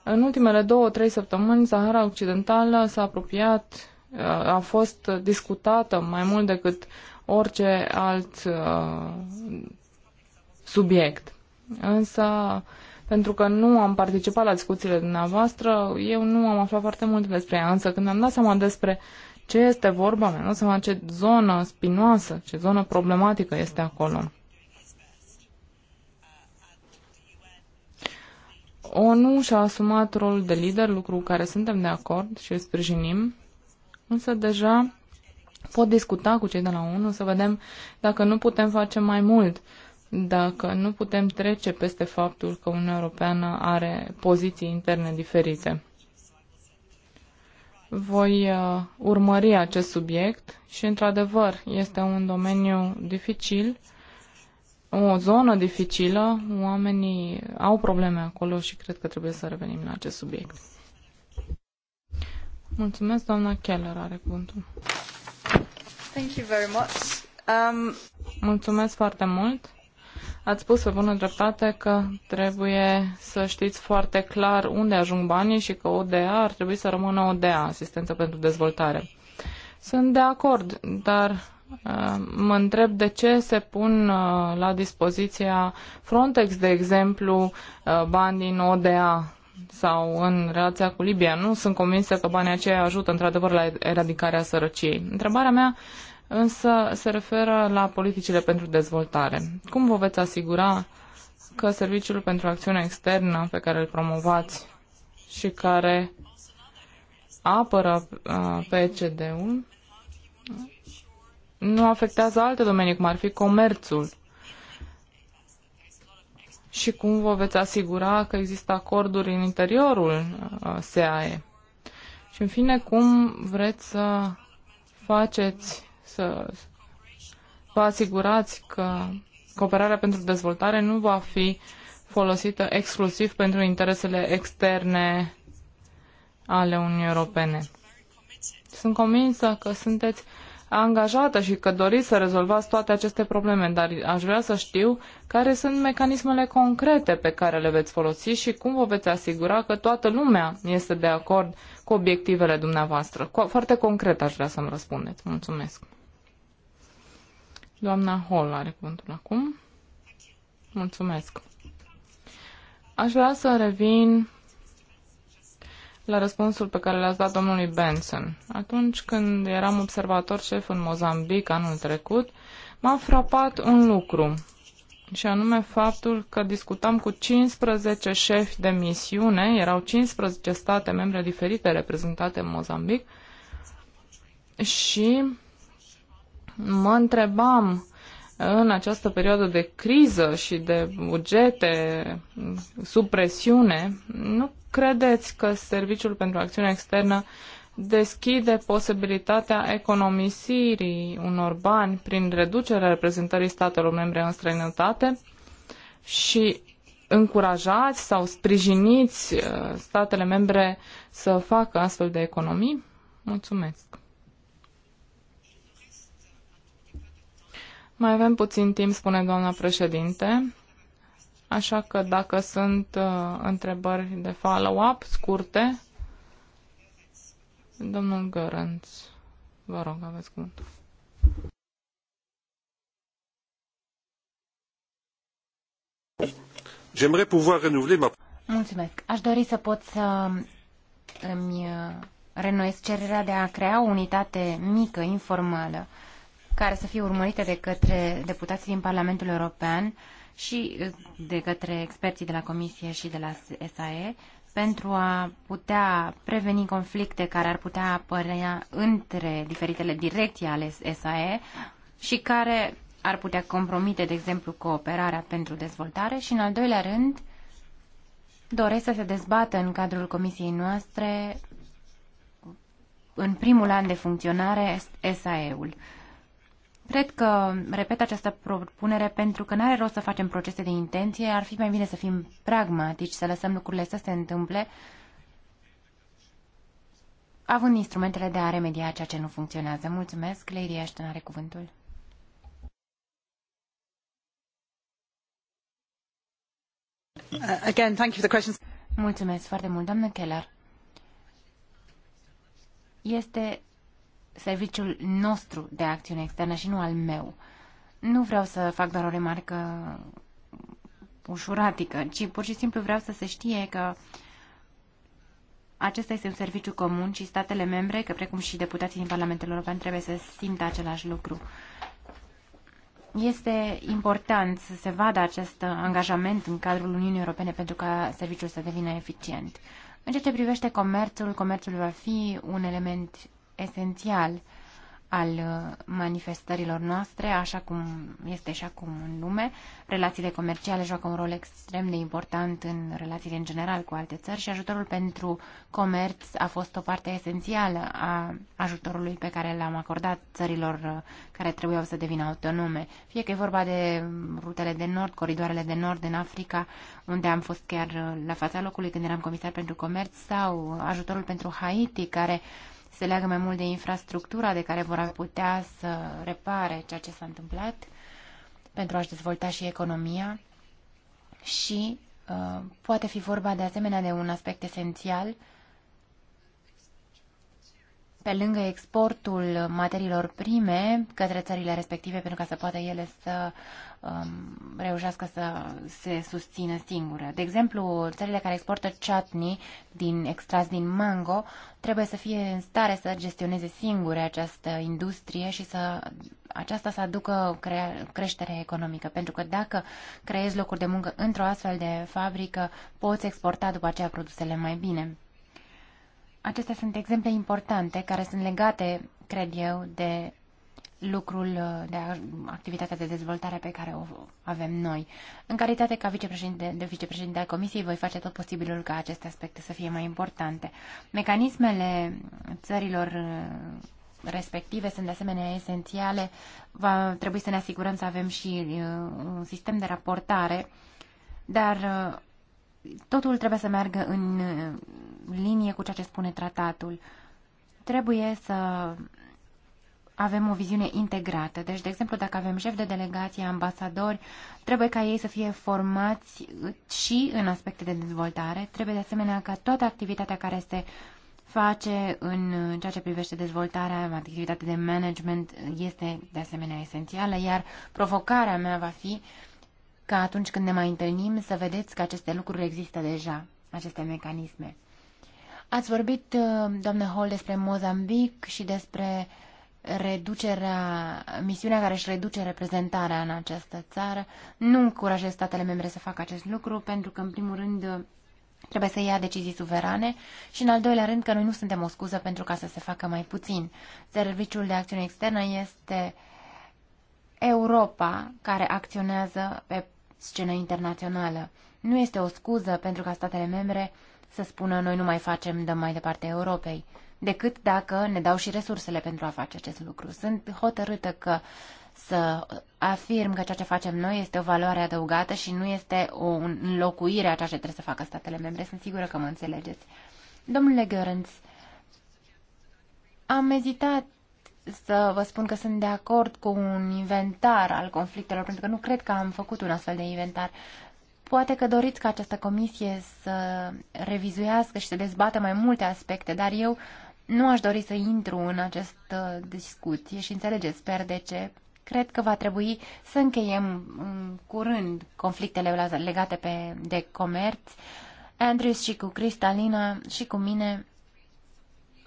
În ultimele două-trei săptămâni, Sahara Occidentală s-a apropiat, uh, a fost discutată mai mult decât orice alt uh, subiect însă pentru că nu am participat la discuțiile dumneavoastră, eu nu am aflat foarte mult despre ea, însă când am dat seama despre ce este vorba, nu am dat seama ce zonă spinoasă, ce zonă problematică este acolo. ONU și-a asumat rolul de lider, lucru cu care suntem de acord și îl sprijinim, însă deja pot discuta cu cei de la ONU să vedem dacă nu putem face mai mult dacă nu putem trece peste faptul că Uniunea Europeană are poziții interne diferite. Voi uh, urmări acest subiect și, într-adevăr, este un domeniu dificil, o zonă dificilă, oamenii au probleme acolo și cred că trebuie să revenim la acest subiect. Mulțumesc, doamna Keller are cuvântul. Thank you very much. Um... Mulțumesc foarte mult. Ați spus pe bună dreptate că trebuie să știți foarte clar unde ajung banii și că ODA ar trebui să rămână ODA, asistență pentru dezvoltare. Sunt de acord, dar uh, mă întreb de ce se pun uh, la dispoziția Frontex, de exemplu, uh, bani din ODA sau în relația cu Libia. Nu sunt convinsă că banii aceia ajută într-adevăr la eradicarea sărăciei. Întrebarea mea însă se referă la politicile pentru dezvoltare. Cum vă veți asigura că serviciul pentru acțiune externă pe care îl promovați și care apără uh, PCD-ul nu afectează alte domenii, cum ar fi comerțul? Și cum vă veți asigura că există acorduri în interiorul uh, SAE? Și în fine, cum vreți să faceți să vă asigurați că cooperarea pentru dezvoltare nu va fi folosită exclusiv pentru interesele externe ale Uniunii Europene. Sunt convinsă că sunteți angajată și că doriți să rezolvați toate aceste probleme, dar aș vrea să știu care sunt mecanismele concrete pe care le veți folosi și cum vă veți asigura că toată lumea este de acord cu obiectivele dumneavoastră. Foarte concret aș vrea să-mi răspundeți. Mulțumesc. Doamna Hall are cuvântul acum. Mulțumesc. Aș vrea să revin la răspunsul pe care l-ați dat domnului Benson. Atunci când eram observator șef în Mozambic anul trecut, m-a frapat un lucru, și anume faptul că discutam cu 15 șefi de misiune, erau 15 state membre diferite reprezentate în Mozambic, și Mă întrebam în această perioadă de criză și de bugete sub presiune, nu credeți că Serviciul pentru Acțiune Externă deschide posibilitatea economisirii unor bani prin reducerea reprezentării statelor membre în străinătate și încurajați sau sprijiniți uh, statele membre să facă astfel de economii? Mulțumesc! Mai avem puțin timp, spune doamna președinte, așa că dacă sunt uh, întrebări de follow-up scurte, domnul Gărânț, vă rog, aveți cuvântul. J'aimerais pouvoir renouveler ma... Mulțumesc. Aș dori să pot să îmi uh, renoiesc cererea de a crea o unitate mică, informală, care să fie urmărite de către deputații din Parlamentul European și uh, de către experții de la Comisie și de la SAE pentru a putea preveni conflicte care ar putea apărea între diferitele direcții ale SAE și care ar putea compromite, de exemplu, cooperarea pentru dezvoltare și, în al doilea rând, doresc să se dezbată în cadrul comisiei noastre în primul an de funcționare SAE-ul. Cred că repet această propunere pentru că n-are rost să facem procese de intenție, ar fi mai bine să fim pragmatici, să lăsăm lucrurile să se întâmple, având instrumentele de a remedia ceea ce nu funcționează. Mulțumesc, Lady Ashton are cuvântul. Uh, again, thank you for the questions. Mulțumesc foarte mult, doamnă Keller. Este serviciul nostru de acțiune externă și nu al meu. Nu vreau să fac doar o remarcă ușuratică, ci pur și simplu vreau să se știe că acesta este un serviciu comun și statele membre, că precum și deputații din Parlamentul European, trebuie să simtă același lucru. Este important să se vadă acest angajament în cadrul Uniunii Europene pentru ca serviciul să devină eficient. În ceea ce privește comerțul, comerțul va fi un element esențial al uh, manifestărilor noastre, așa cum este și acum în lume. Relațiile comerciale joacă un rol extrem de important în relațiile în general cu alte țări și ajutorul pentru comerț a fost o parte esențială a ajutorului pe care l-am acordat țărilor uh, care trebuiau să devină autonome. Fie că e vorba de rutele de nord, coridoarele de nord în Africa, unde am fost chiar uh, la fața locului când eram comisar pentru comerț, sau ajutorul pentru Haiti, care uh, se leagă mai mult de infrastructura de care vor putea să repare ceea ce s-a întâmplat pentru a-și dezvolta și economia și uh, poate fi vorba de asemenea de un aspect esențial pe lângă exportul materiilor prime către țările respective, pentru ca să poată ele să um, reușească să se susțină singure. De exemplu, țările care exportă chutney din extras din mango trebuie să fie în stare să gestioneze singure această industrie și să aceasta să aducă crea, creștere economică, pentru că dacă creezi locuri de muncă într-o astfel de fabrică, poți exporta după aceea produsele mai bine. Acestea sunt exemple importante care sunt legate, cred eu, de lucrul, uh, de activitatea de dezvoltare pe care o avem noi. În calitate ca vicepreședinte, de vicepreședinte a Comisiei, voi face tot posibilul ca aceste aspecte să fie mai importante. Mecanismele țărilor uh, respective sunt de asemenea esențiale. Va trebui să ne asigurăm să avem și uh, un sistem de raportare, dar totul trebuie să meargă în uh, linie cu ceea ce spune tratatul. Trebuie să avem o viziune integrată. Deci, de exemplu, dacă avem șef de delegație, ambasadori, trebuie ca ei să fie formați și în aspecte de dezvoltare. Trebuie de asemenea ca toată activitatea care se face în ceea ce privește dezvoltarea, activitatea de management este de asemenea esențială, iar provocarea mea va fi uh, ca atunci când ne mai întâlnim să vedeți că aceste lucruri există deja, aceste mecanisme. Ați vorbit, uh, doamnă Hall, despre Mozambic și despre reducerea, misiunea care își reduce reprezentarea în această țară. Nu încurajez statele membre să facă acest lucru, pentru că, în primul rând, trebuie să ia decizii suverane și, în al doilea rând, că noi nu suntem o scuză pentru ca să se facă mai puțin. Serviciul de acțiune externă este Europa care acționează pe scenă internațională. Nu este o scuză pentru ca statele membre să spună noi nu mai facem, dăm mai departe Europei, decât dacă ne dau și resursele pentru a face acest lucru. Sunt hotărâtă că să afirm că ceea ce facem noi este o valoare adăugată și nu este o înlocuire a ceea ce trebuie să facă statele membre. Sunt sigură că mă înțelegeți. Domnule Görens, am ezitat să vă spun că sunt de acord cu un inventar al conflictelor, pentru că nu cred că am făcut un astfel de inventar. Poate că doriți ca această comisie să revizuiască și să dezbată mai multe aspecte, dar eu nu aș dori să intru în această discuție și înțelegeți, sper de ce. Cred că va trebui să încheiem în mm, curând conflictele legate pe, de comerț. Andrews și cu Cristalina și cu mine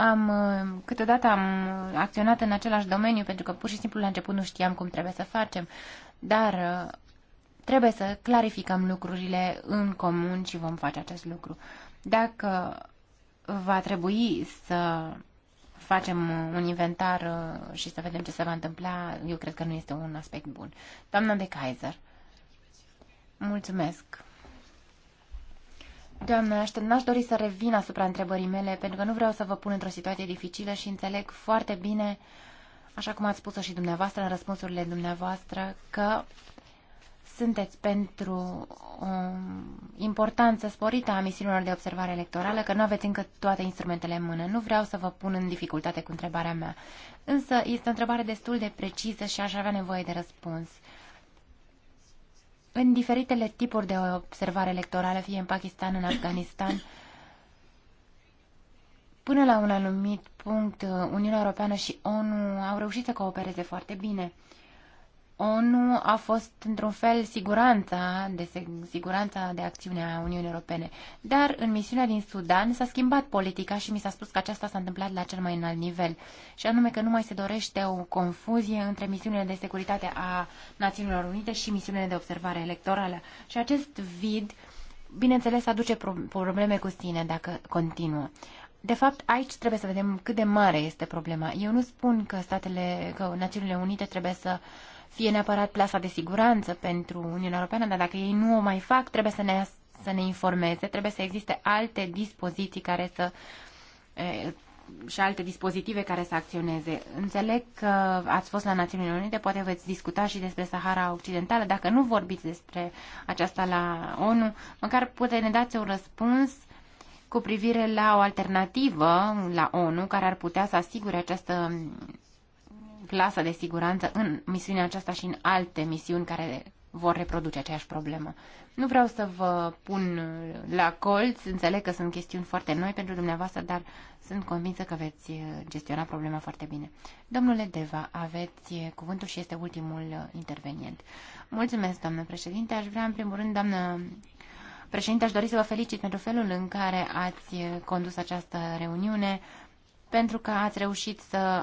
am, uh, câteodată am uh, acționat în același domeniu pentru că pur și simplu la început nu știam cum trebuie să facem, dar uh, trebuie să clarificăm lucrurile în comun și vom face acest lucru. Dacă va trebui să facem un inventar și să vedem ce se va întâmpla, eu cred că nu este un aspect bun. Doamna de Kaiser, mulțumesc. Doamne, Ashton, n-aș dori să revin asupra întrebării mele, pentru că nu vreau să vă pun într-o situație dificilă și înțeleg foarte bine, așa cum ați spus-o și dumneavoastră în răspunsurile dumneavoastră, că sunteți pentru o importanță sporită a misiunilor de observare electorală, că nu aveți încă toate instrumentele în mână. Nu vreau să vă pun în dificultate cu întrebarea mea. Însă este o întrebare destul de precisă și aș avea nevoie de răspuns. Uh, în diferitele tipuri de observare electorală, fie în Pakistan, în Afganistan, până la un anumit punct, Uniunea Europeană și ONU au reușit să coopereze foarte bine. ONU a fost într-un fel siguranța de, siguranța de acțiune a Uniunii Europene. Dar în misiunea din Sudan s-a schimbat politica și mi s-a spus că aceasta s-a întâmplat la cel mai înalt nivel. Și anume că nu mai se dorește o confuzie între misiunile de securitate a Națiunilor Unite și misiunile de observare electorală. Și acest vid, bineînțeles, aduce probleme cu sine dacă continuă. De fapt, aici trebuie să vedem cât de mare este problema. Eu nu spun că statele, că Națiunile Unite trebuie să uh, fie neapărat plasa de siguranță pentru Uniunea Europeană, dar dacă ei nu o mai fac, trebuie să ne, să ne informeze, trebuie să existe alte dispoziții care să și alte dispozitive care să acționeze. Înțeleg că ați fost la Națiunile Unite, poate veți discuta și despre Sahara Occidentală. Dacă nu vorbiți despre aceasta la ONU, măcar poate ne dați un răspuns cu privire la o alternativă la ONU care ar putea să asigure această plasă de siguranță în misiunea aceasta și în alte misiuni care vor reproduce aceeași problemă. Nu vreau să vă pun la colț, înțeleg că sunt chestiuni foarte noi pentru dumneavoastră, dar sunt convinsă că veți gestiona problema foarte bine. Domnule Deva, aveți cuvântul și este ultimul intervenient. Mulțumesc, doamnă președinte. Aș vrea, în primul rând, doamnă președinte, aș dori să vă felicit pentru felul în care ați condus această reuniune pentru că ați reușit să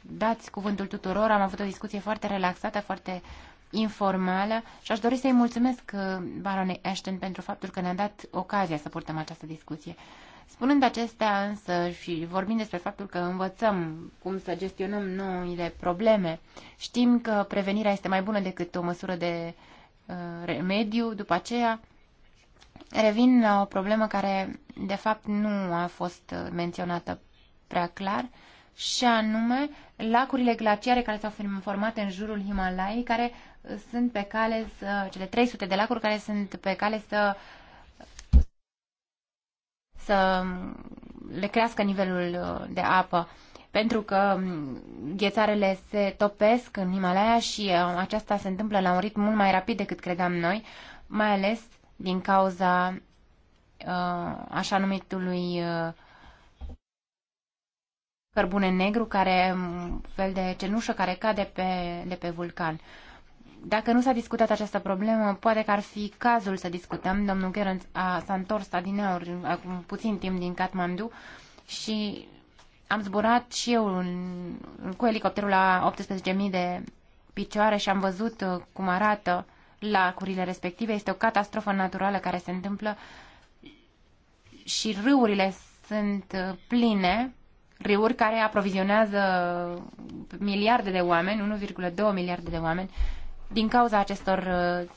dați cuvântul tuturor. Am avut o discuție foarte relaxată, foarte informală și aș dori să-i mulțumesc uh, baronei Ashton pentru faptul că ne-a dat ocazia să purtăm această discuție. Spunând acestea însă și vorbind despre faptul că învățăm cum să gestionăm noile probleme, știm că prevenirea este mai bună decât o măsură de uh, remediu. După aceea, revin la o problemă care de fapt nu a fost uh, menționată prea clar, și anume lacurile glaciare care s-au format în jurul Himalai, care sunt pe cale să, cele 300 de lacuri care sunt pe cale să să le crească nivelul uh, de apă pentru că mm, ghețarele se topesc în Himalaya și uh, aceasta se întâmplă la un ritm mult mai rapid decât credeam noi, mai ales din cauza uh, așa numitului cărbune negru, care fel de cenușă care cade pe, de pe vulcan. Dacă nu s-a discutat această problemă, poate că ar fi cazul să discutăm. Domnul Gerens s-a întors adineori, acum puțin timp din Kathmandu și am zburat și eu în, cu elicopterul la 18.000 de picioare și am văzut uh, cum arată lacurile respective. Este o catastrofă naturală care se întâmplă și râurile sunt uh, pline râuri care aprovizionează miliarde de oameni, 1,2 miliarde de oameni, din cauza acestor, uh,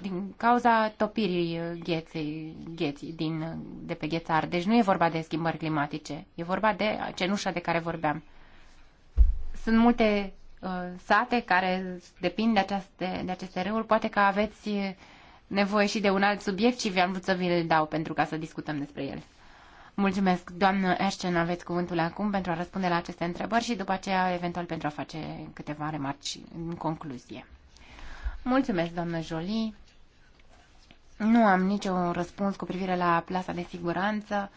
din cauza topirii uh, gheții gheții din, uh, de pe ghețar. Deci nu e vorba de schimbări climatice, e vorba de cenușa de care vorbeam. Sunt multe uh, sate care depind de aceste, de aceste râuri. Poate că aveți nevoie și de un alt subiect și vi-am vrut să vi-l dau pentru ca să discutăm despre ele. Mulțumesc, doamnă Ashton, aveți cuvântul acum pentru a răspunde la aceste întrebări și după aceea eventual pentru a face câteva remarci în concluzie. Mulțumesc, doamnă Jolie. Nu am niciun răspuns cu privire la plasa de siguranță.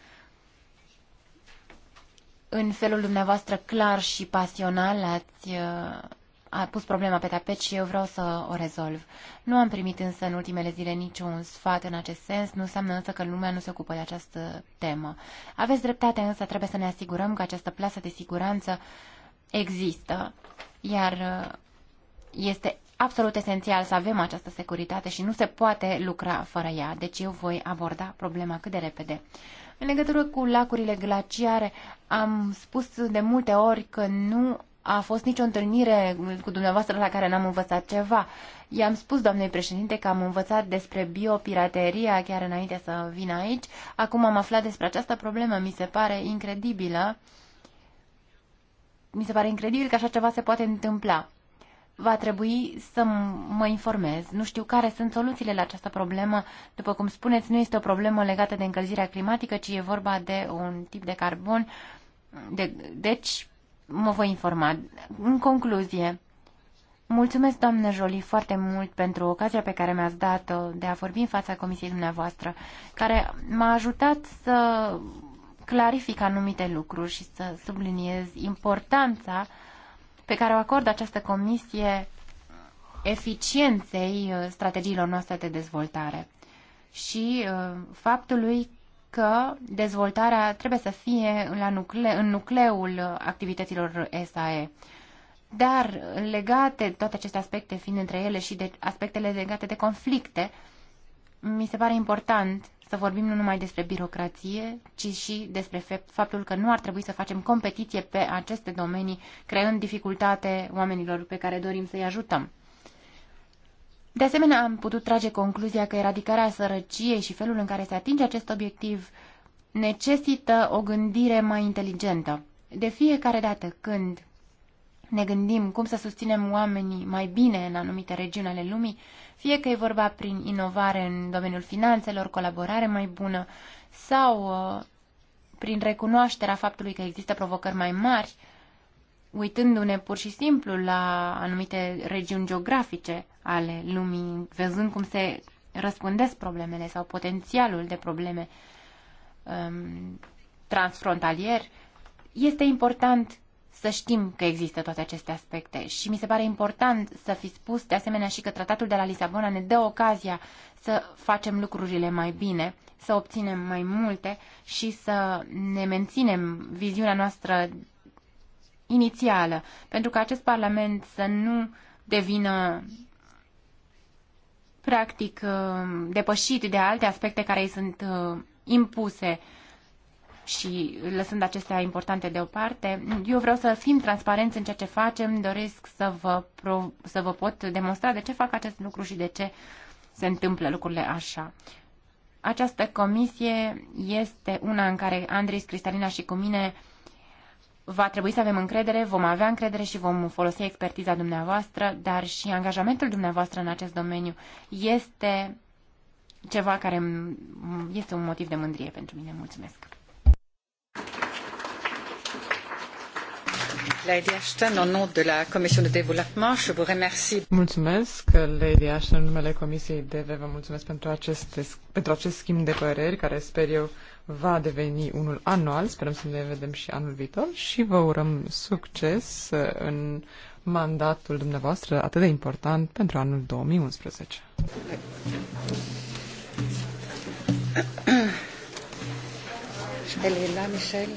În felul dumneavoastră clar și pasional ați uh, a pus problema pe tapet și eu vreau să o rezolv. Nu am primit însă în ultimele zile niciun sfat în acest sens, nu înseamnă însă că lumea nu se ocupă de această temă. Aveți dreptate însă, trebuie să ne asigurăm că această plasă de siguranță există, iar uh, este absolut esențial să avem această securitate și nu se poate lucra fără ea, deci eu voi aborda problema cât de repede. În legătură cu lacurile glaciare, am spus de multe ori că nu a fost nicio întâlnire cu dumneavoastră la care n-am învățat ceva. I-am spus doamnei președinte că am învățat despre biopirateria chiar înainte să vin aici. Acum am aflat despre această problemă, mi se pare incredibilă. Mi se pare incredibil că așa ceva se poate întâmpla. Va trebui să mă informez. Nu știu care sunt soluțiile la această problemă. După cum spuneți, nu este o problemă legată de încălzirea climatică, ci e vorba de un tip de carbon. De, deci, mă voi informa. În concluzie, mulțumesc, doamnă Jolie, foarte mult pentru ocazia pe care mi-ați dat-o de a vorbi în fața comisiei dumneavoastră, care m-a ajutat să clarific anumite lucruri și să subliniez importanța pe care o acordă această comisie eficienței uh, strategiilor noastre de dezvoltare și uh, faptului că dezvoltarea trebuie să fie la nucle- în nucleul activităților SAE. Dar legate toate aceste aspecte fiind între ele și de aspectele legate de conflicte, mi se pare important să vorbim nu numai despre birocrație, ci și despre faptul că nu ar trebui să facem competiție pe aceste domenii, creând dificultate oamenilor pe care dorim să-i ajutăm. De asemenea, am putut trage concluzia că eradicarea sărăciei și felul în care se atinge acest obiectiv necesită o gândire mai inteligentă. De fiecare dată când ne gândim cum să susținem oamenii mai bine în anumite regiuni ale lumii, fie că e vorba prin inovare în domeniul finanțelor, colaborare mai bună sau uh, prin recunoașterea faptului că există provocări mai mari, uitându-ne pur și simplu la anumite regiuni geografice ale lumii, văzând cum se răspândesc problemele sau potențialul de probleme um, transfrontalier, este important să știm că există toate aceste aspecte și mi se pare important să fi spus de asemenea și că tratatul de la Lisabona ne dă ocazia să facem lucrurile mai bine, să obținem mai multe și să ne menținem viziunea noastră inițială, pentru că acest Parlament să nu devină practic uh, depășit de alte aspecte care îi sunt uh, impuse și lăsând acestea importante deoparte, eu vreau să fim transparenți în ceea ce facem, doresc să vă, pro, să vă pot demonstra de ce fac acest lucru și de ce se întâmplă lucrurile așa. Această comisie este una în care Andris, Cristalina și cu mine va trebui să avem încredere, vom avea încredere și vom folosi expertiza dumneavoastră, dar și angajamentul dumneavoastră în acest domeniu este ceva care este un motiv de mândrie pentru mine. Mulțumesc! Lady Ashton, în nom de la Comisia de Développement, je vous remercie. Mulțumesc, Lady Ashton, în numele Comisiei DV, vă mulțumesc pentru acest, pentru acest schimb de păreri, care sper eu va deveni unul anual, sperăm să ne vedem și anul viitor și vă urăm succes în mandatul dumneavoastră atât de important pentru anul 2011. Elena Michel.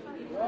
Thank you.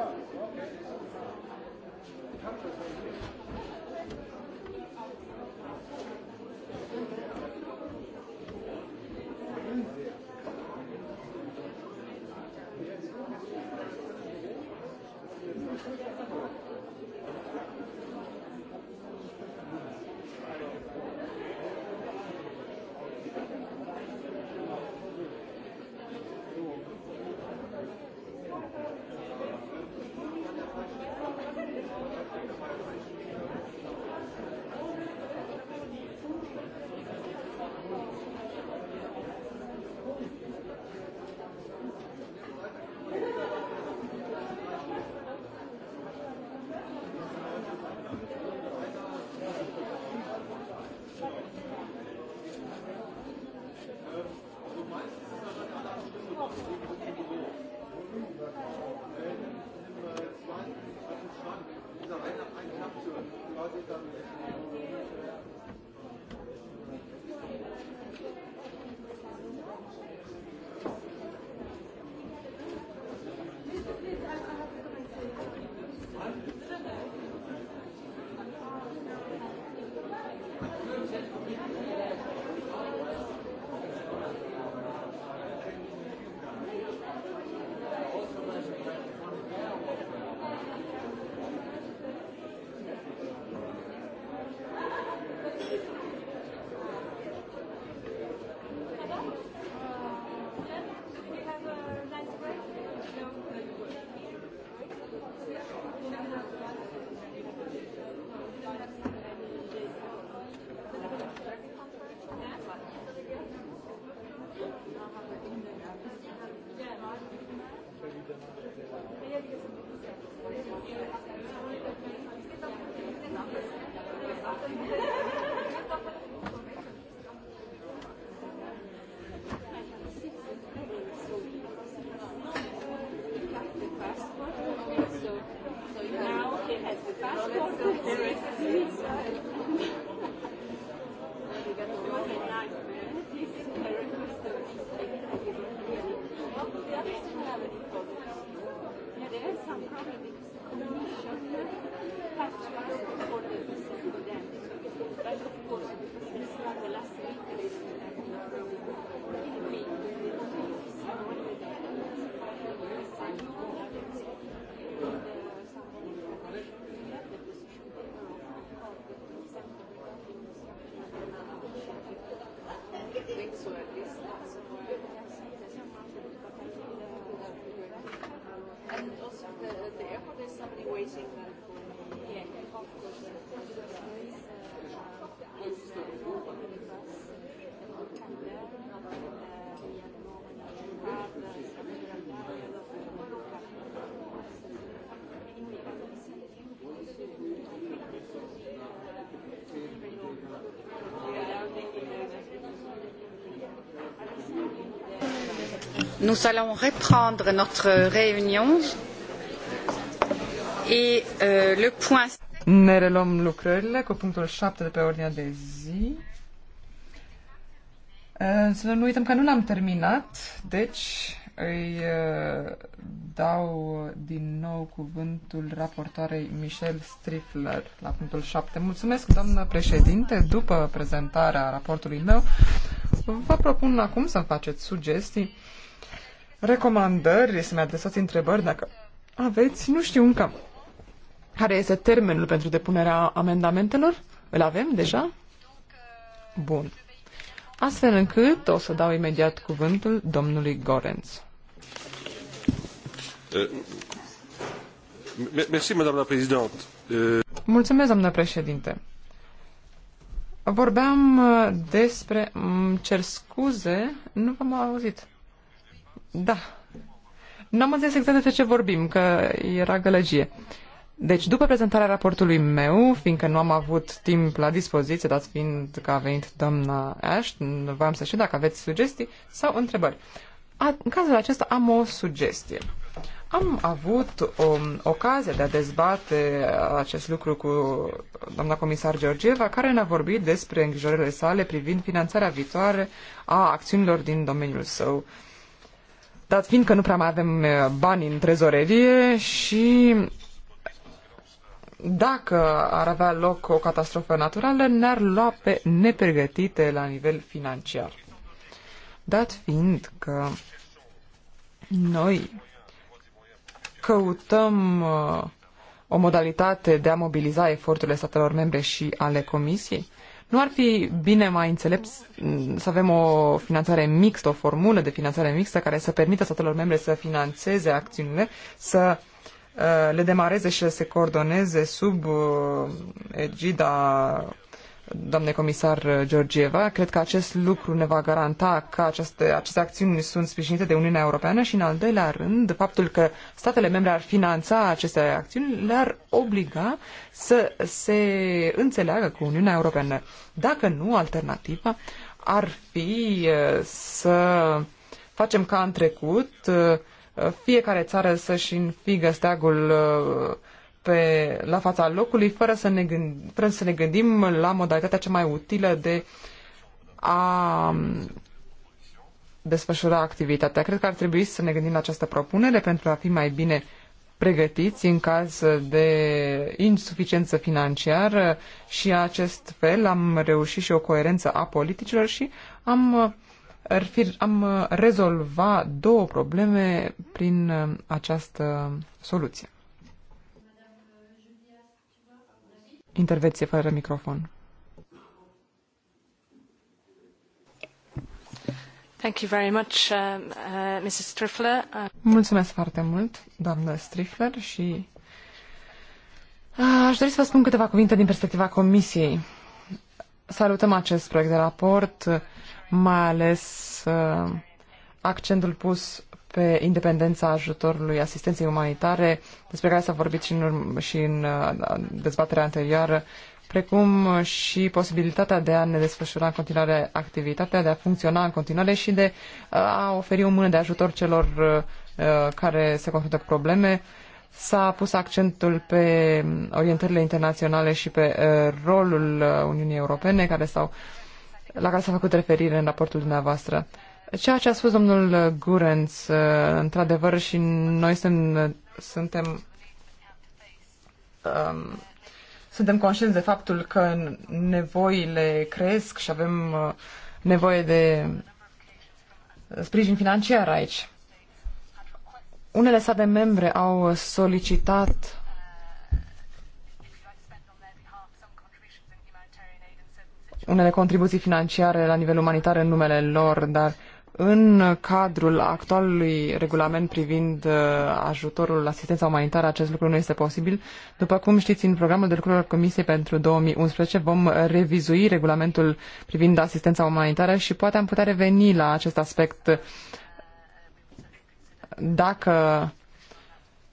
also the, the airport there's somebody waiting for me. Yeah, of course. Nous allons reprendre notre réunion. Euh, ne reluăm lucrările cu punctul 7 de pe ordinea de zi. Să nu uităm că nu l-am terminat, deci îi uh, dau din nou cuvântul raportoarei Michel Strifler la punctul 7. Mulțumesc, doamnă președinte, după prezentarea raportului meu, vă propun acum să-mi faceți sugestii, recomandări, să-mi adresați întrebări dacă aveți, nu știu încă care este termenul pentru depunerea amendamentelor? Îl avem deja? Bun. Astfel încât o să dau imediat cuvântul domnului Gorenț. Uh, uh, Mulțumesc, doamna președinte. Vorbeam uh, despre... cer scuze, nu v-am auzit. Da. N-am înțeles exact despre ce vorbim, că era gălăgie. Uh, deci, după prezentarea raportului meu, fiindcă nu am avut timp la dispoziție, dat fiind că a venit doamna v am să știu dacă aveți sugestii sau întrebări. A, în cazul acesta am o sugestie. Am avut o ocazie de a dezbate acest lucru cu doamna comisar Georgieva, care ne-a vorbit despre îngrijorările sale privind finanțarea viitoare a acțiunilor din domeniul său. Dat fiind că nu prea mai avem eh, bani în trezorerie și dacă ar avea loc o catastrofă naturală, ne-ar lua pe nepregătite la nivel financiar. Dat fiind că noi căutăm uh, o modalitate de a mobiliza eforturile statelor membre și ale Comisiei, nu ar fi bine mai înțelept mm, să avem o finanțare mixtă, o formulă de finanțare mixtă care să permită statelor membre să financeze acțiunile, să Uh, le demareze și le se coordoneze sub uh, egida doamnei comisar Georgieva. Cred că acest lucru ne va garanta că aceste, aceste acțiuni sunt sprijinite de Uniunea Europeană și, în al doilea rând, faptul că statele membre ar finanța aceste acțiuni le-ar obliga să se înțeleagă cu Uniunea Europeană. Dacă nu, alternativa ar fi uh, să facem ca în trecut fiecare țară să-și înfigă steagul uh, pe, la fața locului, fără să, ne gând, fără să ne gândim la modalitatea cea mai utilă de a um, desfășura activitatea. Cred că ar trebui să ne gândim la această propunere pentru a fi mai bine pregătiți în caz de insuficiență financiară și acest fel am reușit și o coerență a politicilor și am uh, ar fi, am uh, rezolva două probleme prin uh, această soluție. Intervenție fără microfon. Thank you very much, uh, uh, Mrs. Strifler. Uh... Mulțumesc foarte mult, doamnă Strifler, și uh, aș dori să vă spun câteva cuvinte din perspectiva Comisiei. Salutăm acest proiect de raport mai ales uh, accentul pus pe independența ajutorului asistenței umanitare, despre care s-a vorbit și în, și în uh, dezbaterea anterioară, precum și posibilitatea de a ne desfășura în continuare activitatea, de a funcționa în continuare și de uh, a oferi o mână de ajutor celor care se confruntă cu probleme. S-a pus accentul pe orientările internaționale și pe rolul Uniunii Europene, care s-au uh, la care s-a făcut referire în raportul dumneavoastră. Ceea ce a spus domnul Gurenț, uh, într-adevăr, și noi suntem, suntem, um, suntem conștienți de faptul că nevoile cresc și avem uh, nevoie de sprijin financiar aici. Unele state membre au solicitat unele contribuții financiare la nivel umanitar în numele lor, dar în cadrul actualului regulament privind uh, ajutorul, asistența umanitară, acest lucru nu este posibil. După cum știți, în programul de lucrurilor Comisiei pentru 2011 vom revizui regulamentul privind asistența umanitară și poate am putea reveni la acest aspect dacă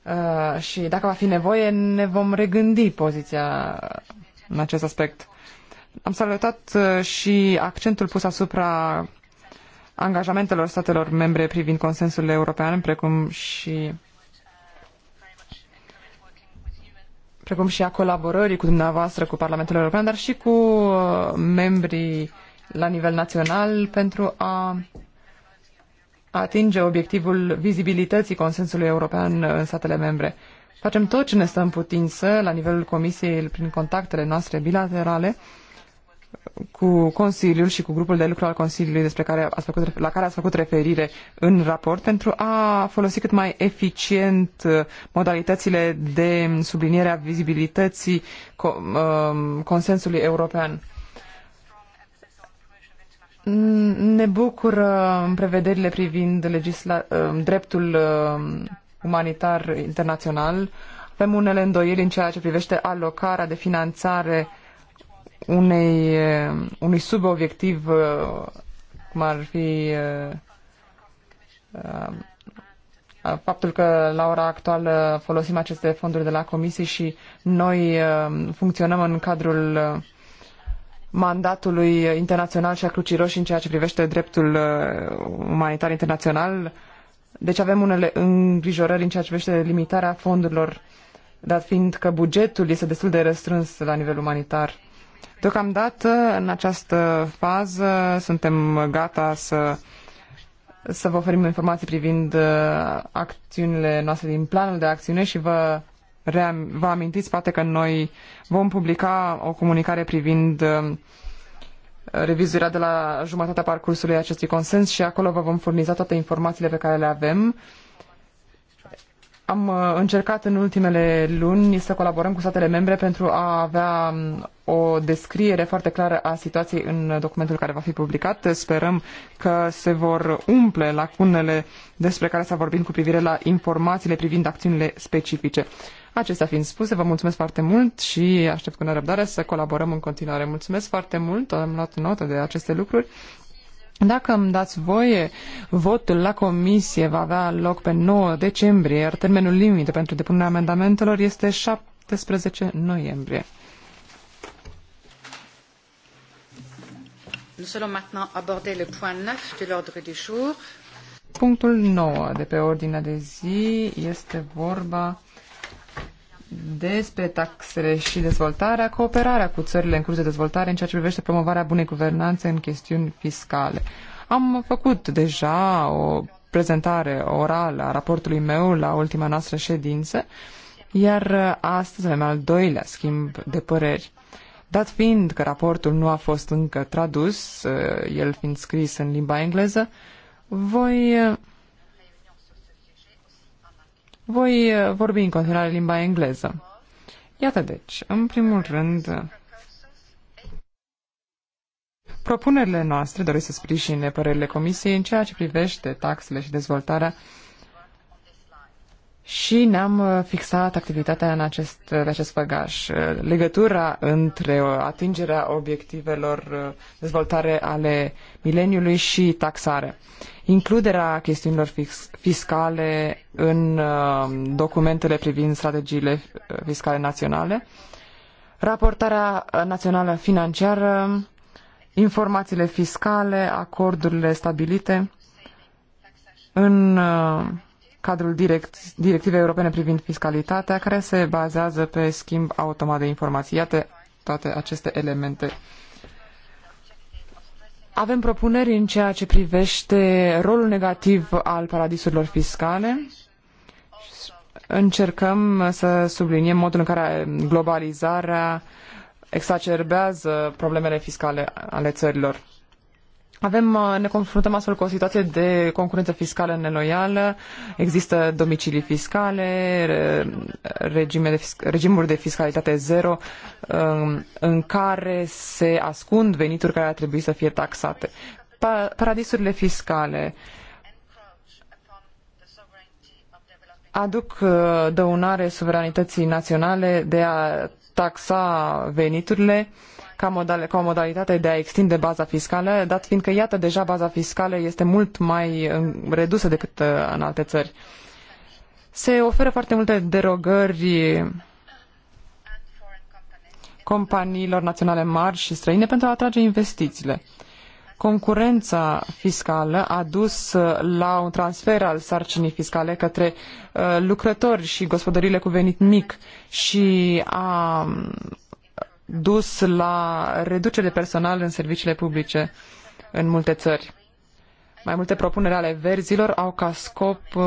uh, și dacă va fi nevoie, ne vom regândi poziția în acest aspect. Am salutat uh, și accentul pus asupra angajamentelor statelor membre privind consensul european, precum și precum și a colaborării cu dumneavoastră, cu Parlamentul European, dar și cu uh, membrii la nivel național pentru a atinge obiectivul vizibilității consensului european în statele membre. Facem tot ce ne stă în putință la nivelul Comisiei prin contactele noastre bilaterale cu Consiliul și cu grupul de lucru al Consiliului despre care ați făcut, la care ați făcut referire în raport pentru a folosi cât mai eficient uh, modalitățile de subliniere a vizibilității um, consensului european. Ne bucură prevederile privind legisla- um, dreptul um, umanitar internațional. Avem unele îndoieli în ceea ce privește alocarea de finanțare unei, uh, unui subobiectiv uh, cum ar fi uh, faptul că la ora actuală folosim aceste fonduri de la comisie și noi funcționăm în cadrul mandatului internațional și a Crucii Roșii în ceea ce privește dreptul umanitar internațional. Deci avem unele îngrijorări în ceea ce privește limitarea fondurilor, dat fiind că bugetul este destul de restrâns la nivel umanitar. Deocamdată, în această fază, suntem gata să să vă oferim informații privind uh, acțiunile noastre din planul de acțiune și vă, ream, vă amintiți poate că noi vom publica o comunicare privind uh, revizuirea de la jumătatea parcursului acestui consens și acolo vă vom furniza toate informațiile pe care le avem am uh, încercat în ultimele luni să colaborăm cu statele membre pentru a avea um, o descriere foarte clară a situației în documentul care va fi publicat. Sperăm că se vor umple lacunele despre care s-a vorbit cu privire la informațiile privind acțiunile specifice. Acestea fiind spuse, vă mulțumesc foarte mult și aștept cu nerăbdare să colaborăm în continuare. Mulțumesc foarte mult, am luat notă de aceste lucruri dacă îmi dați voie, votul la comisie va avea loc pe 9 decembrie, iar termenul limită pentru depunerea amendamentelor este 17 noiembrie. Nous allons maintenant aborder le point 9 de l'ordre du jour. Punctul 9 de pe ordinea de zi este vorba despre taxele și dezvoltarea, cooperarea cu țările în curs de dezvoltare în ceea ce privește promovarea bunei guvernanțe în chestiuni fiscale. Am făcut deja o prezentare orală a raportului meu la ultima noastră ședință, iar astăzi avem al doilea schimb de păreri. Dat fiind că raportul nu a fost încă tradus, el fiind scris în limba engleză, voi voi uh, vorbi în continuare limba engleză. Iată deci, în primul rând, propunerile noastre doresc să sprijine părerile Comisiei în ceea ce privește taxele și dezvoltarea și ne-am uh, fixat activitatea în acest, în uh, acest făgaș. Uh, legătura între atingerea obiectivelor dezvoltare ale mileniului și taxare. Includerea chestiunilor fix, fiscale în documentele privind strategiile fiscale naționale. Raportarea națională financiară, informațiile fiscale, acordurile stabilite în cadrul direct, directivei europene privind fiscalitatea, care se bazează pe schimb automat de informații. Iată toate aceste elemente. Avem propuneri în ceea ce privește rolul negativ al paradisurilor fiscale. Încercăm să subliniem modul în care globalizarea exacerbează problemele fiscale ale țărilor. Avem, uh, ne confruntăm astfel cu o situație de concurență fiscală neloială, există domicilii fiscale, regime de, regimuri de fiscalitate zero, um, în care se ascund venituri care ar trebui să fie taxate. Paradisurile fiscale aduc uh, dăunare suveranității naționale de a taxa veniturile uh, ca, modal, ca o modalitate de a extinde baza fiscală, dat fiindcă, iată, deja baza fiscală este mult mai redusă decât uh, în alte țări. Se oferă foarte multe derogări companiilor naționale mari și străine pentru a atrage investițiile. Concurența fiscală a dus uh, la un transfer al sarcinii fiscale către uh, lucrători și gospodăriile cu venit mic și a dus la reducere de personal în serviciile publice în multe țări. Mai multe propuneri ale verzilor au ca scop uh,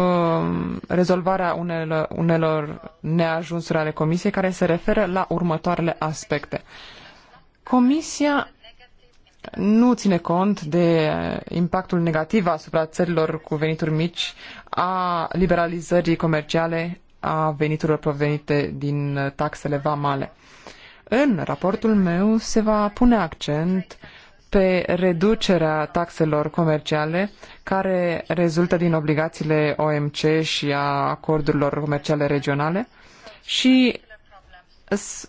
rezolvarea unelor, unelor neajunsuri ale Comisiei care se referă la următoarele aspecte. Comisia nu ține cont de impactul negativ asupra țărilor cu venituri mici a liberalizării comerciale a veniturilor provenite din taxele vamale. Uh, în raportul meu se va pune accent pe reducerea taxelor comerciale care rezultă din obligațiile OMC și a acordurilor comerciale regionale și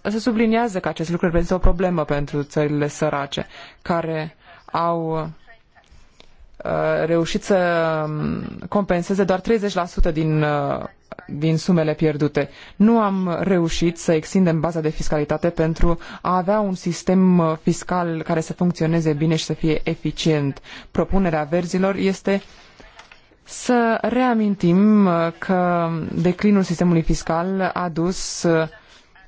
se subliniază că acest lucru reprezintă o problemă pentru țările sărace care au Uh, reușit să um, compenseze doar 30% din, uh, din sumele pierdute. Nu am reușit să extindem baza de fiscalitate pentru a avea un sistem uh, fiscal care să funcționeze bine și să fie eficient. Propunerea verzilor este să reamintim că declinul sistemului fiscal a dus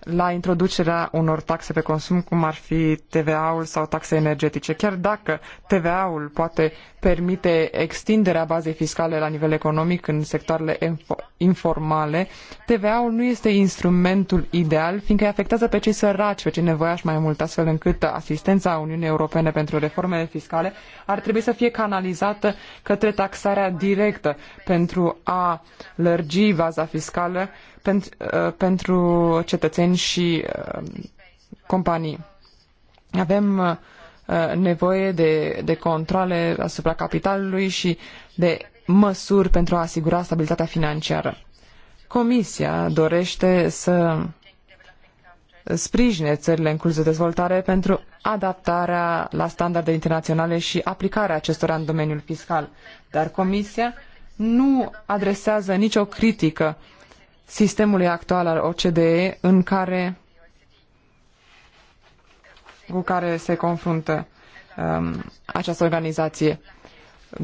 la introducerea unor taxe pe consum, cum ar fi TVA-ul sau taxe energetice. Chiar dacă TVA-ul poate permite extinderea bazei fiscale la nivel economic în sectoarele informale, TVA-ul nu este instrumentul ideal, fiindcă îi afectează pe cei săraci, pe cei nevoiași mai mult, astfel încât asistența Uniunii Europene pentru reformele fiscale ar trebui să fie canalizată către taxarea directă pentru a lărgi baza fiscală pentru, uh, pentru cetățeni și uh, companii. Avem uh, nevoie de, de controle asupra capitalului și de măsuri pentru a asigura stabilitatea financiară. Comisia dorește să sprijine țările în curs de dezvoltare pentru adaptarea la standarde internaționale și aplicarea acestora în domeniul fiscal. Dar Comisia nu adresează nicio critică sistemului actual al OCDE în care, cu care se confruntă um, această organizație.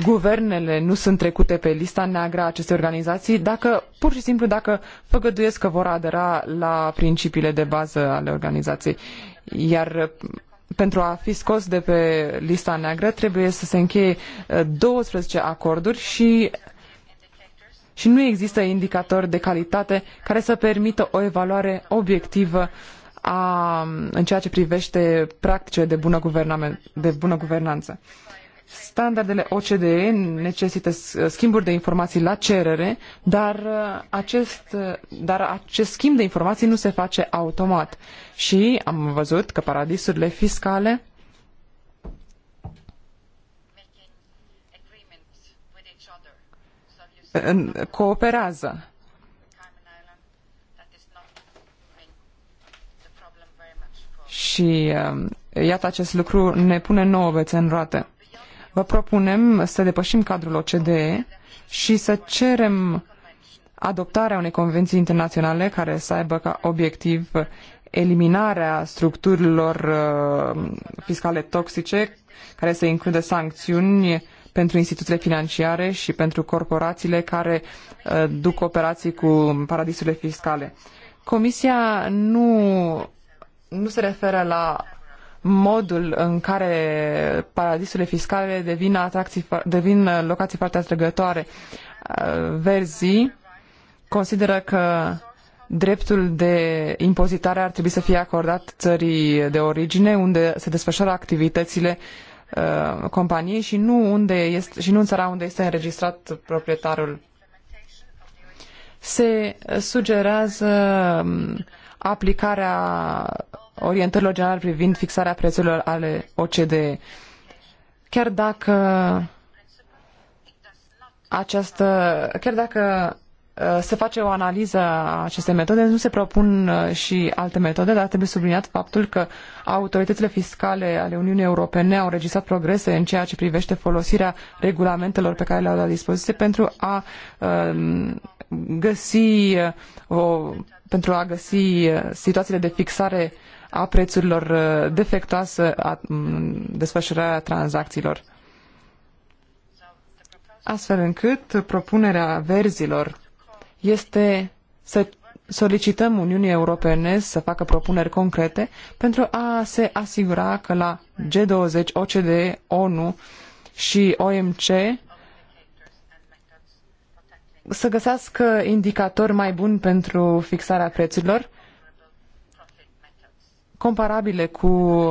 Guvernele nu sunt trecute pe lista neagră a acestei organizații dacă, pur și simplu, dacă făgăduiesc că vor adera la principiile de bază ale organizației. Iar uh, pentru a fi scos de pe lista neagră trebuie să se încheie 12 uh, acorduri și și nu există indicatori de calitate care să permită o evaluare obiectivă a, în ceea ce privește practicile de bună, de bună guvernanță. Standardele OCDE necesită schimburi de informații la cerere, dar uh, acest, uh, dar acest schimb de informații nu se face automat. Și am văzut că paradisurile fiscale cooperează. Și um, iată acest lucru ne pune nouă vețe în roate. Vă propunem să depășim cadrul OCDE și să cerem adoptarea unei convenții internaționale care să aibă ca obiectiv eliminarea structurilor uh, fiscale toxice, care să includă sancțiuni pentru instituțiile financiare și pentru corporațiile care uh, duc operații cu paradisurile fiscale. Comisia nu, nu se referă la modul în care paradisurile fiscale devin, atracții, devin uh, locații foarte atrăgătoare. Uh, Verzi consideră că dreptul de impozitare ar trebui să fie acordat țării de origine unde se desfășoară activitățile uh, Uh, companiei și nu, unde este, și nu în țara unde este înregistrat proprietarul. Se sugerează um, aplicarea orientărilor generale privind fixarea prețurilor ale OCDE. Chiar dacă această, chiar dacă Uh, se face o analiză a acestei metode, nu se propun uh, și alte metode, dar trebuie subliniat faptul că autoritățile fiscale ale Uniunii Europene au registrat progrese în ceea ce privește folosirea regulamentelor pe care le-au la dispoziție pentru a um, găsi uh, o, pentru a găsi situațiile de fixare a prețurilor defectoase a desfășurarea tranzacțiilor. Astfel încât propunerea verzilor este să solicităm Uniunii Europene să facă propuneri concrete pentru a se asigura că la G20, OCDE, ONU și OMC să găsească indicatori mai buni pentru fixarea prețurilor comparabile cu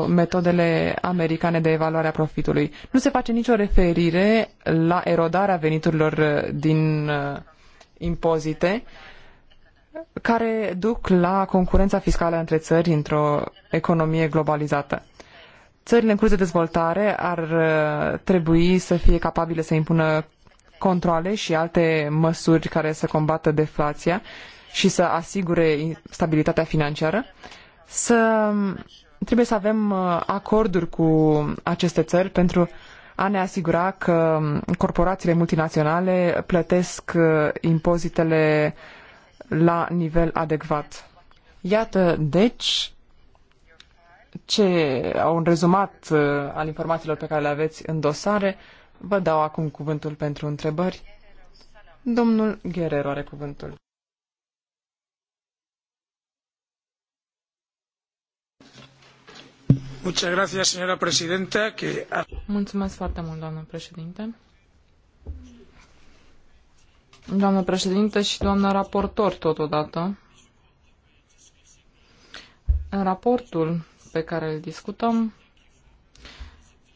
metodele americane de evaluare a profitului. Nu se face nicio referire la erodarea veniturilor din impozite care duc la concurența fiscală între țări într-o economie globalizată. Țările în curs de dezvoltare ar uh, trebui să fie capabile să impună controle și alte măsuri care să combată deflația și să asigure stabilitatea financiară, să um, trebuie să avem uh, acorduri cu aceste țări pentru a ne asigura că corporațiile multinaționale plătesc uh, impozitele la nivel adecvat. Iată, deci, ce un rezumat uh, al informațiilor pe care le aveți în dosare. Vă dau acum cuvântul pentru întrebări. Domnul Guerrero are cuvântul. Mulțumesc foarte mult, doamnă președinte. Doamnă președinte și doamnă raportor totodată. Raportul pe care îl discutăm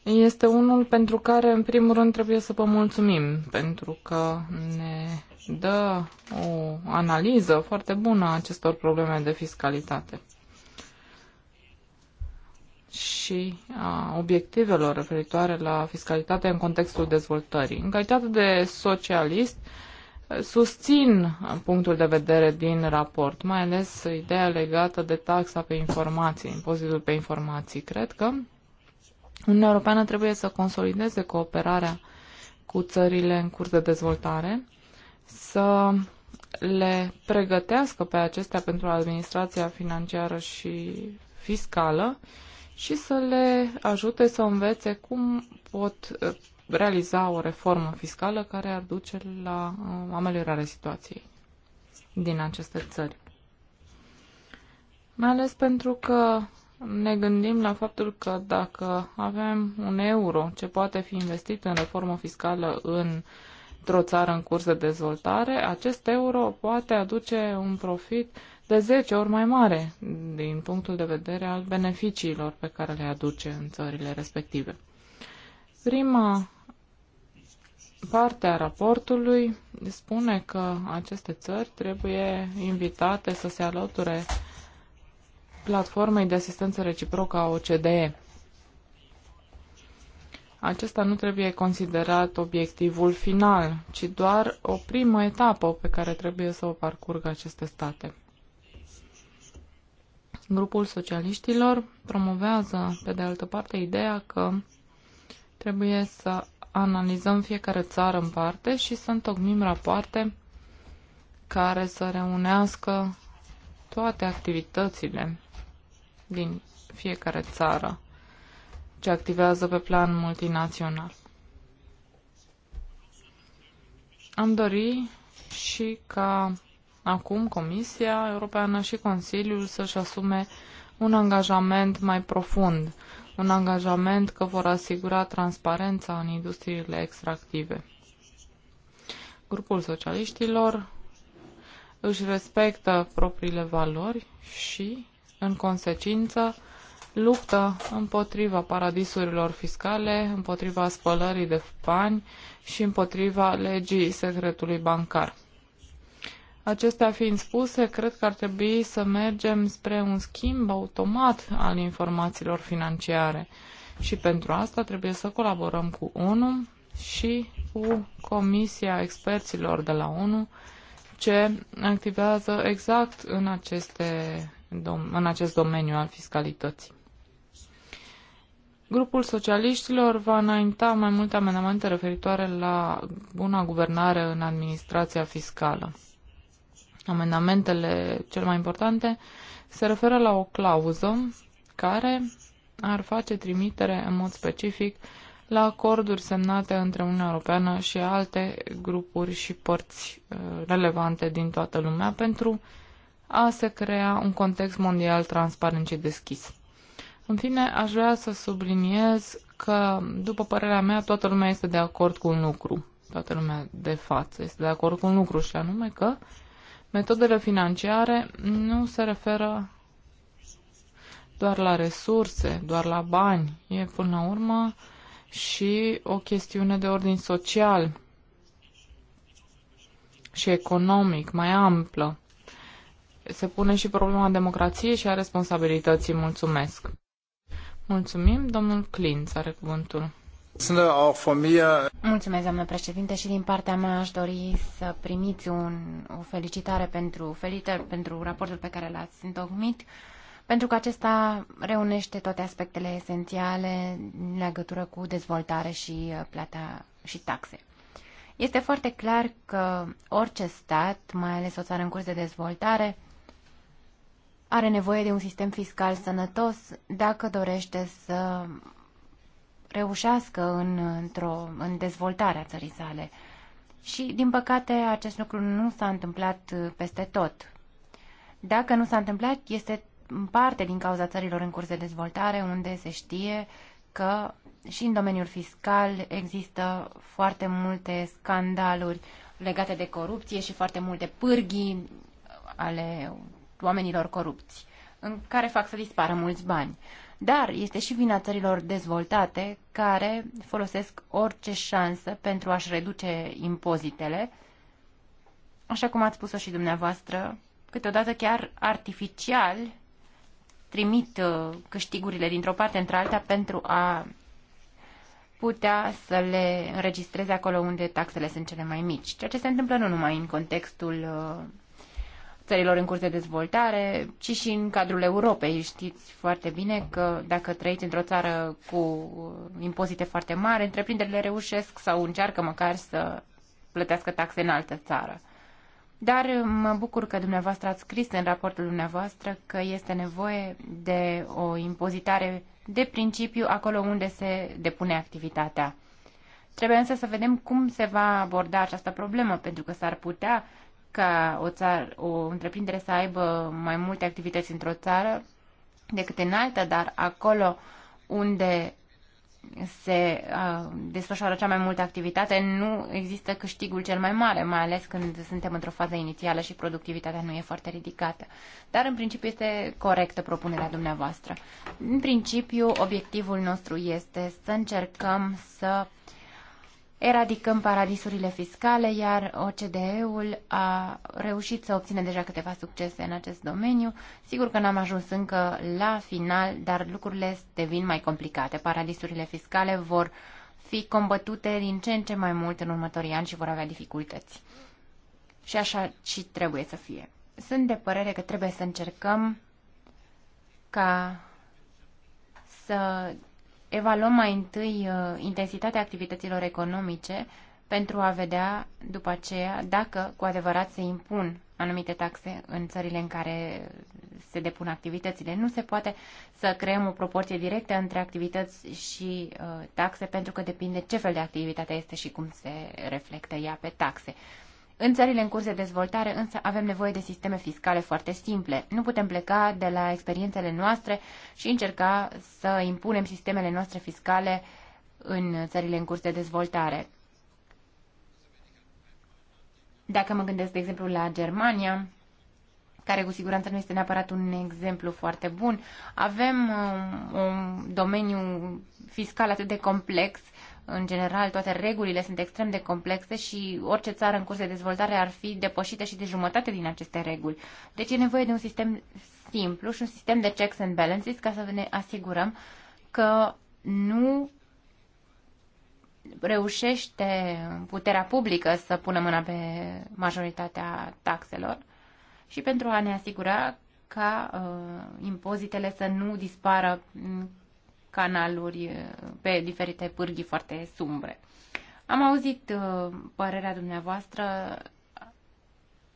este unul pentru care, în primul rând, trebuie să vă mulțumim, pentru că ne dă o analiză foarte bună a acestor probleme de fiscalitate și a obiectivelor referitoare la fiscalitate în contextul dezvoltării. În calitate de socialist, susțin punctul de vedere din raport, mai ales ideea legată de taxa pe informații, impozitul pe informații. Cred că Uniunea Europeană trebuie să consolideze cooperarea cu țările în curs de dezvoltare, să le pregătească pe acestea pentru administrația financiară și fiscală, uh, și să le ajute să învețe cum pot uh, realiza o reformă fiscală care ar duce la uh, ameliorarea situației din aceste țări. Mai ales pentru că ne gândim la faptul că dacă avem un euro ce poate fi investit în reformă fiscală în într-o țară în curs de dezvoltare, acest euro poate aduce un profit uh, de 10 ori mai mare din punctul de vedere al beneficiilor pe care le aduce în țările respective. Prima parte a raportului spune că aceste țări trebuie invitate să se alăture platformei de asistență reciprocă a OCDE. Acesta nu trebuie considerat obiectivul final, ci doar o primă etapă pe care trebuie să o parcurgă aceste state. Grupul socialiștilor promovează, pe de altă parte, ideea că trebuie să analizăm fiecare țară în parte și să întocmim rapoarte care să reunească toate activitățile din fiecare țară ce activează pe plan multinațional. Am dori și ca acum Comisia Europeană și Consiliul să-și asume un angajament mai profund, un angajament că vor asigura transparența în industriile extractive. Grupul socialiștilor își respectă propriile valori și, în consecință, luptă împotriva paradisurilor fiscale, împotriva spălării de bani și împotriva legii secretului bancar. Acestea fiind spuse, cred că ar trebui să mergem spre un schimb automat al informațiilor financiare și pentru asta trebuie să colaborăm cu ONU și cu Comisia Experților de la ONU ce activează exact în, aceste, în acest domeniu al fiscalității. Grupul socialiștilor va înainta mai multe amendamente referitoare la buna guvernare în administrația fiscală. Amendamentele cel mai importante se referă la o clauză care ar face trimitere în mod specific la acorduri semnate între Uniunea Europeană și alte grupuri și părți uh, relevante din toată lumea pentru a se crea un context mondial transparent și deschis. În fine, aș vrea să subliniez că, după părerea mea, toată lumea este de acord cu un lucru. Toată lumea de față este de acord cu un lucru și anume că Metodele financiare nu se referă doar la resurse, doar la bani. E, până la urmă, și o chestiune de ordin social și economic, mai amplă. Se pune și problema democrației și a responsabilității. Mulțumesc! Mulțumim, domnul Clint are cuvântul. Mulțumesc, doamnă președinte, și din partea mea aș dori să primiți un, o felicitare pentru, felicitări pentru raportul pe care l-ați întocmit, pentru că acesta reunește toate aspectele esențiale în legătură cu dezvoltare și uh, plata și taxe. Este foarte clar că orice stat, mai ales o țară în curs de dezvoltare, are nevoie de un sistem fiscal sănătos dacă dorește să reușească în, într-o, în dezvoltarea țării sale. Și, din păcate, acest lucru nu s-a întâmplat uh, peste tot. Dacă nu s-a întâmplat, este în parte din cauza țărilor în curs de dezvoltare, unde se știe că și în domeniul fiscal există foarte multe scandaluri legate de corupție și foarte multe pârghii uh, ale oamenilor corupți, în care fac să dispară mulți bani dar este și vina țărilor dezvoltate care folosesc orice șansă pentru a-și reduce impozitele, așa cum ați spus-o și dumneavoastră, câteodată chiar artificial trimit uh, câștigurile dintr-o parte într-alta pentru a putea să le înregistreze acolo unde taxele sunt cele mai mici. Ceea ce se întâmplă nu numai în contextul uh, țărilor în curs de dezvoltare, ci și în cadrul Europei. Știți foarte bine că dacă trăiți într-o țară cu impozite foarte mari, întreprinderile reușesc sau încearcă măcar să plătească taxe în altă țară. Dar mă bucur că dumneavoastră ați scris în raportul dumneavoastră că este nevoie de o impozitare de principiu acolo unde se depune activitatea. Trebuie însă să vedem cum se va aborda această problemă, pentru că s-ar putea ca o, țară, o întreprindere să aibă mai multe activități într-o țară decât în alta, dar acolo unde se uh, desfășoară cea mai multă activitate, nu există câștigul cel mai mare, mai ales când suntem într-o fază inițială și productivitatea nu e foarte ridicată. Dar, în principiu, este corectă propunerea dumneavoastră. În principiu, obiectivul nostru este să încercăm să uh, eradicăm paradisurile fiscale, iar OCDE-ul a reușit să obține deja câteva succese în acest domeniu. Sigur că n-am ajuns încă la final, dar lucrurile devin mai complicate. Paradisurile fiscale vor fi combătute din ce în ce mai mult în următorii ani și vor avea dificultăți. Și așa și trebuie să fie. Sunt de părere că trebuie să încercăm ca să evaluăm mai întâi uh, intensitatea activităților economice pentru a vedea după aceea dacă cu adevărat se impun anumite taxe în țările în care se depun activitățile. Nu se poate să creăm o proporție directă între activități și uh, taxe pentru că depinde ce fel de activitate este și cum se reflectă ea pe taxe. În țările în curs de dezvoltare însă avem nevoie de sisteme fiscale foarte simple. Nu putem pleca de la experiențele noastre și încerca să impunem sistemele noastre fiscale în țările în curs de dezvoltare. Dacă mă gândesc, de exemplu, la Germania, care cu siguranță nu este neapărat un exemplu foarte bun, avem um, un domeniu fiscal atât de complex în general, toate regulile sunt extrem de complexe și orice țară în curs de dezvoltare ar fi depășită și de jumătate din aceste reguli. Deci e nevoie de un sistem simplu și un sistem de checks and balances ca să ne asigurăm că nu reușește puterea publică să pună mâna pe majoritatea taxelor și pentru a ne asigura ca uh, impozitele să nu dispară în canaluri uh, pe diferite pârghii foarte sumbre. Am auzit uh, părerea dumneavoastră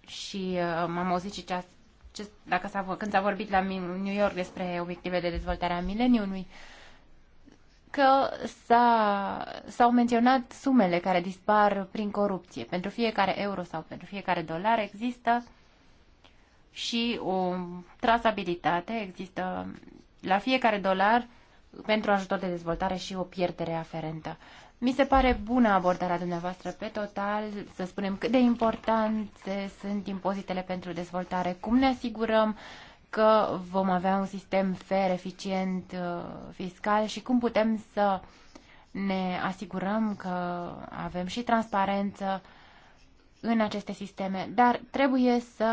și uh, m-am auzit și ce, ce dacă s-a, când s-a vorbit la New York despre obiective de dezvoltare a mileniului, că s au menționat sumele care dispar prin corupție. Pentru fiecare euro sau pentru fiecare dolar există și o trasabilitate, există la fiecare dolar pentru ajutor de dezvoltare și o pierdere aferentă. Mi se pare bună abordarea dumneavoastră pe total, să spunem cât de importante sunt impozitele pentru dezvoltare, cum ne asigurăm că vom avea un sistem fair, eficient, uh, fiscal și cum putem să ne asigurăm că avem și transparență în aceste sisteme, dar trebuie să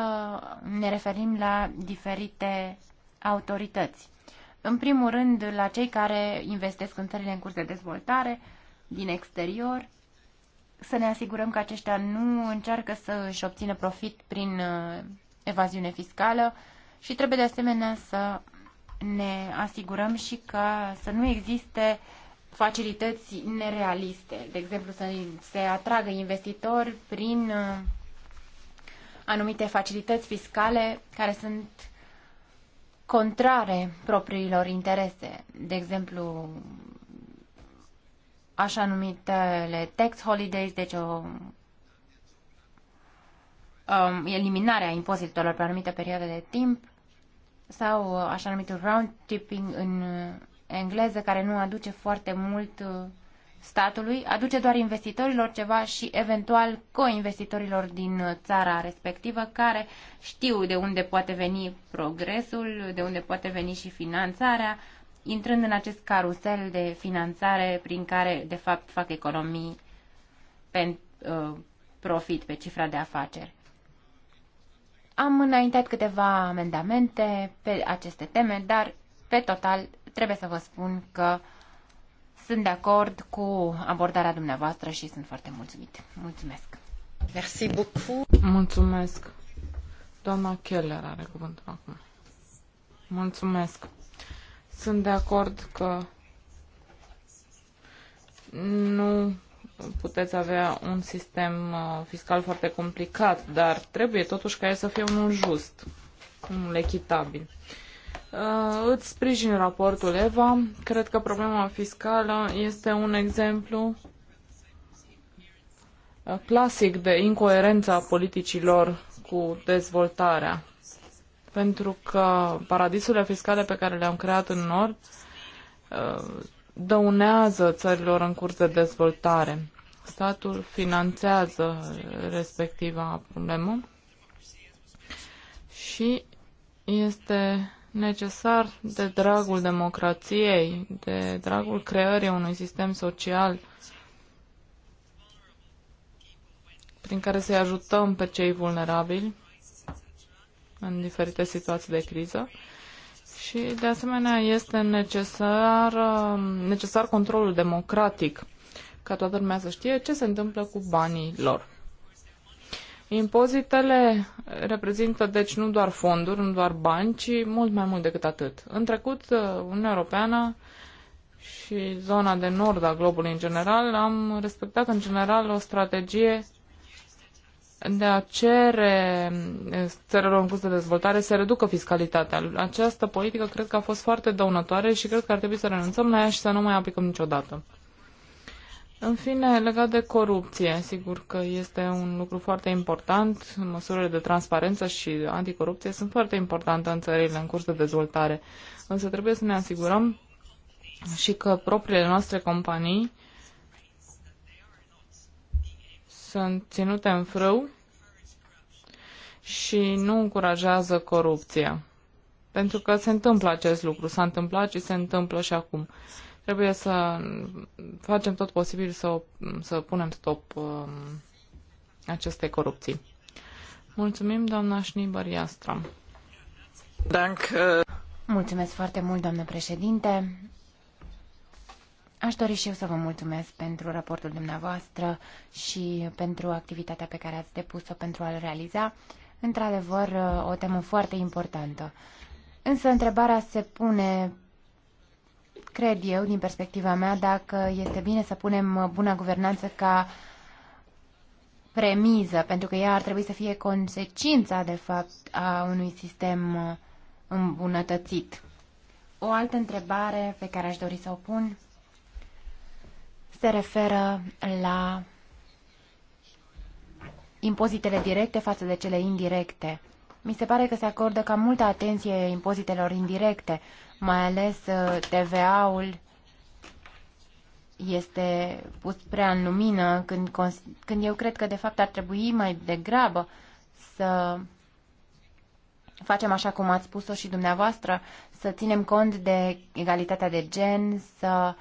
ne referim la diferite autorități. În primul rând, la cei care investesc în țările în curs de dezvoltare, din exterior, să ne asigurăm că aceștia nu încearcă să își obțină profit prin uh, evaziune fiscală și trebuie de asemenea să ne asigurăm și că să nu existe facilități nerealiste. De exemplu, să se atragă investitori prin uh, anumite facilități fiscale care sunt contrare propriilor interese. De exemplu, așa numitele tax holidays, deci o um, eliminarea impozitelor pe anumită perioadă de timp sau uh, așa numitul round tipping în uh, engleză, care nu aduce foarte mult uh, statului aduce doar investitorilor ceva și eventual coinvestitorilor din țara respectivă care știu de unde poate veni progresul, de unde poate veni și finanțarea, intrând în acest carusel de finanțare prin care de fapt fac economii pe uh, profit, pe cifra de afaceri. Am înaintat câteva amendamente pe aceste teme, dar pe total trebuie să vă spun că uh, sunt de acord cu abordarea dumneavoastră și sunt foarte mulțumit. Mulțumesc. Merci beaucoup. Mulțumesc. Doamna Keller are cuvântul acum. Mulțumesc. Sunt de acord că nu puteți avea un sistem uh, fiscal foarte complicat, dar trebuie totuși ca el să fie unul just, unul echitabil. Uh, îți sprijin raportul Eva. Cred că problema fiscală este un exemplu uh, clasic de incoerența politicilor cu dezvoltarea. Pentru că paradisurile fiscale pe care le-am creat în Nord uh, dăunează țărilor în curs de dezvoltare. Statul finanțează respectiva problemă și este necesar de dragul democrației, de dragul creării unui sistem social prin care să-i ajutăm pe cei vulnerabili în diferite situații de criză. Și, de asemenea, este necesar, um, necesar controlul democratic, ca toată lumea să știe ce se întâmplă cu banii lor. Impozitele reprezintă deci nu doar fonduri, nu doar bani, ci mult mai mult decât atât. În trecut, uh, Uniunea Europeană și zona de nord a globului în general, am respectat în general o strategie de a cere uh, țărilor în curs de dezvoltare să reducă fiscalitatea. Această politică cred că a fost foarte dăunătoare și cred că ar trebui să renunțăm la ea și să nu mai aplicăm niciodată. În fine, legat de corupție, sigur că este un lucru foarte important. Măsurile de transparență și anticorupție sunt foarte importante în țările în curs de dezvoltare. Însă trebuie să ne asigurăm și că propriile noastre companii sunt ținute în frâu și nu încurajează corupția. Pentru că se întâmplă acest lucru, s-a întâmplat și se întâmplă și acum. Trebuie să facem tot posibil să, să punem stop um, acestei corupții. Mulțumim, doamna Iastra. Dank. Uh, mulțumesc foarte mult, doamnă președinte. Aș dori și eu să vă mulțumesc pentru raportul dumneavoastră și pentru activitatea pe care ați depus-o pentru a-l realiza. Într-adevăr, uh, o temă foarte importantă. Însă întrebarea se pune cred eu, din perspectiva mea, dacă este bine să punem buna guvernanță ca premiză, pentru că ea ar trebui să fie consecința, de fapt, a unui sistem îmbunătățit. O altă întrebare pe care aș dori să o pun se referă la impozitele directe față de cele indirecte. Mi se pare că se acordă cam multă atenție impozitelor indirecte, mai ales uh, TVA-ul este pus prea în lumină când, când eu cred că de fapt ar trebui mai degrabă să facem așa cum ați spus-o și dumneavoastră, să ținem cont de egalitatea de gen, să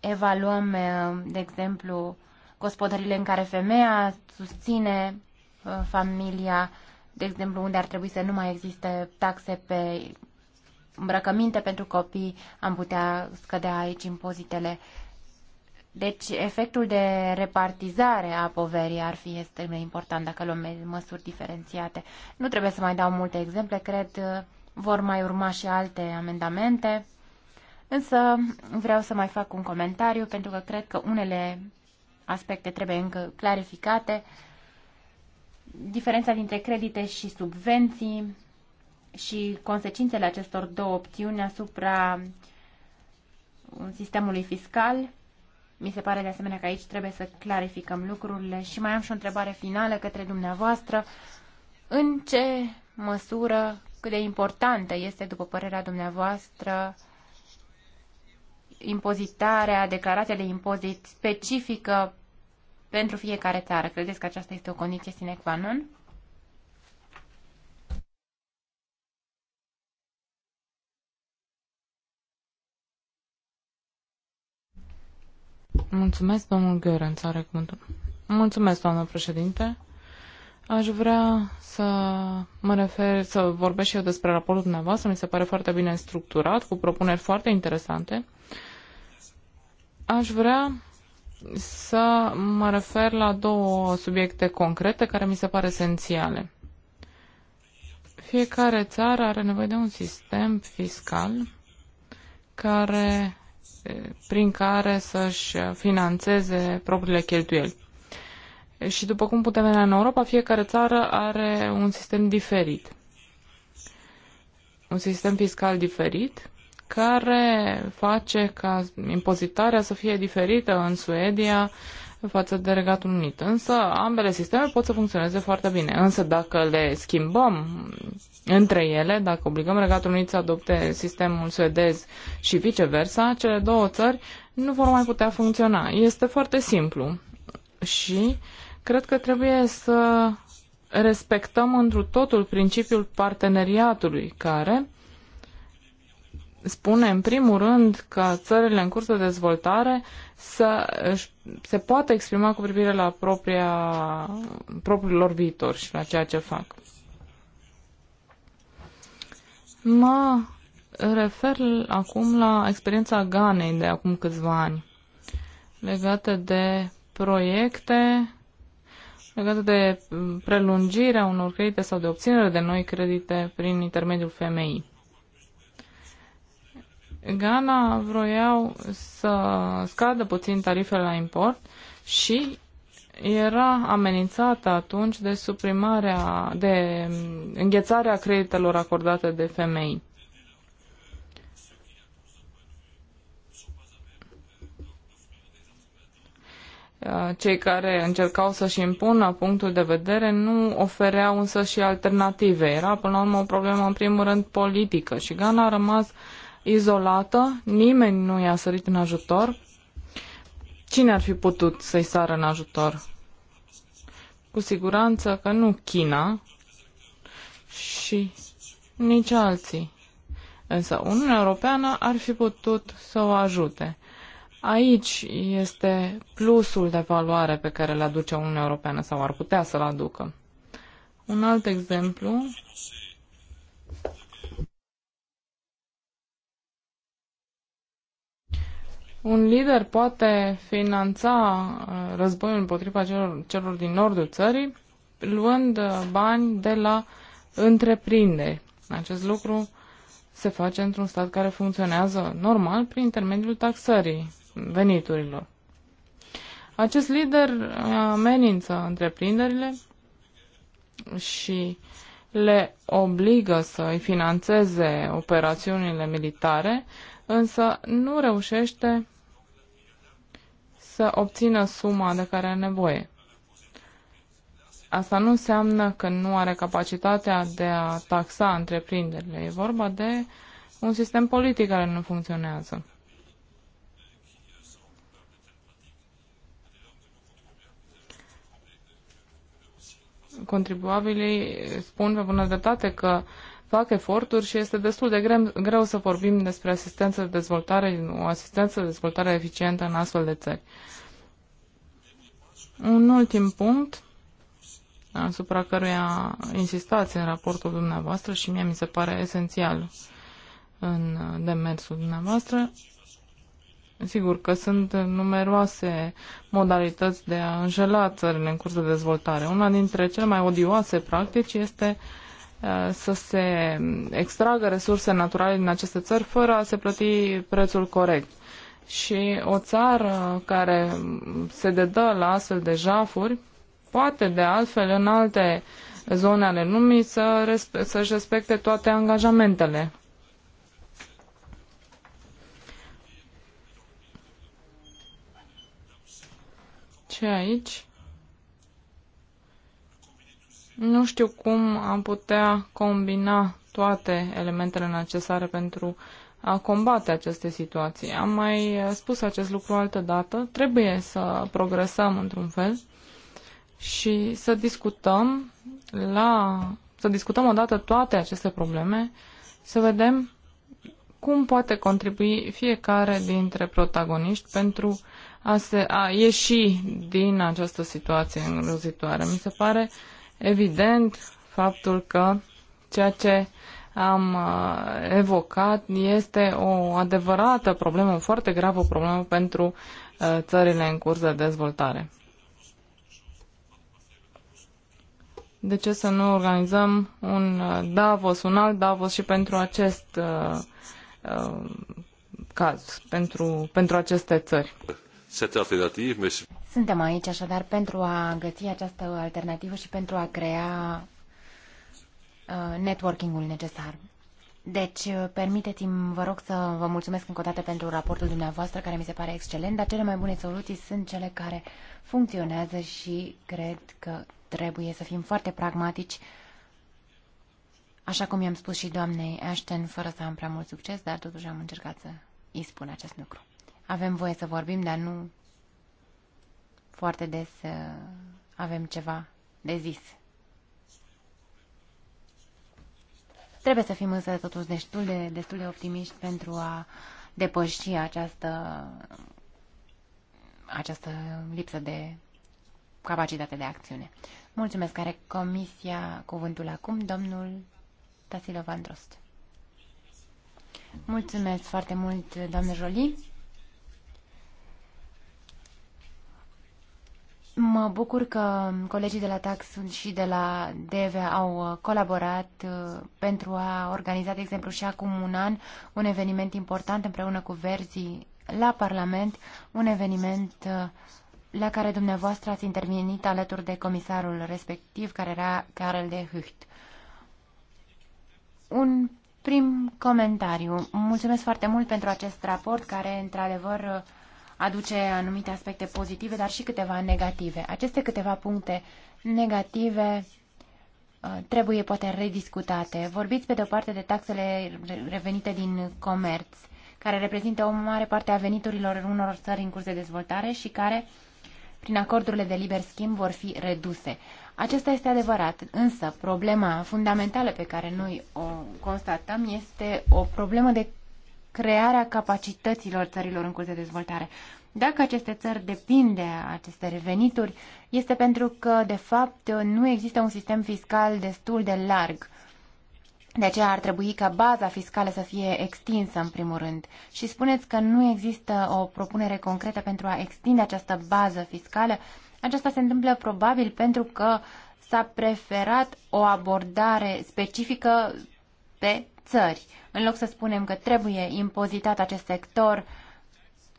evaluăm, uh, de exemplu, gospodările în care femeia susține uh, familia, de exemplu, unde ar trebui să nu mai existe taxe pe îmbrăcăminte pentru copii, am putea scădea aici impozitele. Deci efectul de repartizare a poverii ar fi extrem de important dacă luăm măsuri diferențiate. Nu trebuie să mai dau multe exemple, cred vor mai urma și alte amendamente, însă vreau să mai fac un comentariu pentru că cred că unele aspecte trebuie încă clarificate. Diferența dintre credite și subvenții, și consecințele acestor două opțiuni asupra um, sistemului fiscal. Mi se pare de asemenea că aici trebuie să clarificăm lucrurile și mai am și o întrebare finală către dumneavoastră. În ce măsură, cât de importantă este, după părerea dumneavoastră, impozitarea, declarația de impozit specifică pentru fiecare țară? Credeți că aceasta este o condiție sine qua non? Mulțumesc, domnul Gheorenț, are cuvântul. Mulțumesc, doamnă președinte. Aș vrea să mă refer, să vorbesc și eu despre raportul dumneavoastră. Mi se pare foarte bine structurat, cu propuneri foarte interesante. Aș vrea să mă refer la două subiecte concrete care mi se par esențiale. Fiecare țară are nevoie de un sistem fiscal care prin care să-și financeze propriile cheltuieli. Și după cum putem vedea în Europa, fiecare țară are un sistem diferit. Un sistem fiscal diferit care face ca impozitarea să fie diferită în Suedia față de Regatul Unit. Însă ambele sisteme pot să funcționeze foarte bine. Însă dacă le schimbăm între ele, dacă obligăm Regatul Unit să adopte sistemul suedez și viceversa, cele două țări nu vor mai putea funcționa. Este foarte simplu și cred că trebuie să respectăm întru totul principiul parteneriatului care spune în primul rând că țările în curs de dezvoltare să se poată exprima cu privire la propria, propriul lor viitor și la ceea ce fac. Mă refer acum la experiența Ganei de acum câțiva ani, legată de proiecte, legată de prelungirea unor credite sau de obținere de noi credite prin intermediul FMI. Ghana vroiau să scadă puțin tarifele la import și era amenințată atunci de suprimarea, de înghețarea creditelor acordate de femei. Cei care încercau să-și impună punctul de vedere nu ofereau însă și alternative. Era până la urmă o problemă în primul rând politică și Ghana a rămas izolată, nimeni nu i-a sărit în ajutor Cine ar fi putut să-i sară în ajutor? Cu siguranță că nu China și nici alții. Însă Uniunea Europeană ar fi putut să o ajute. Aici este plusul de valoare pe care le aduce Uniunea Europeană sau ar putea să-l aducă. Un alt exemplu un lider poate finanța uh, războiul împotriva celor, celor din nordul țării luând uh, bani de la întreprinderi. Acest lucru se face într-un stat care funcționează normal prin intermediul taxării veniturilor. Acest lider uh, amenință întreprinderile și le obligă să îi financeze operațiunile militare, însă nu reușește să obțină suma de care are nevoie. Asta nu înseamnă că nu are capacitatea de a taxa întreprinderile. E vorba de un sistem politic care nu funcționează. Contribuabilii spun pe bună dreptate că fac eforturi și este destul de greu, greu să vorbim despre asistență de dezvoltare, o asistență de dezvoltare eficientă în astfel de țări. Un ultim punct asupra căruia insistați în raportul dumneavoastră și mie mi se pare esențial în demersul dumneavoastră. Sigur că sunt numeroase modalități de a înjela țările în curs de dezvoltare. Una dintre cele mai odioase practici este uh, Uh, să se extragă resurse naturale din aceste țări fără a se plăti prețul corect. Și o țară care se dedă la astfel de jafuri, poate de altfel în alte zone ale lumii să respe- să-și respecte toate angajamentele. ce aici nu știu cum am putea combina toate elementele necesare pentru a combate aceste situații. Am mai spus acest lucru altă dată. Trebuie să progresăm într-un fel și să discutăm la să discutăm odată toate aceste probleme, să vedem cum poate contribui fiecare dintre protagoniști pentru a, se, a ieși din această situație îngrozitoare. Mi se pare uh, evident faptul că ceea ce am uh, evocat este o adevărată problemă, o foarte gravă problemă pentru uh, țările în curs de dezvoltare. De ce să nu organizăm un uh, Davos, un alt Davos și pentru acest caz, pentru, pentru aceste țări? Suntem aici așadar pentru a găsi această alternativă și pentru a crea uh, networking-ul necesar. Deci, uh, permiteți-mi, vă rog, să vă mulțumesc încă o dată pentru raportul dumneavoastră, care mi se pare excelent, dar cele mai bune soluții sunt cele care funcționează și cred că trebuie să fim foarte pragmatici, așa cum i-am spus și doamnei Ashton, fără să am prea mult succes, dar totuși am încercat să îi spun acest lucru. Avem voie să vorbim, dar nu foarte des uh, avem ceva de zis. Trebuie să fim însă totuși destul de, destul de optimiști pentru a depăși această, această lipsă de capacitate de acțiune. Mulțumesc. Care comisia cuvântul acum, domnul Tasilovandrost. Mulțumesc foarte mult, doamne Jolie. Mă bucur că colegii de la Taxun și de la DEVE au uh, colaborat uh, pentru a organiza, de exemplu, și acum un an, un eveniment important împreună cu Verzii la Parlament, un eveniment uh, la care dumneavoastră ați intervenit alături de comisarul respectiv, care era Karel de Hucht. Un prim comentariu. Mulțumesc foarte mult pentru acest raport, care, într-adevăr, aduce anumite aspecte pozitive, dar și câteva negative. Aceste câteva puncte negative uh, trebuie poate rediscutate. Vorbiți pe de-o parte de taxele revenite din comerț, care reprezintă o mare parte a veniturilor unor țări în curs de dezvoltare și care, prin acordurile de liber schimb, vor fi reduse. Acesta este adevărat, însă problema fundamentală pe care noi o constatăm este o problemă de crearea capacităților țărilor în curs de dezvoltare. Dacă aceste țări depind de aceste revenituri, este pentru că, de fapt, nu există un sistem fiscal destul de larg. De aceea ar trebui ca baza fiscală să fie extinsă, în primul rând. Și spuneți că nu există o propunere concretă pentru a extinde această bază fiscală. Aceasta se întâmplă probabil pentru că s-a preferat o abordare specifică pe țări. În loc să spunem că trebuie impozitat acest sector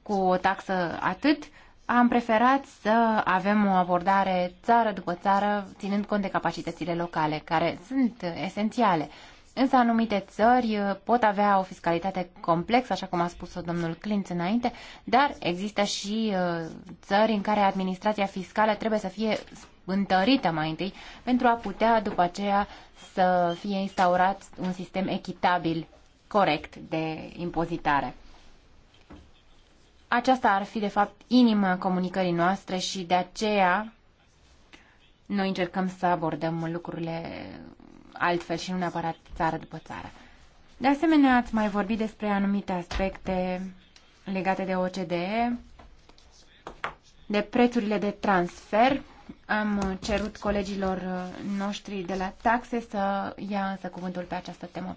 cu o taxă atât, am preferat să avem o abordare țară după țară, ținând cont de capacitățile locale, care sunt esențiale. Însă anumite țări pot avea o fiscalitate complexă, așa cum a spus-o domnul Clint înainte, dar există și uh, țări în care administrația fiscală trebuie să fie întărită mai întâi, pentru a putea după aceea să fie instaurat un sistem echitabil, corect de impozitare. Aceasta ar fi, de fapt, inima comunicării noastre și de aceea noi încercăm să abordăm lucrurile altfel și nu neapărat țară după țară. De asemenea, ați mai vorbit despre anumite aspecte legate de OCDE, de prețurile de transfer. Am cerut colegilor uh, noștri de la taxe să ia însă cuvântul pe această temă.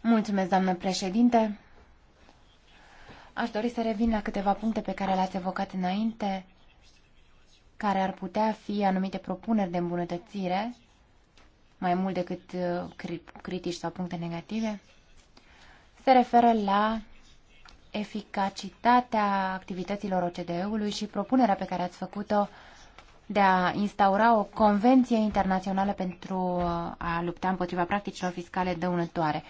Mulțumesc, doamnă președinte. Aș dori să revin la câteva puncte pe care le-ați evocat înainte, care ar putea fi anumite propuneri de îmbunătățire, mai mult decât uh, critici sau puncte negative. Se referă la eficacitatea activităților OCDE-ului și propunerea pe care ați făcut-o de a instaura o convenție internațională pentru uh, a lupta împotriva practicilor fiscale dăunătoare.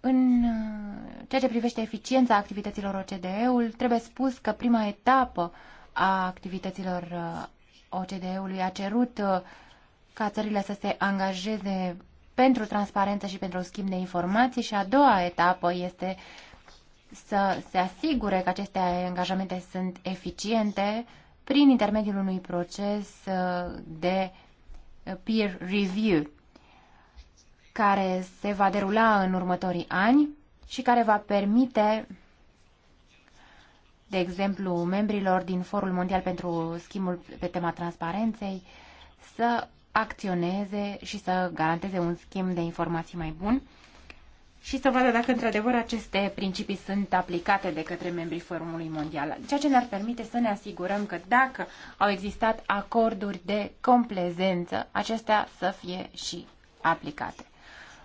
În uh, ceea ce privește eficiența activităților OCDE-ul, trebuie spus că prima etapă a activităților uh, OCDE-ului a cerut ca țările să se angajeze pentru transparență și pentru schimb de informații și a doua etapă este să se asigure că aceste angajamente sunt eficiente prin intermediul unui proces uh, de peer review care se va derula în următorii ani și care va permite, de exemplu, membrilor din Forul Mondial pentru Schimbul pe tema transparenței să acționeze și să garanteze un schimb de informații mai bun și să vadă dacă într-adevăr aceste principii sunt aplicate de către membrii Forumului Mondial, ceea ce ne-ar permite să ne asigurăm că dacă au existat acorduri de complezență, acestea să fie și aplicate.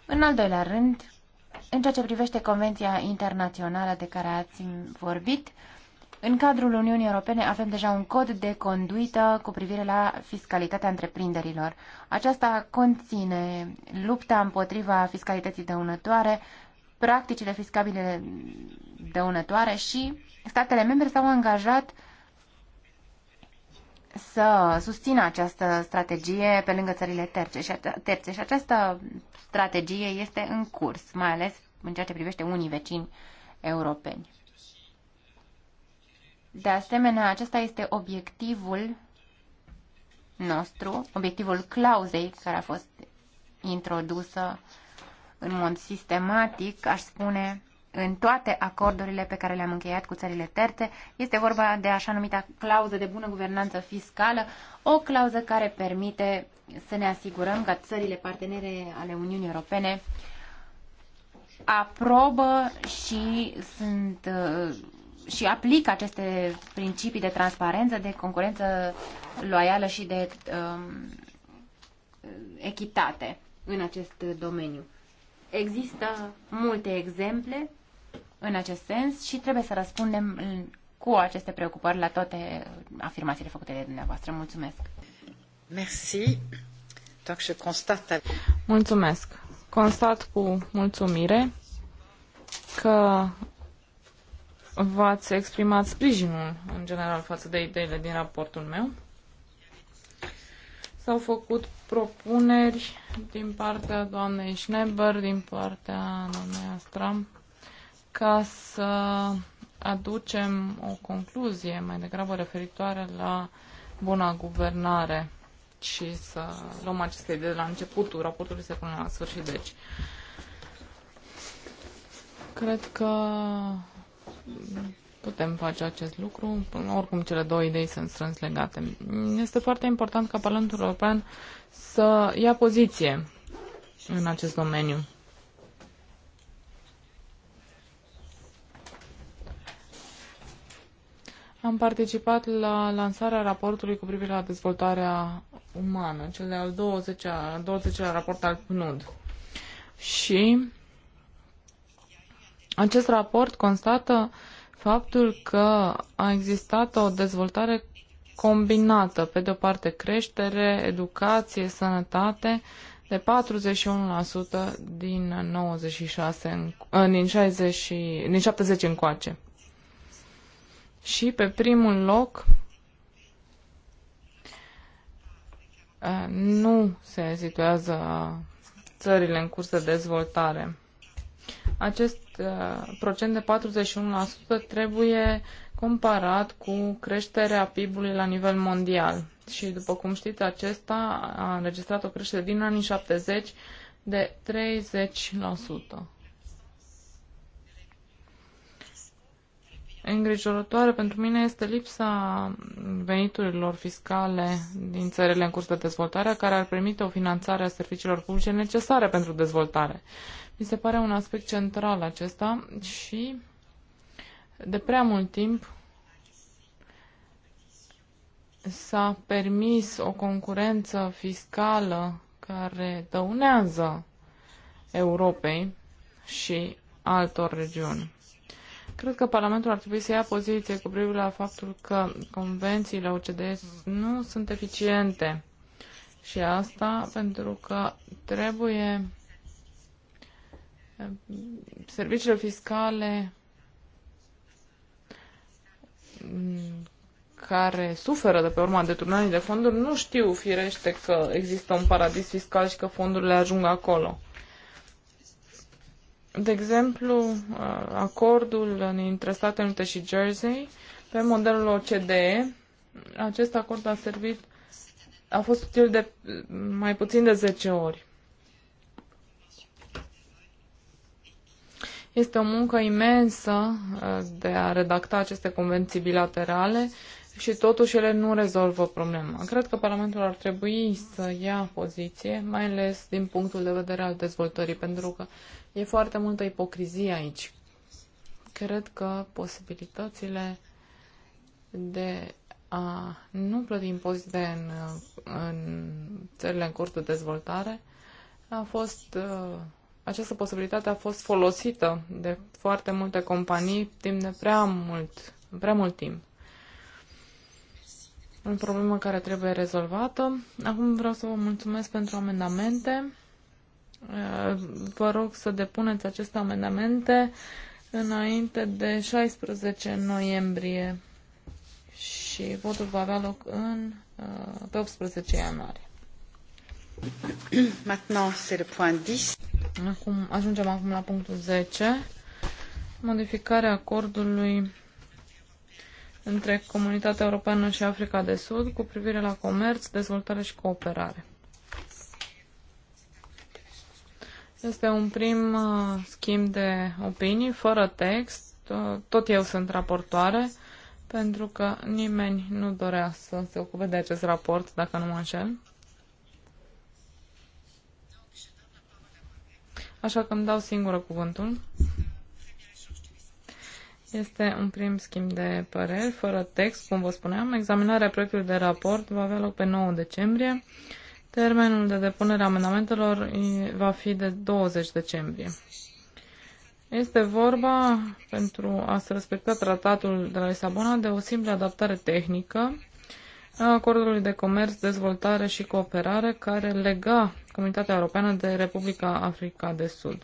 În al doilea rând, în ceea ce privește Convenția Internațională de care ați vorbit, în cadrul Uniunii Europene avem deja un cod de conduită cu privire la fiscalitatea întreprinderilor. Aceasta conține lupta împotriva fiscalității dăunătoare, practicile fiscabile dăunătoare și statele membre s-au angajat să susțină această strategie pe lângă țările terțe și, terțe și această strategie este în curs, mai ales în ceea ce privește unii vecini europeni. De asemenea, acesta este obiectivul nostru, obiectivul clauzei care a fost introdusă în mod sistematic, aș spune, în toate acordurile pe care le-am încheiat cu țările terțe. Este vorba de așa numita clauză de bună guvernanță fiscală, o clauză care permite să ne asigurăm că țările partenere ale Uniunii Europene aprobă și sunt uh, și aplică aceste principii de transparență, de concurență loială și de um, echitate în acest domeniu. Există multe exemple în acest sens și trebuie să răspundem cu aceste preocupări la toate afirmațiile făcute de dumneavoastră. Mulțumesc! Merci. je constate... Mulțumesc! Constat cu mulțumire că v-ați exprimat sprijinul în general față de ideile din raportul meu. S-au făcut propuneri din partea doamnei Schneber, din partea doamnei Astram, ca să aducem o concluzie mai degrabă referitoare la buna guvernare și să luăm aceste idei de la începutul raportului se pune la sfârșit. Deci, cred că putem face acest lucru. Oricum, cele două idei sunt strâns legate. Este foarte important ca Parlamentul European să ia poziție în acest domeniu. Am participat la lansarea raportului cu privire la dezvoltarea umană, cel de-al 20-lea 20 raport al PNUD. Și acest raport constată faptul că a existat o dezvoltare combinată, pe de o parte creștere, educație, sănătate, de 41% din 96 în, ă, din, 60, din 70 încoace. Și pe primul loc ă, nu se situează țările în curs de dezvoltare. Acest uh, procent de 41% trebuie comparat cu creșterea PIB-ului la nivel mondial. Și, după cum știți, acesta a înregistrat o creștere din anii 70 de 30%. Îngrijorătoare pentru mine este lipsa veniturilor fiscale din țările în curs de dezvoltare, care ar permite o finanțare a serviciilor publice necesare pentru dezvoltare. Mi se pare un aspect central acesta și de prea mult timp s-a permis o concurență fiscală care dăunează Europei și altor regiuni. Cred că Parlamentul ar trebui să ia poziție cu privire la faptul că convențiile OCDE nu sunt eficiente. Și asta pentru că trebuie eh, serviciile fiscale mm, care suferă de pe urma deturnării de fonduri nu știu firește că există un paradis fiscal și că fondurile ajung acolo. De exemplu, uh, acordul între Statele Unite și Jersey, pe modelul OCDE, acest acord a servit, a fost util de uh, mai puțin de 10 ori. Este o muncă imensă uh, de a redacta aceste convenții bilaterale și totuși ele nu rezolvă problema. Cred că Parlamentul ar trebui să ia poziție, mai ales din punctul de vedere al dezvoltării, pentru că e foarte multă ipocrizie aici. Cred că posibilitățile de a nu plăti impozite în, în țările în curs de dezvoltare a fost uh, această posibilitate a fost folosită de foarte multe companii timp de prea mult, prea mult timp o problemă care trebuie rezolvată. Acum vreau să vă mulțumesc pentru amendamente. Vă rog să depuneți aceste amendamente înainte de 16 noiembrie și votul va avea loc în, uh, pe 18 ianuarie. Acum, ajungem acum la punctul 10. Modificarea acordului între Comunitatea Europeană și Africa de Sud cu privire la comerț, dezvoltare și cooperare. Este un prim uh, schimb de opinii, fără text. Uh, tot eu sunt raportoare, pentru că nimeni nu dorea să se ocupe de acest raport, dacă nu mă înșel. Așa că îmi dau singură cuvântul. Este un prim schimb de păreri, fără text, cum vă spuneam. Examinarea proiectului de raport va avea loc pe 9 decembrie. Termenul de depunere a amendamentelor va fi de 20 decembrie. Este vorba, pentru a se respecta tratatul de la Lisabona, de o simplă adaptare tehnică a acordului de comerț, dezvoltare și cooperare care lega Comunitatea Europeană de Republica Africa de Sud.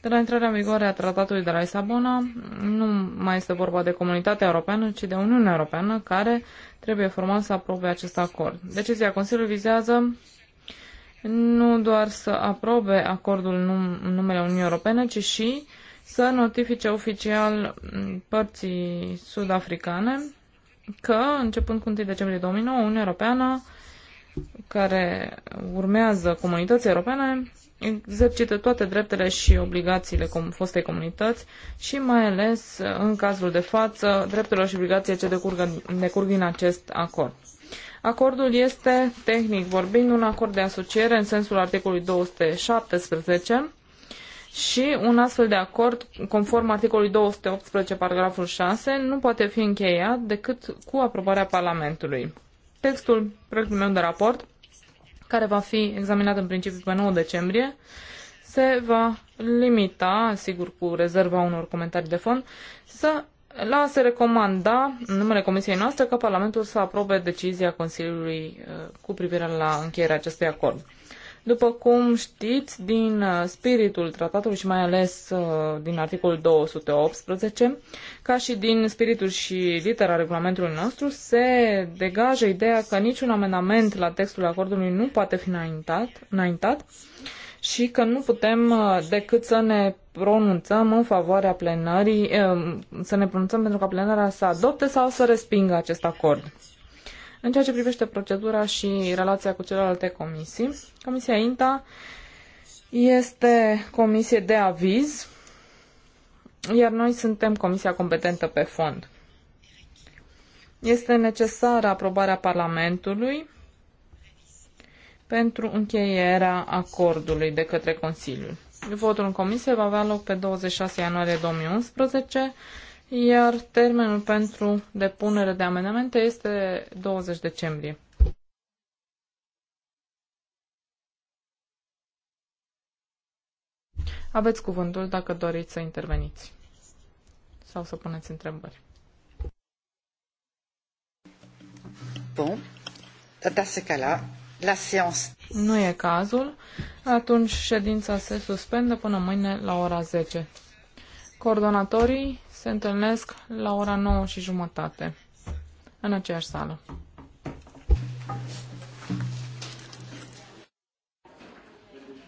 De la intrarea în vigoare a tratatului de la Lisabona, nu mai este vorba de comunitatea europeană, ci de Uniunea Europeană, care trebuie formal să aprobe acest acord. Decizia Consiliului vizează nu doar să aprobe acordul în numele Uniunii Europene, ci și să notifice oficial părții sud-africane că, începând cu 1 decembrie 2009, Uniunea Europeană, care urmează comunității europene, exercită toate dreptele și obligațiile com- fostei comunități și mai ales uh, în cazul de față drepturile și obligațiile ce decurg, decurg din acest acord. Acordul este, tehnic vorbind, un acord de asociere în sensul articolului 217 și un astfel de acord, conform articolului 218, paragraful 6, nu poate fi încheiat decât cu aprobarea Parlamentului. Textul proiectului meu de raport care va fi examinat în principiu pe 9 decembrie, se va limita, sigur cu rezerva unor comentarii de fond, să la se recomanda, în numele Comisiei noastre, ca Parlamentul să aprobe decizia Consiliului uh, cu privire la încheierea acestui acord. După cum știți, din uh, spiritul tratatului și mai ales uh, din articolul 218, ca și din spiritul și litera regulamentului nostru, se degajă ideea că niciun amendament la textul acordului nu poate fi înaintat, înaintat și că nu putem uh, decât să ne pronunțăm în favoarea plenării, să ne pronunțăm pentru ca plenarea să adopte sau să respingă acest acord. În ceea ce privește procedura și relația cu celelalte comisii, Comisia INTA este comisie de aviz, iar noi suntem comisia competentă pe fond. Este necesară aprobarea Parlamentului pentru încheierea acordului de către Consiliu. Votul în comisie va avea loc pe 26 ianuarie 2011 iar termenul pentru depunere de amendamente este 20 decembrie. Aveți cuvântul dacă doriți să interveniți sau să puneți întrebări. Bun. Dans ce cas-là, la séance. Nu e cazul. Atunci ședința se suspendă până mâine la ora 10. Coordonatorii se întâlnesc la ora 9 și jumătate în aceeași sală.